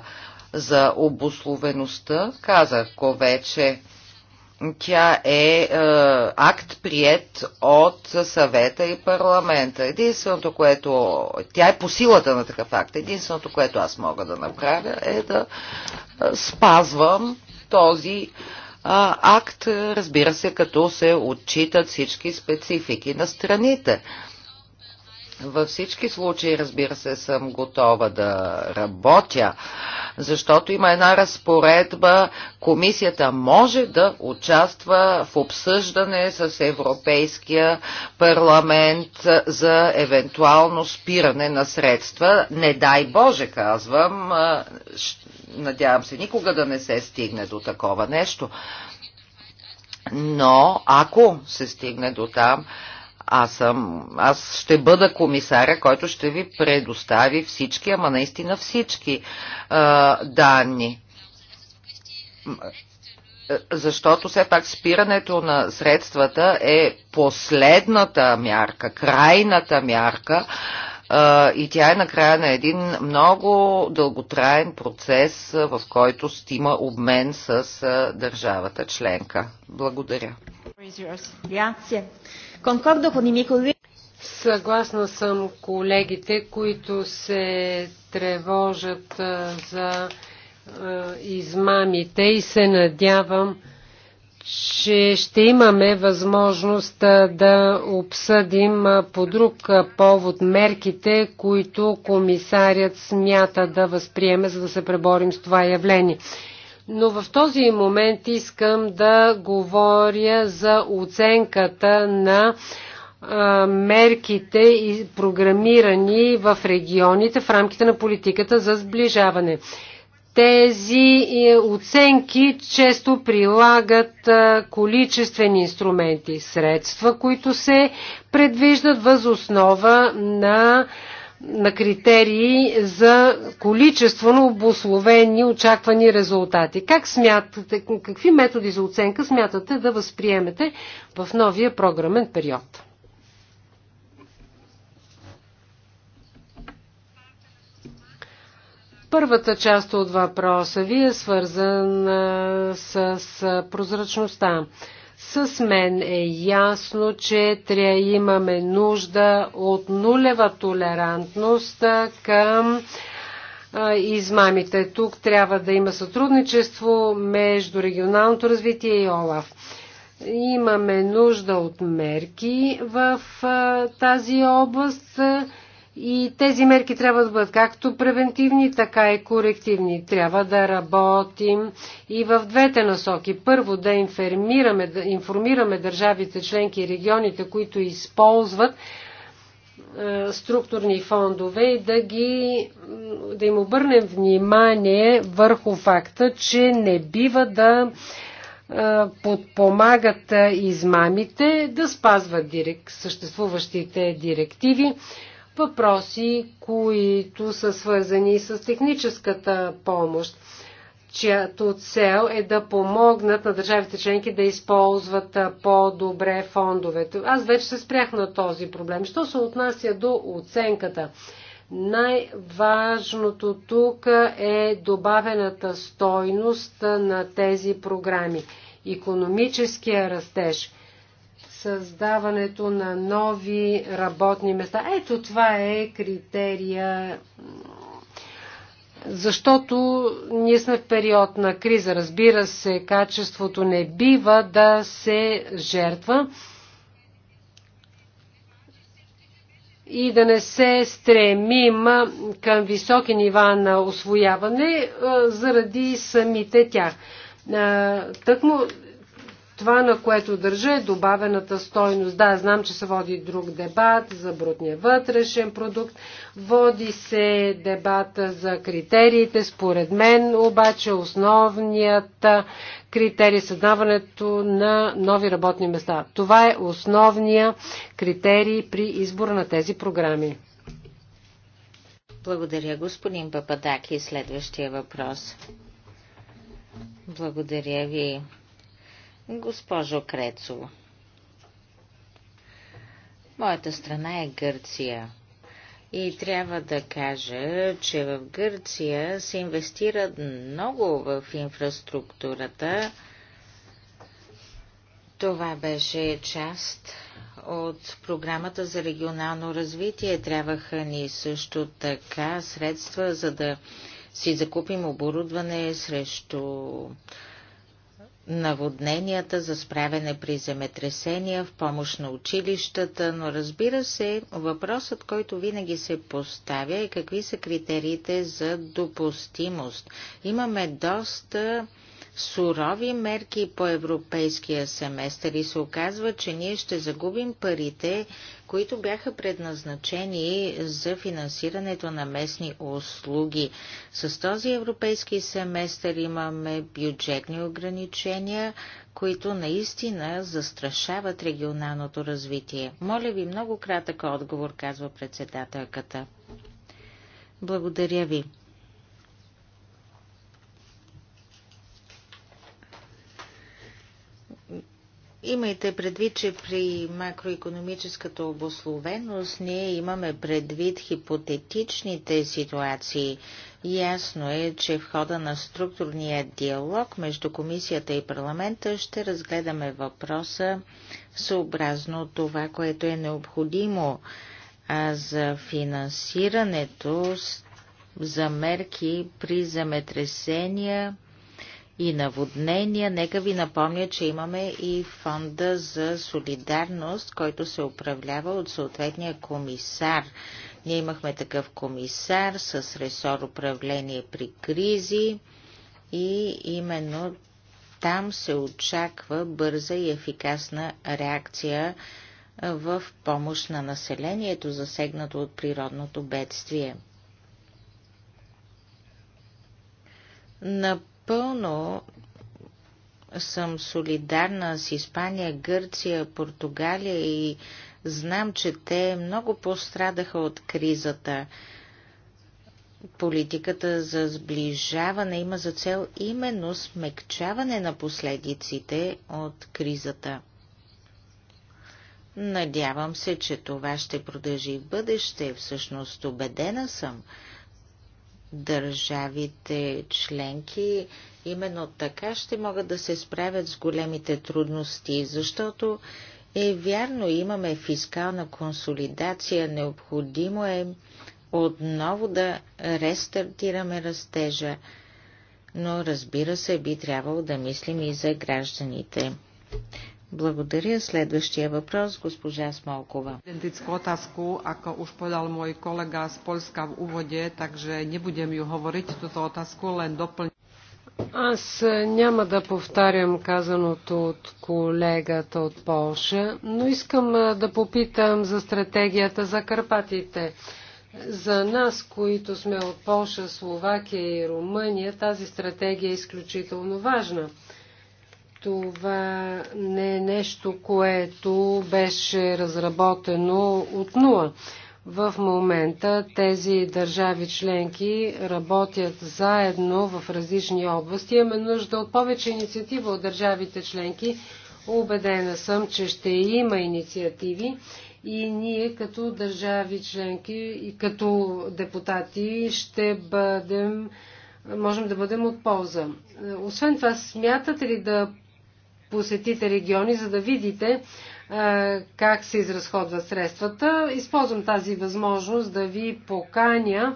за обословеността казах ко вече тя е, е акт прият от съвета и парламента. Единственото, което... Тя е по силата на такъв акт. Единственото, което аз мога да направя е да е, спазвам този е, акт, разбира се, като се отчитат всички специфики на страните. Във всички случаи, разбира се, съм готова да работя, защото има една разпоредба, комисията може да участва в обсъждане с Европейския парламент за евентуално спиране на средства. Не дай Боже, казвам, надявам се никога да не се стигне до такова нещо. Но ако се стигне до там, аз, съм, аз ще бъда комисаря, който ще ви предостави всички, ама наистина всички а, данни. Защото все пак спирането на средствата е последната мярка, крайната мярка а, и тя е накрая на един много дълготраен процес, в който стима обмен с държавата членка. Благодаря. Concordo con i miei colleghi. Съгласна съм колегите, които се тревожат за измамите и се надявам, че ще имаме възможност да обсъдим по друг повод мерките, които комисарят смята да възприеме, за да се преборим с това явление. Но в този момент искам да говоря за оценката на мерките и програмирани в регионите в рамките на политиката за сближаване. Тези е, оценки често прилагат количествени инструменти, средства, които се предвиждат възоснова на на критерии за количествено обословени очаквани резултати. Как смятате, какви методи за оценка смятате да възприемете в новия програмен период? Първата част от въпроса ви е свързана с прозрачността. С мен е ясно, че трябва имаме нужда от нулева толерантност към измамите. Тук трябва да има сътрудничество между регионалното развитие и ОЛАФ. Имаме нужда от мерки в тази област и тези мерки трябва да бъдат както превентивни, така и корективни. Трябва да работим и в двете насоки. Първо да информираме, да информираме държавите членки и регионите, които използват е, структурни фондове и да, ги, да им обърнем внимание върху факта, че не бива да е, подпомагат е, измамите, да спазват директ, съществуващите директиви въпроси, които са свързани с техническата помощ, чиято цел е да помогнат на държавите членки да използват по-добре фондовете. Аз вече се спрях на този проблем. Що се отнася до оценката? Най-важното тук е добавената стойност на тези програми. Економическия растеж – създаването на нови работни места. Ето това е критерия. Защото ние сме в период на криза. Разбира се, качеството не бива да се жертва и да не се стремим към високи нива на освояване заради самите тях. Тъкмо това, на което държа е добавената стойност. Да, знам, че се води друг дебат за брутния вътрешен продукт. Води се дебата за критериите. Според мен обаче основният критерий е създаването на нови работни места. Това е основния критерий при избора на тези програми. Благодаря, господин Пападаки. Следващия въпрос. Благодаря ви. Госпожо Крецо, моята страна е Гърция. И трябва да кажа, че в Гърция се инвестират много в инфраструктурата. Това беше част от програмата за регионално развитие. Трябваха ни също така средства, за да си закупим оборудване срещу наводненията, за справяне при земетресения, в помощ на училищата, но разбира се, въпросът, който винаги се поставя е какви са критериите за допустимост. Имаме доста сурови мерки по европейския семестър и се оказва, че ние ще загубим парите които бяха предназначени за финансирането на местни услуги. С този европейски семестър имаме бюджетни ограничения, които наистина застрашават регионалното развитие. Моля ви много кратък отговор, казва председателката. Благодаря ви. Имайте предвид, че при макроекономическата обословеност ние имаме предвид хипотетичните ситуации. Ясно е, че в хода на структурния диалог между комисията и парламента ще разгледаме въпроса съобразно това, което е необходимо. А за финансирането за мерки при земетресения и наводнения. Нека ви напомня, че имаме и фонда за солидарност, който се управлява от съответния комисар. Ние имахме такъв комисар с ресор управление при кризи и именно там се очаква бърза и ефикасна реакция в помощ на населението, засегнато от природното бедствие. На Напълно съм солидарна с Испания, Гърция, Португалия и знам, че те много пострадаха от кризата. Политиката за сближаване има за цел именно смекчаване на последиците от кризата. Надявам се, че това ще продължи в бъдеще, всъщност убедена съм – държавите членки именно така ще могат да се справят с големите трудности, защото е вярно, имаме фискална консолидация, необходимо е отново да рестартираме растежа, но разбира се, би трябвало да мислим и за гражданите. Благодаря. Следващия въпрос, госпожа Смолкова. Идентичку otázku, ako už povedal môj kolega z Polska v úvode, не будем ю говорить тото otázku лен допълни. Аз няма да повтарям казаното от колегата от Полша, но искам да попитам за стратегията за Карпатите. За нас, които сме от Полша, Словакия и Румъния, тази стратегия е изключително важна – това не е нещо, което беше разработено от нула. В момента тези държави членки работят заедно в различни области. Имаме нужда от повече инициатива от държавите членки. Убедена съм, че ще има инициативи и ние като държави членки и като депутати ще бъдем можем да бъдем от полза. Освен това, смятате ли да посетите региони, за да видите как се изразходват средствата. Използвам тази възможност да ви поканя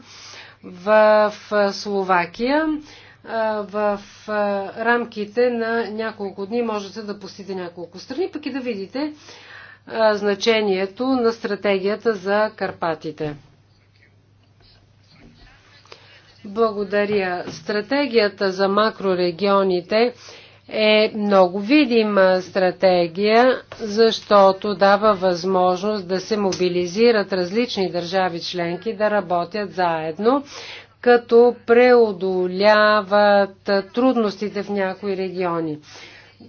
в Словакия. В рамките на няколко дни можете да посетите няколко страни, пък и да видите значението на стратегията за Карпатите. Благодаря. Стратегията за макрорегионите е много видима стратегия, защото дава възможност да се мобилизират различни държави членки да работят заедно, като преодоляват трудностите в някои региони.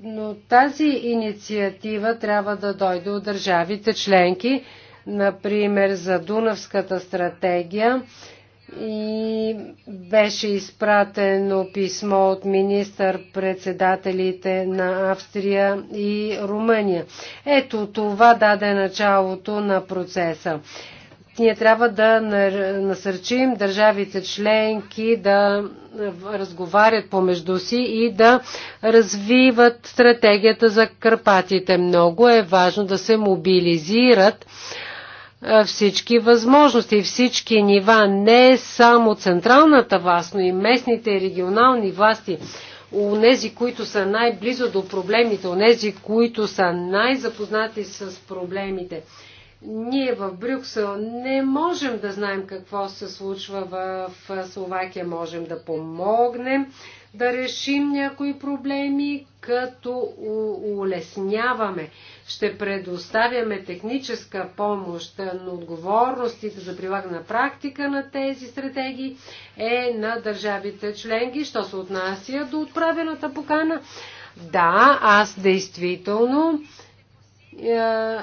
Но тази инициатива трябва да дойде от държавите членки, например за Дунавската стратегия и беше изпратено писмо от министър-председателите на Австрия и Румъния. Ето това даде началото на процеса. Ние трябва да насърчим държавите членки да разговарят помежду си и да развиват стратегията за Карпатите. Много е важно да се мобилизират всички възможности, всички нива, не само централната власт, но и местните и регионални власти, унези, които са най-близо до проблемите, унези, които са най-запознати с проблемите. Ние в Брюксел не можем да знаем какво се случва в Словакия, можем да помогнем да решим някои проблеми, като улесняваме. Ще предоставяме техническа помощ, но отговорностите за прилагана практика на тези стратегии е на държавите членки. Що се отнася до отправената покана? Да, аз действително е,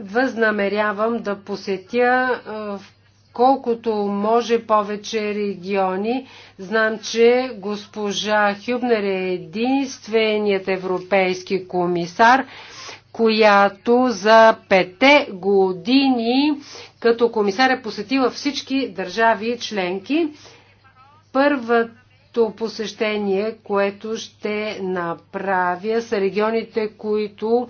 възнамерявам да посетя е, в колкото може повече региони. Знам, че госпожа Хюбнер е единственият европейски комисар, която за пете години като комисар е посетила всички държави членки. Първото посещение, което ще направя, са регионите, които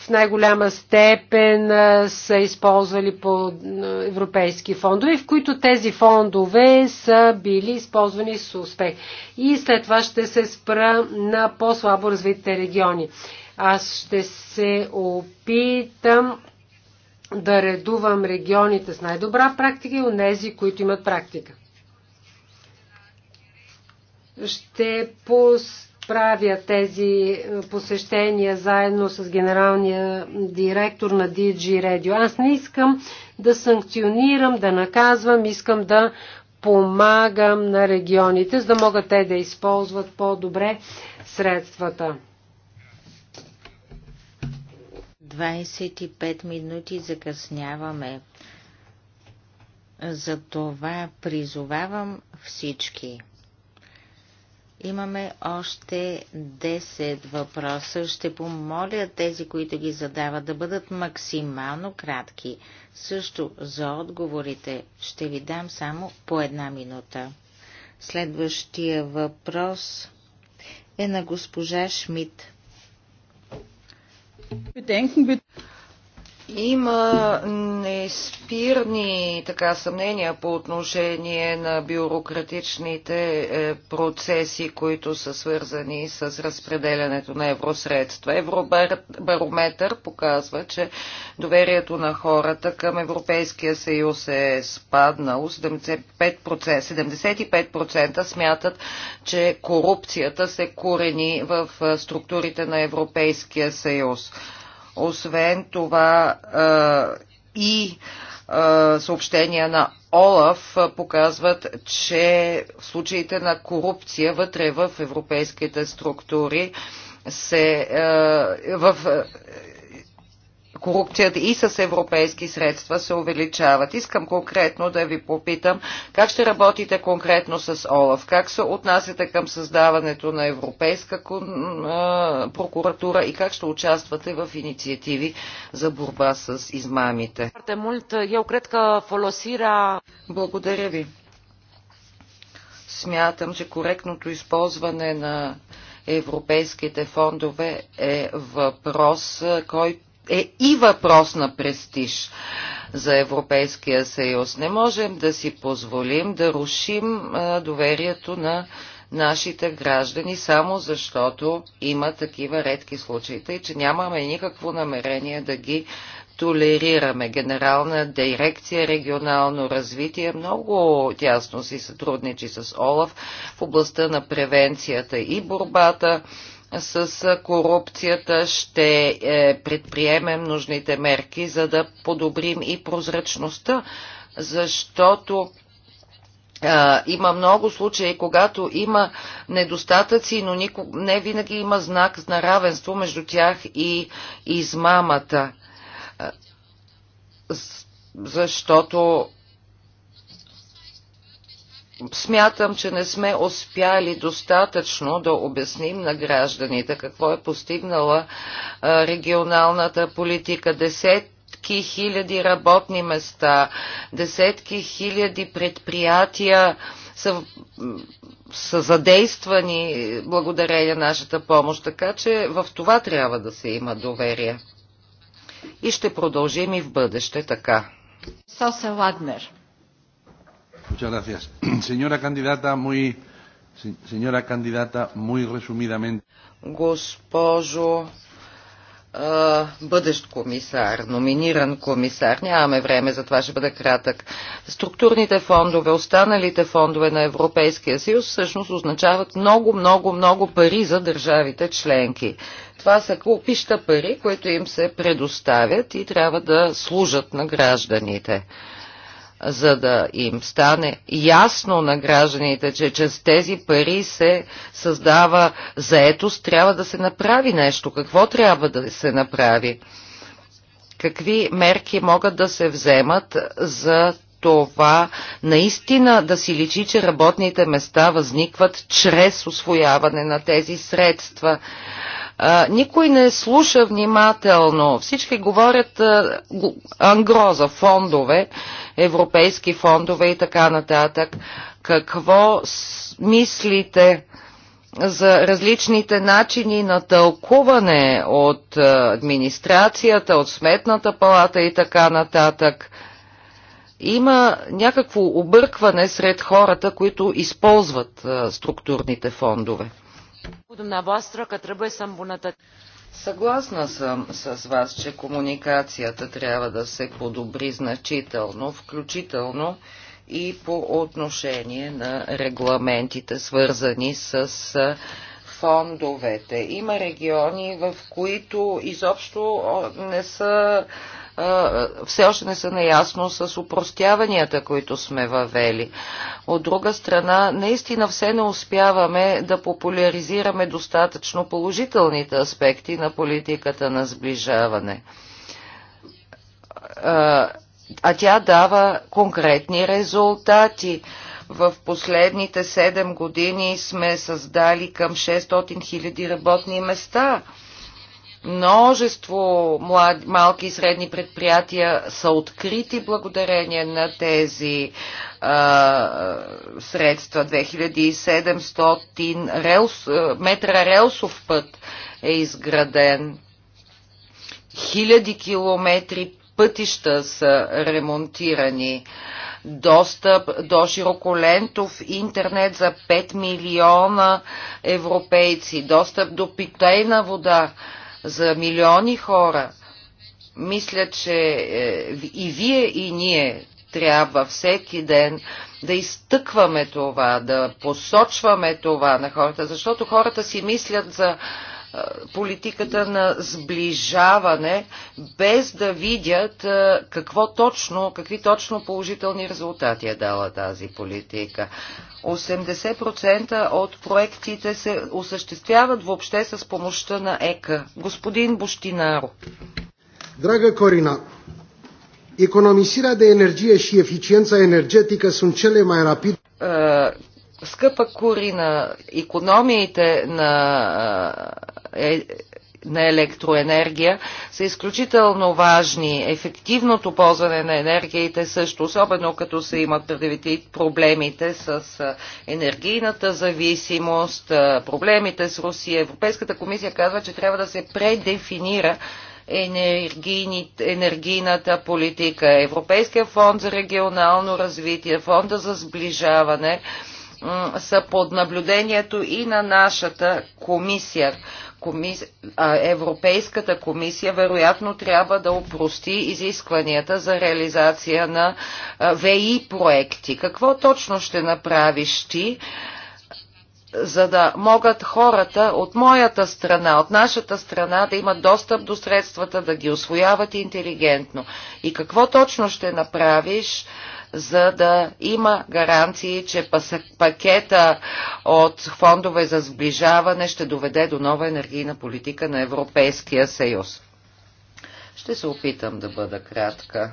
в най-голяма степен са използвали по европейски фондове, в които тези фондове са били използвани с успех. И след това ще се спра на по-слабо развитите региони. Аз ще се опитам да редувам регионите с най-добра практика и онези, които имат практика. Ще пуст правя тези е, посещения заедно с генералния директор на DG Radio. Аз не искам да санкционирам, да наказвам, искам да помагам на регионите, за да могат те да използват по-добре средствата. 25 минути закъсняваме. Затова призовавам всички Имаме още 10 въпроса. Ще помоля тези, които ги задават, да бъдат максимално кратки. Също за отговорите ще ви дам само по една минута. Следващия въпрос е на госпожа Шмидт. Има неспирни така, съмнения по отношение на бюрократичните е, процеси, които са свързани с разпределянето на евросредства. Евробарометър показва, че доверието на хората към Европейския съюз е спаднало. 75%, 75% смятат, че корупцията се корени в е, структурите на Европейския съюз. Освен това и съобщения на ОЛАФ показват, че в случаите на корупция вътре в европейските структури се в корупцията и с европейски средства се увеличават. Искам конкретно да ви попитам как ще работите конкретно с ОЛАВ, как се отнасяте към създаването на Европейска прокуратура и как ще участвате в инициативи за борба с измамите. Благодаря ви. Смятам, че коректното използване на европейските фондове е въпрос, който е и въпрос на престиж за Европейския съюз. Не можем да си позволим да рушим доверието на нашите граждани, само защото има такива редки случаи, тъй че нямаме никакво намерение да ги толерираме. Генерална дирекция регионално развитие много тясно си сътрудничи с ОЛАФ в областта на превенцията и борбата с корупцията ще е, предприемем нужните мерки, за да подобрим и прозрачността, защото а, има много случаи, когато има недостатъци, но нико, не винаги има знак на равенство между тях и измамата. Защото смятам, че не сме успяли достатъчно да обясним на гражданите какво е постигнала регионалната политика. десетки хиляди работни места, десетки хиляди предприятия са, са задействани благодарение нашата помощ, така че в това трябва да се има доверие. И ще продължим и в бъдеще така. Сосе Ладнер. Muchas gracias. Señora candidata, muy, señora candidata, muy resumidamente. Госпожо бъдещ комисар, номиниран комисар. Нямаме време, за това ще бъде кратък. Структурните фондове, останалите фондове на Европейския съюз всъщност означават много, много, много пари за държавите членки. Това са купища пари, които им се предоставят и трябва да служат на гражданите за да им стане ясно на гражданите, че чрез тези пари се създава заетост, трябва да се направи нещо. Какво трябва да се направи? Какви мерки могат да се вземат за това наистина да си личи, че работните места възникват чрез освояване на тези средства никой не слуша внимателно. Всички говорят а, ангроза, фондове, европейски фондове и така нататък. Какво мислите? за различните начини на тълкуване от администрацията, от сметната палата и така нататък. Има някакво объркване сред хората, които използват структурните фондове. Съгласна съм с вас, че комуникацията трябва да се подобри значително, включително и по отношение на регламентите, свързани с фондовете. Има региони, в които изобщо не са все още не са наясно с упростяванията, които сме въвели. От друга страна, наистина все не успяваме да популяризираме достатъчно положителните аспекти на политиката на сближаване. А тя дава конкретни резултати. В последните 7 години сме създали към 600 000 работни места – Множество млад, малки и средни предприятия са открити благодарение на тези а, средства. 2700 релс, метра релсов път е изграден. Хиляди километри пътища са ремонтирани. Достъп до широколентов интернет за 5 милиона европейци. Достъп до питейна вода за милиони хора. Мисля, че е, и вие, и ние трябва всеки ден да изтъкваме това, да посочваме това на хората, защото хората си мислят за политиката на сближаване, без да видят какво точно, какви точно положителни резултати е дала тази политика. 80% от проектите се осъществяват въобще с помощта на ЕКА. Господин Буштинаро. Драга корина, економисира да енергия и ефициенца енергетика sunt cele май рапид. Скъпа Корина, економиите на е, на електроенергия са изключително важни. Ефективното ползване на енергиите също, особено като се имат предвид проблемите с енергийната зависимост, проблемите с Русия. Европейската комисия казва, че трябва да се предефинира енергийната политика. Европейския фонд за регионално развитие, фонда за сближаване са под наблюдението и на нашата комисия. Комис... Европейската комисия вероятно трябва да упрости изискванията за реализация на ВИ проекти. Какво точно ще направиш ти? за да могат хората от моята страна, от нашата страна да имат достъп до средствата, да ги освояват интелигентно. И какво точно ще направиш, за да има гаранции, че пакета от фондове за сближаване ще доведе до нова енергийна политика на Европейския съюз. Ще се опитам да бъда кратка.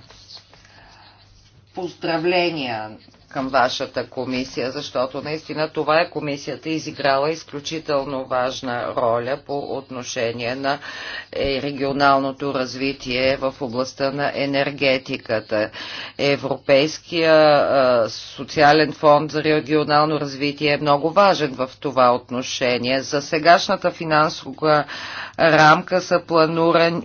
Поздравления към вашата комисия, защото наистина това е комисията изиграла изключително важна роля по отношение на е, регионалното развитие в областта на енергетиката. Европейския социален фонд за регионално развитие е много важен в това отношение. За сегашната финансова рамка са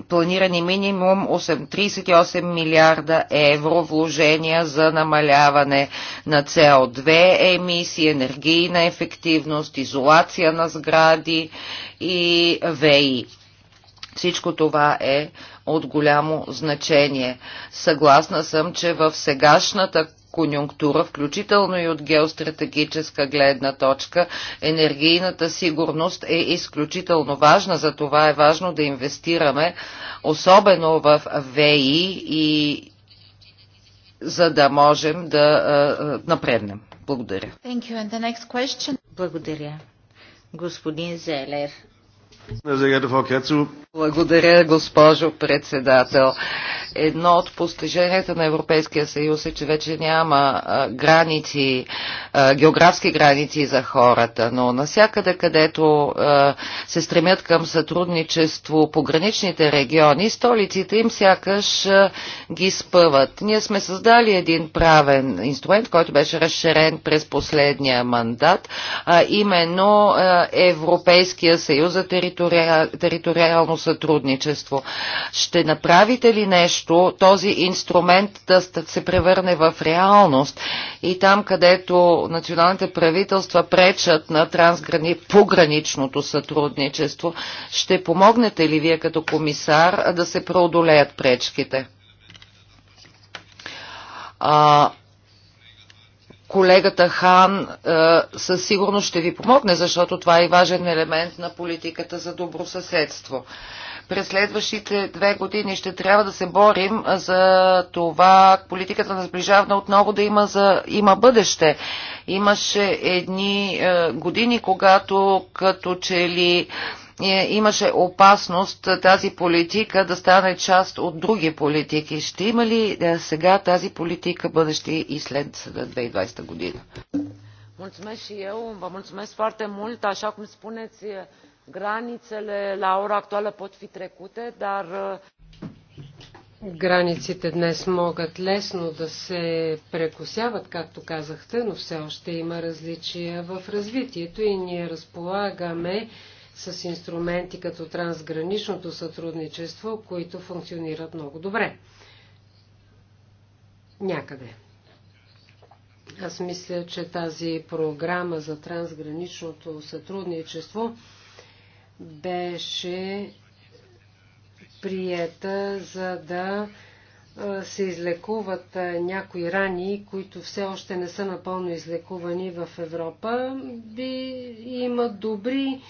планирани минимум 38 милиарда евро вложения за намаляване на CO2 емисии, енергийна ефективност, изолация на сгради и ВИ. Всичко това е от голямо значение. Съгласна съм, че в сегашната конюнктура, включително и от геостратегическа гледна точка, енергийната сигурност е изключително важна. За това е важно да инвестираме, особено в ВИ и за да можем да а, напреднем. Благодаря. Благодаря. Господин Зелер. Благодаря, госпожо председател. Едно от постиженията на Европейския съюз е, че вече няма граници, географски граници за хората, но насякъде, където се стремят към сътрудничество пограничните региони, столиците им сякаш ги спъват. Ние сме създали един правен инструмент, който беше разширен през последния мандат, а именно Европейския съюз за територията териториално сътрудничество. Ще направите ли нещо този инструмент да се превърне в реалност и там, където националните правителства пречат на трансграни... пограничното сътрудничество, ще помогнете ли вие като комисар да се преодолеят пречките? А, колегата Хан е, със сигурност ще ви помогне, защото това е важен елемент на политиката за добро съседство. През следващите две години ще трябва да се борим за това политиката на сближаване отново да има, за, има бъдеще. Имаше едни е, години, когато като че ли имаше опасност тази политика да стане част от други политики. Ще има ли е, сега тази политика бъдеще и след 2020 година? Mulțumesc și eu, vă mulțumesc foarte mult. Așa cum spuneți, granițele la ora actuală pot fi trecute, dar... Uh, Границите днес могат лесно да се прекусяват, както казахте, но все още има различия в развитието и ние разполагаме с инструменти като трансграничното сътрудничество, които функционират много добре. Някъде. Аз мисля, че тази програма за трансграничното сътрудничество беше приета, за да се излекуват някои рани, които все още не са напълно излекувани в Европа. Би има добри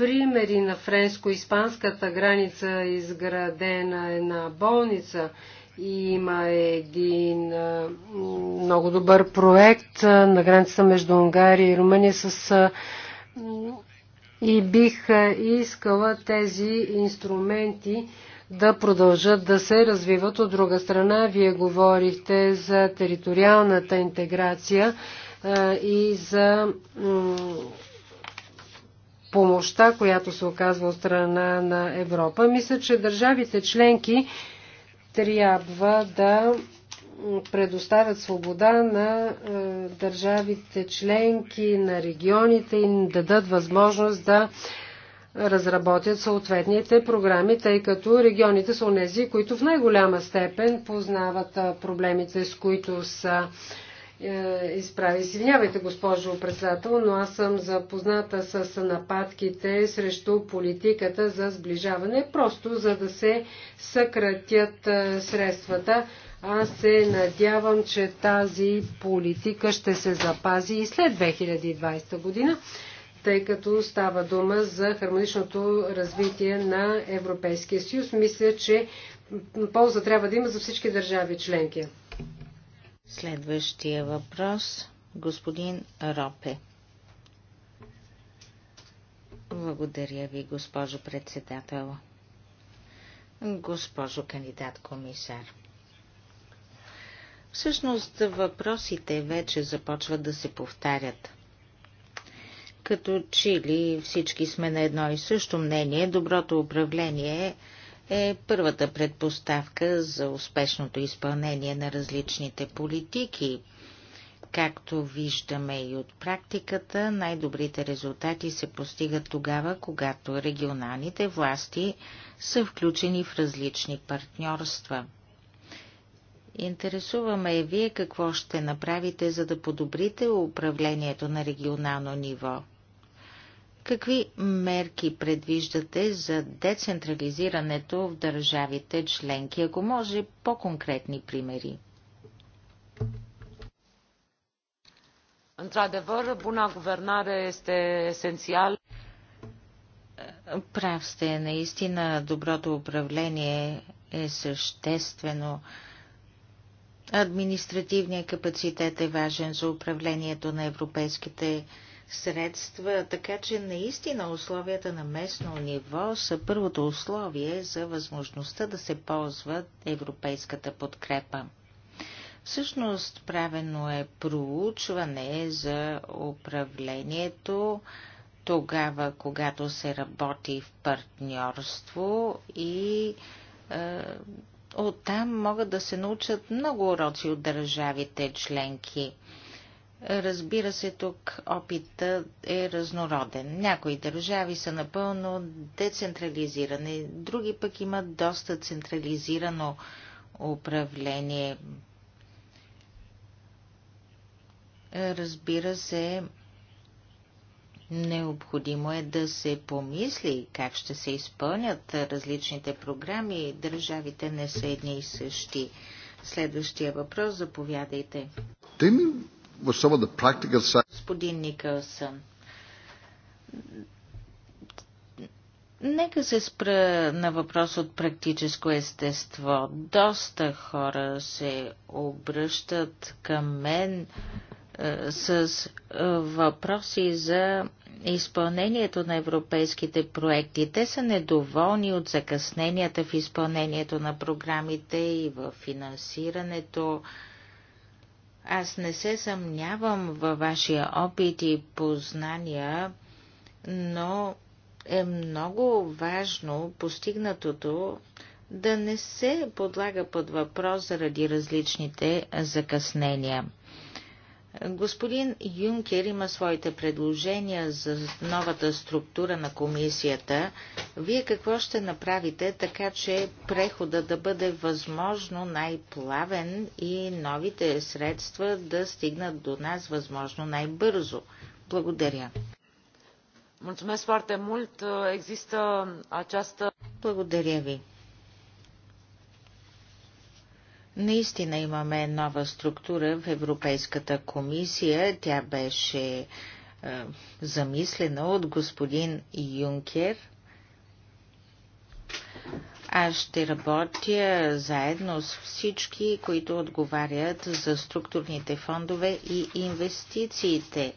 примери на френско-испанската граница изградена една болница и има един много добър проект на граница между Унгария и Румъния с и бих искала тези инструменти да продължат да се развиват. От друга страна, вие говорихте за териториалната интеграция и за помощта, която се оказва от страна на Европа. Мисля, че държавите членки трябва да предоставят свобода на е, държавите членки, на регионите и дадат възможност да разработят съответните програми, тъй като регионите са онези, които в най-голяма степен познават е, проблемите, с които са е, изправи. Извинявайте, госпожо председател, но аз съм запозната с нападките срещу политиката за сближаване, просто за да се съкратят е, средствата. Аз се надявам, че тази политика ще се запази и след 2020 година, тъй като става дума за хармоничното развитие на Европейския съюз. Мисля, че полза трябва да има за всички държави членки. Следващия въпрос господин Ропе. Благодаря ви, госпожо председател. Госпожо кандидат комисар. Всъщност въпросите вече започват да се повтарят. Като че ли всички сме на едно и също мнение, доброто управление е първата предпоставка за успешното изпълнение на различните политики. Както виждаме и от практиката, най-добрите резултати се постигат тогава, когато регионалните власти са включени в различни партньорства. Интересуваме вие какво ще направите, за да подобрите управлението на регионално ниво – Какви мерки предвиждате за децентрализирането в държавите членки, ако може по-конкретни примери? Într-adevăr, buna guvernare este esențial. Прав сте, наистина доброто управление е съществено. Административният капацитет е важен за управлението на европейските средства, така че наистина условията на местно ниво са първото условие за възможността да се ползва европейската подкрепа. Всъщност правено е проучване за управлението тогава, когато се работи в партньорство и е, оттам могат да се научат много уроци от държавите членки. Разбира се, тук опитът е разнороден. Някои държави са напълно децентрализирани, други пък имат доста централизирано управление. Разбира се, необходимо е да се помисли как ще се изпълнят различните програми. Държавите не са едни и същи. Следващия въпрос, заповядайте. Господин Никълсън, Нека се спра на въпрос от практическо естество. Доста хора се обръщат към мен е, с е, въпроси за изпълнението на европейските проекти. Те са недоволни от закъсненията в изпълнението на програмите и в финансирането. Е, аз не се съмнявам във вашия опит и познания, но е много важно постигнатото да не се подлага под въпрос заради различните закъснения. Господин Юнкер има своите предложения за новата структура на комисията. Вие какво ще направите, така че прехода да бъде възможно най-плавен и новите средства да стигнат до нас възможно най-бързо? Благодаря. foarte mult. Există această... Благодаря ви. Наистина имаме нова структура в Европейската комисия. Тя беше е, замислена от господин Юнкер. Аз ще работя заедно с всички, които отговарят за структурните фондове и инвестициите.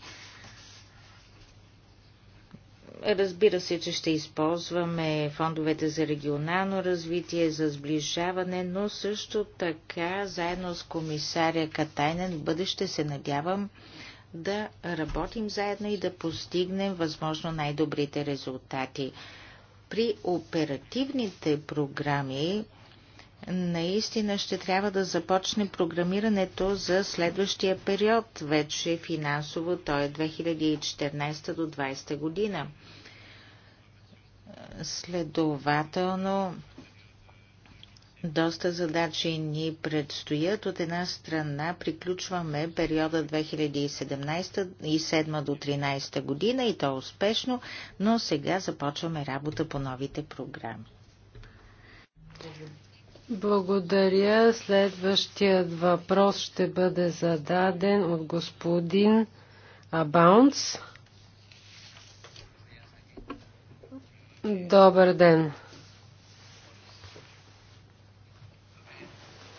Разбира се, че ще използваме фондовете за регионално развитие, за сближаване, но също така, заедно с комисаря Катайнен, в бъдеще се надявам да работим заедно и да постигнем възможно най-добрите резултати. При оперативните програми наистина ще трябва да започне програмирането за следващия период, вече финансово, то е 2014 до 2020 година. Следователно, доста задачи ни предстоят. От една страна приключваме периода 2017 и 7 до 13 година и то успешно, но сега започваме работа по новите програми. Благодаря. Следващият въпрос ще бъде зададен от господин Абаунс. Добър ден.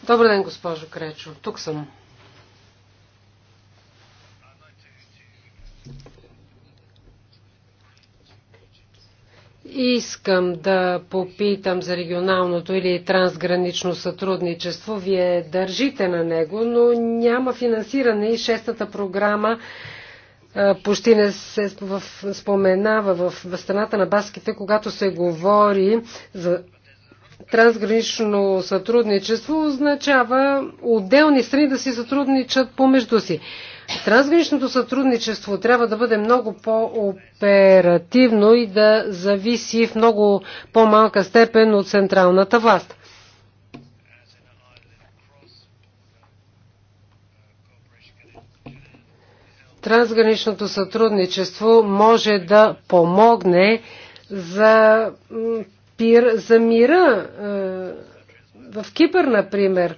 Добър ден, госпожо Кречо. Тук съм. Искам да попитам за регионалното или трансгранично сътрудничество. Вие държите на него, но няма финансиране и шестата програма почти не се споменава в страната на баските, когато се говори за трансгранично сътрудничество, означава отделни страни да си сътрудничат помежду си. Трансграничното сътрудничество трябва да бъде много по-оперативно и да зависи в много по-малка степен от централната власт. Трансграничното сътрудничество може да помогне за, пир, за мира. Е, в Кипър, например, е,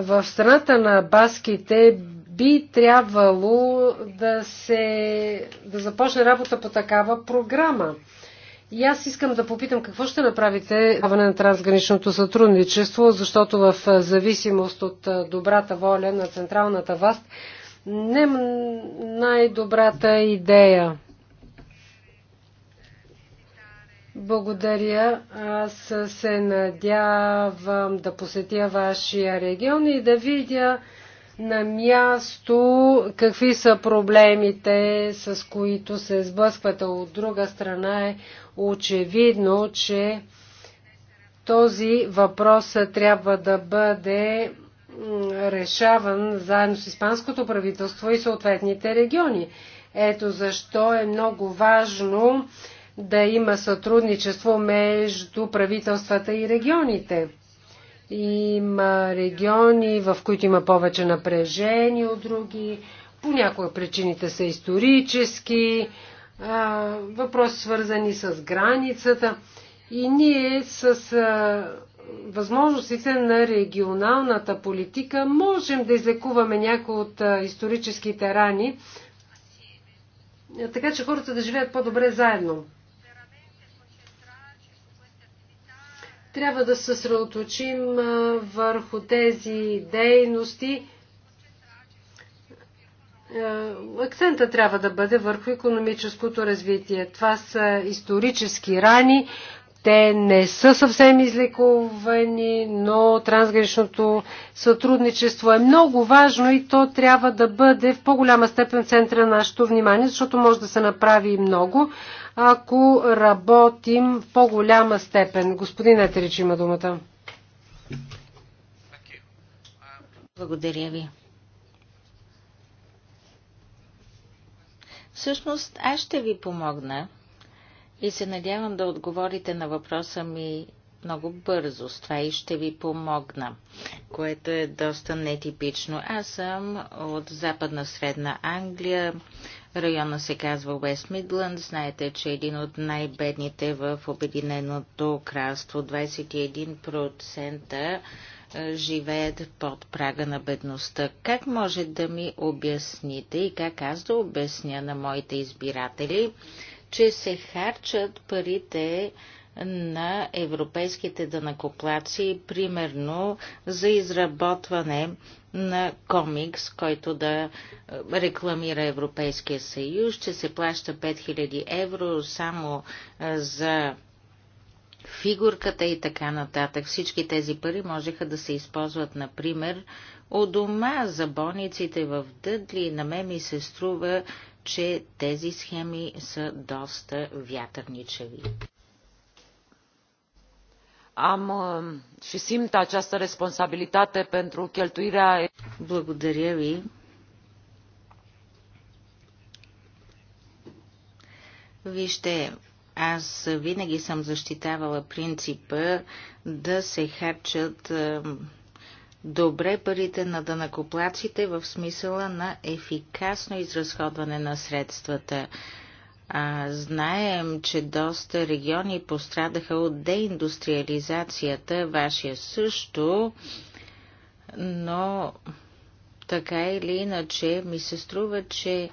в страната на баските би трябвало да се да започне работа по такава програма. И аз искам да попитам какво ще направите на трансграничното сътрудничество, защото в зависимост от добрата воля на централната власт не най-добрата идея. Благодаря. Аз се надявам да посетя вашия регион и да видя на място какви са проблемите, с които се сблъсквате. От друга страна е очевидно, че този въпрос трябва да бъде решаван заедно с испанското правителство и съответните региони. Ето защо е много важно да има сътрудничество между правителствата и регионите. Има региони, в които има повече напрежение от други. Понякога причините са исторически, въпроси свързани с границата. И ние с възможностите на регионалната политика можем да излекуваме някои от историческите рани, така че хората да живеят по-добре заедно. Трябва да се съсредоточим върху тези дейности. Акцента трябва да бъде върху економическото развитие. Това са исторически рани. Те не са съвсем излекувани, но трансграничното сътрудничество е много важно и то трябва да бъде в по-голяма степен в центъра на нашето внимание, защото може да се направи и много ако работим в по-голяма степен. Господин Етерич има думата. Благодаря ви. Всъщност, аз ще ви помогна и се надявам да отговорите на въпроса ми много бързо. С това и ще ви помогна, което е доста нетипично. Аз съм от Западна Средна Англия, Района се казва Уест Мидланд. Знаете, че е един от най-бедните в Обединеното кралство. 21% живеят под прага на бедността. Как може да ми обясните и как аз да обясня на моите избиратели, че се харчат парите на европейските данакоплаци, примерно за изработване на комикс, който да е, рекламира Европейския съюз, че се плаща 5000 евро само е, за фигурката и така нататък. Всички тези пари можеха да се използват, например, у дома за болниците в Дъдли. На мен ми се струва, че тези схеми са доста вятърничеви am uh, și simt această responsabilitate pentru cheltuirea. Благодаря ви. Вижте, аз винаги съм защитавала принципа да се харчат е, добре парите на дънакоплаците в смисъла на ефикасно изразходване на средствата. А, знаем, че доста региони пострадаха от деиндустриализацията, вашия също, но така или иначе ми се струва, че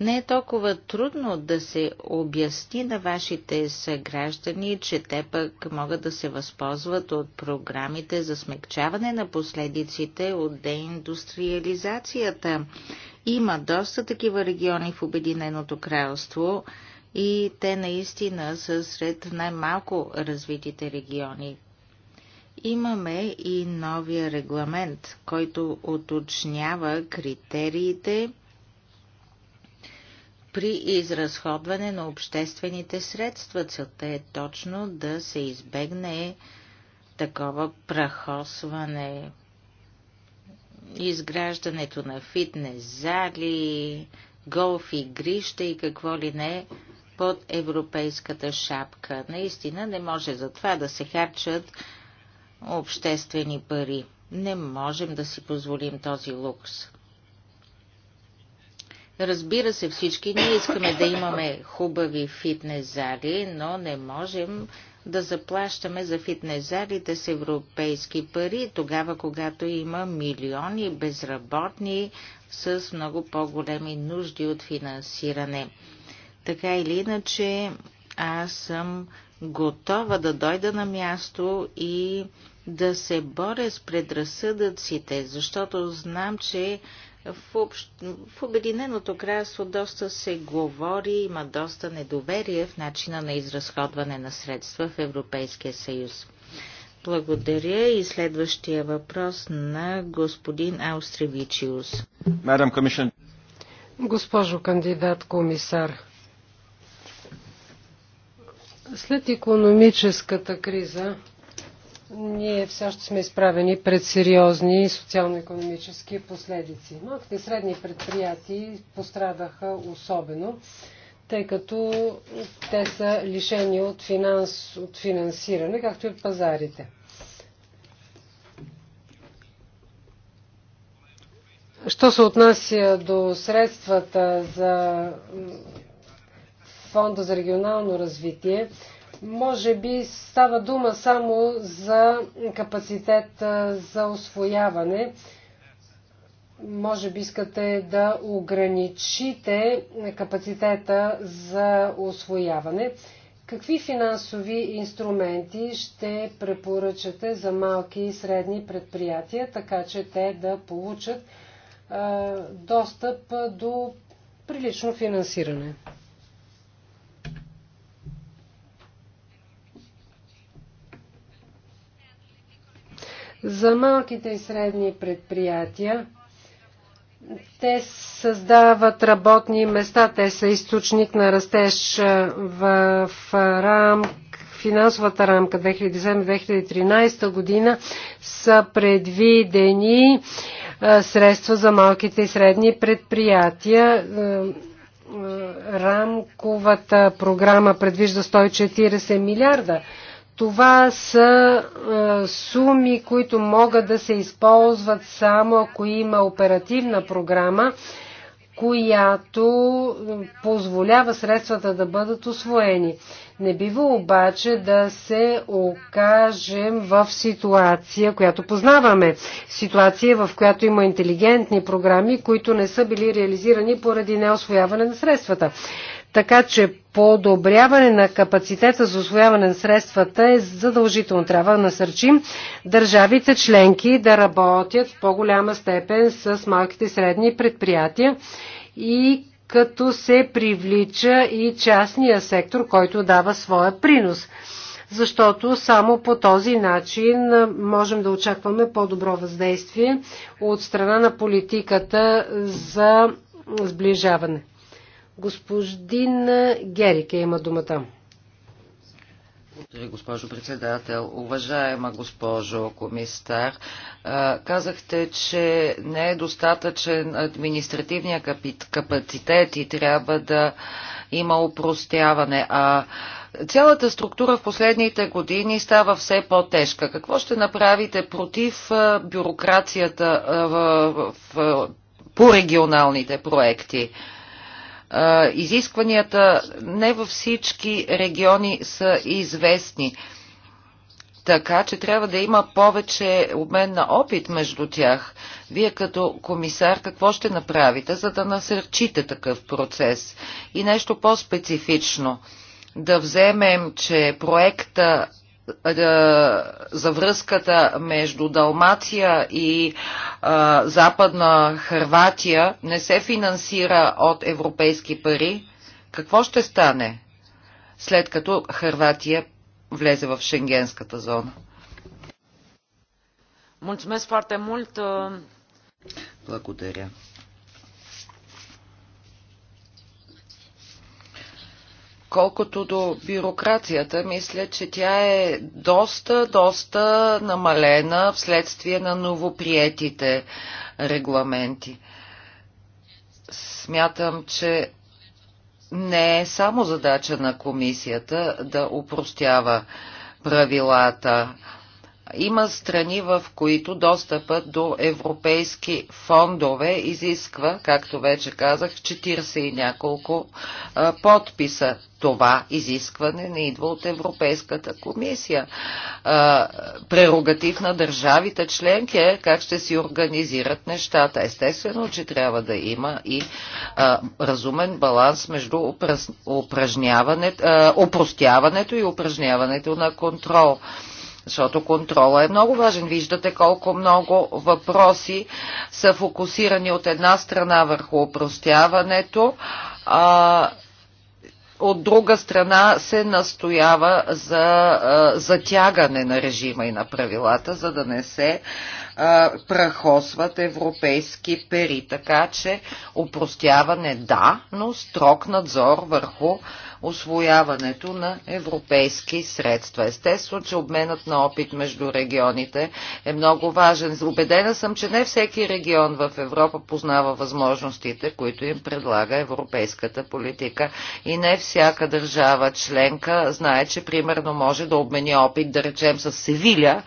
не е толкова трудно да се обясни на вашите съграждани, че те пък могат да се възползват от програмите за смягчаване на последиците от деиндустриализацията. Има доста такива региони в Обединеното кралство и те наистина са сред най-малко развитите региони. Имаме и новия регламент, който уточнява критериите при изразходване на обществените средства. Целта е точно да се избегне такова прахосване, изграждането на фитнес зали, голф игрища и какво ли не под европейската шапка. Наистина не може за това да се харчат обществени пари. Не можем да си позволим този лукс. Разбира се, всички ние искаме да имаме хубави фитнес зали, но не можем да заплащаме за фитнес залите с европейски пари, тогава когато има милиони безработни с много по-големи нужди от финансиране. Така или иначе, аз съм готова да дойда на място и да се боря с предразсъдъците, защото знам, че в, общ... в Обединеното кралство доста се говори, има доста недоверие в начина на изразходване на средства в Европейския съюз. Благодаря и следващия въпрос на господин Аустревичиус. Госпожо кандидат комисар, след економическата криза ние все още сме изправени пред сериозни социално-економически последици. Малките и средни предприятия пострадаха особено, тъй като те са лишени от, финанс, от финансиране, както и от пазарите. Що се отнася до средствата за Фонда за регионално развитие, може би става дума само за капацитет за освояване. Може би искате да ограничите капацитета за освояване. Какви финансови инструменти ще препоръчате за малки и средни предприятия, така че те да получат достъп до прилично финансиране? За малките и средни предприятия те създават работни места, те са източник на растеж в, рам, финансовата рамка 2007-2013 година са предвидени средства за малките и средни предприятия. Рамковата програма предвижда 140 милиарда това са а, е, суми, които могат да се използват само ако има оперативна програма, която е, позволява средствата да бъдат освоени. Не бива обаче да се окажем в ситуация, която познаваме. Ситуация, в която има интелигентни програми, които не са били реализирани поради неосвояване на средствата. Така че подобряване на капацитета за освояване на средствата е задължително. Трябва да насърчим държавите членки да работят в по-голяма степен с малките и средни предприятия и като се привлича и частния сектор, който дава своя принос. Защото само по този начин можем да очакваме по-добро въздействие от страна на политиката за сближаване. Господин Герике има думата. Благодаря, госпожо председател. Уважаема госпожо комистар, казахте, че не е достатъчен административния капацитет и трябва да има упростяване. А цялата структура в последните години става все по-тежка. Какво ще направите против бюрокрацията в, в, по регионалните проекти? изискванията не във всички региони са известни. Така че трябва да има повече обмен на опит между тях. Вие като комисар какво ще направите, за да насърчите такъв процес? И нещо по-специфично. Да вземем, че проекта за връзката между Далмация и а, Западна Харватия не се финансира от европейски пари, какво ще стане след като Харватия влезе в Шенгенската зона? Благодаря. Колкото до бюрокрацията, мисля, че тя е доста, доста намалена вследствие на новоприетите регламенти. Смятам, че не е само задача на комисията да упростява правилата има страни, в които достъпът до европейски фондове изисква, както вече казах, 40 и няколко а, подписа. Това изискване не идва от Европейската комисия. А, прерогатив на държавите членки е как ще си организират нещата. Естествено, че трябва да има и а, разумен баланс между упражняването, а, упростяването и упражняването на контрол. А, защото контрола е много важен. Виждате колко много въпроси са фокусирани от една страна върху опростяването, а от друга страна се настоява за затягане на режима и на правилата, за да не се а, прахосват европейски пери. Така че упростяване да, но строг надзор върху освояването на европейски средства. Естествено, че обменът на опит между регионите е много важен. Убедена съм, че не всеки регион в Европа познава възможностите, които им предлага европейската политика и не всяка държава членка знае, че примерно може да обмени опит, да речем с Севиля,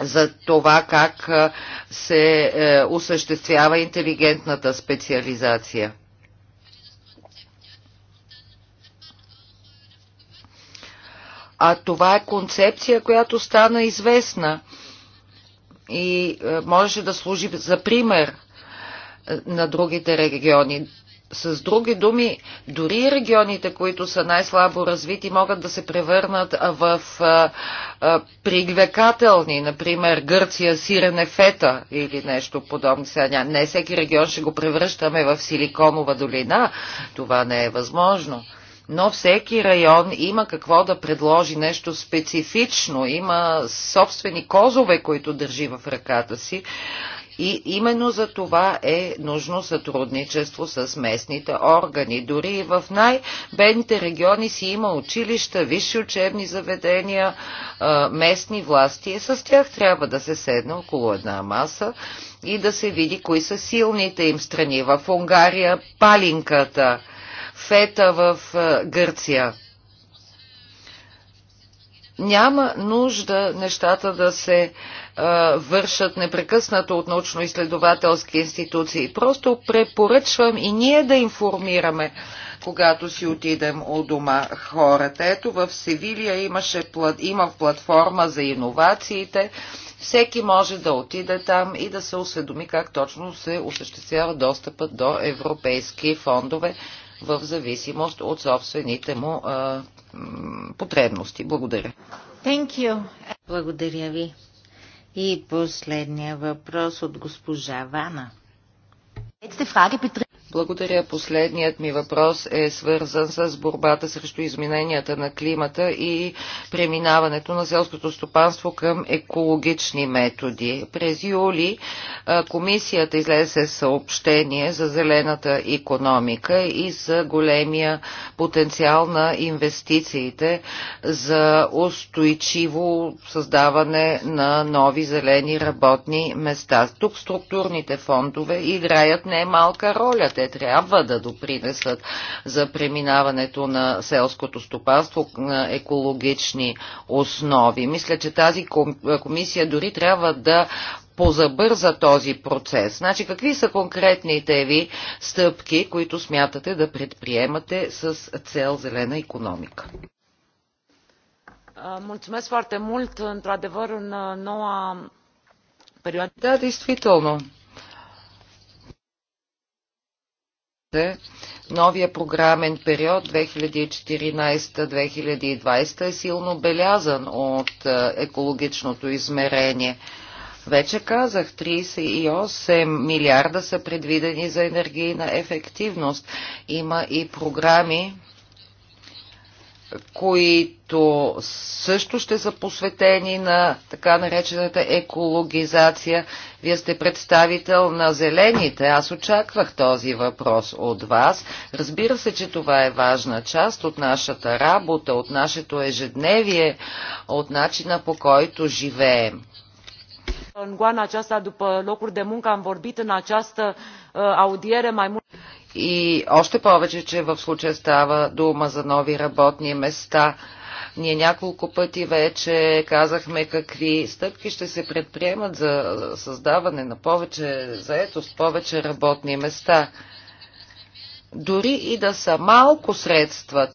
за това как се е, осъществява интелигентната специализация. а това е концепция, която стана известна и е, можеше да служи за пример е, на другите региони. С други думи, дори регионите, които са най-слабо развити, могат да се превърнат в а, е, а, привлекателни, например Гърция, Сирене, Фета или нещо подобно. Сега не всеки регион ще го превръщаме в Силиконова долина. Това не е възможно но всеки район има какво да предложи нещо специфично, има собствени козове, които държи в ръката си и именно за това е нужно сътрудничество с местните органи. Дори и в най-бедните региони си има училища, висши учебни заведения, местни власти. И с тях трябва да се седне около една маса и да се види кои са силните им страни. В Унгария палинката – фета в е, Гърция. Няма нужда нещата да се а, е, вършат непрекъснато от научно-изследователски институции. Просто препоръчвам и ние да информираме, когато си отидем у дома хората. Ето в Севилия имаше, има платформа за иновациите. Всеки може да отиде там и да се осведоми как точно се осъществява достъпът до европейски фондове в зависимост от собствените му а, потребности. Благодаря. Thank you. Благодаря ви. И последния въпрос от госпожа Вана. Благодаря. Последният ми въпрос е свързан с борбата срещу измененията на климата и преминаването на селското стопанство към екологични методи. През юли комисията излезе съобщение за зелената економика и за големия потенциал на инвестициите за устойчиво създаване на нови зелени работни места. Тук структурните фондове играят немалка роля. Те те трябва да допринесат за преминаването на селското стопанство на екологични основи. Мисля, че тази комисия дори трябва да позабърза този процес. Значи, какви са конкретните ви стъпки, които смятате да предприемате с цел зелена економика? Да, într-adevăr, în noua perioadă. действително. казахте, новия програмен период 2014-2020 е силно белязан от е, екологичното измерение. Вече казах, 38 милиарда са предвидени за енергийна ефективност. Има и програми, които също ще са посветени на така наречената екологизация. Вие сте представител на зелените. Аз очаквах този въпрос от вас. Разбира се, че това е важна част от нашата работа, от нашето ежедневие, от начина по който живеем. În goana aceasta, după locuri de muncă, am vorbit în această uh, audiere mai mult. И още повече, че в случая става дума за нови работни места. Ние няколко пъти вече казахме какви стъпки ще се предприемат за създаване на повече заетост, повече работни места. Дори и да са малко средства.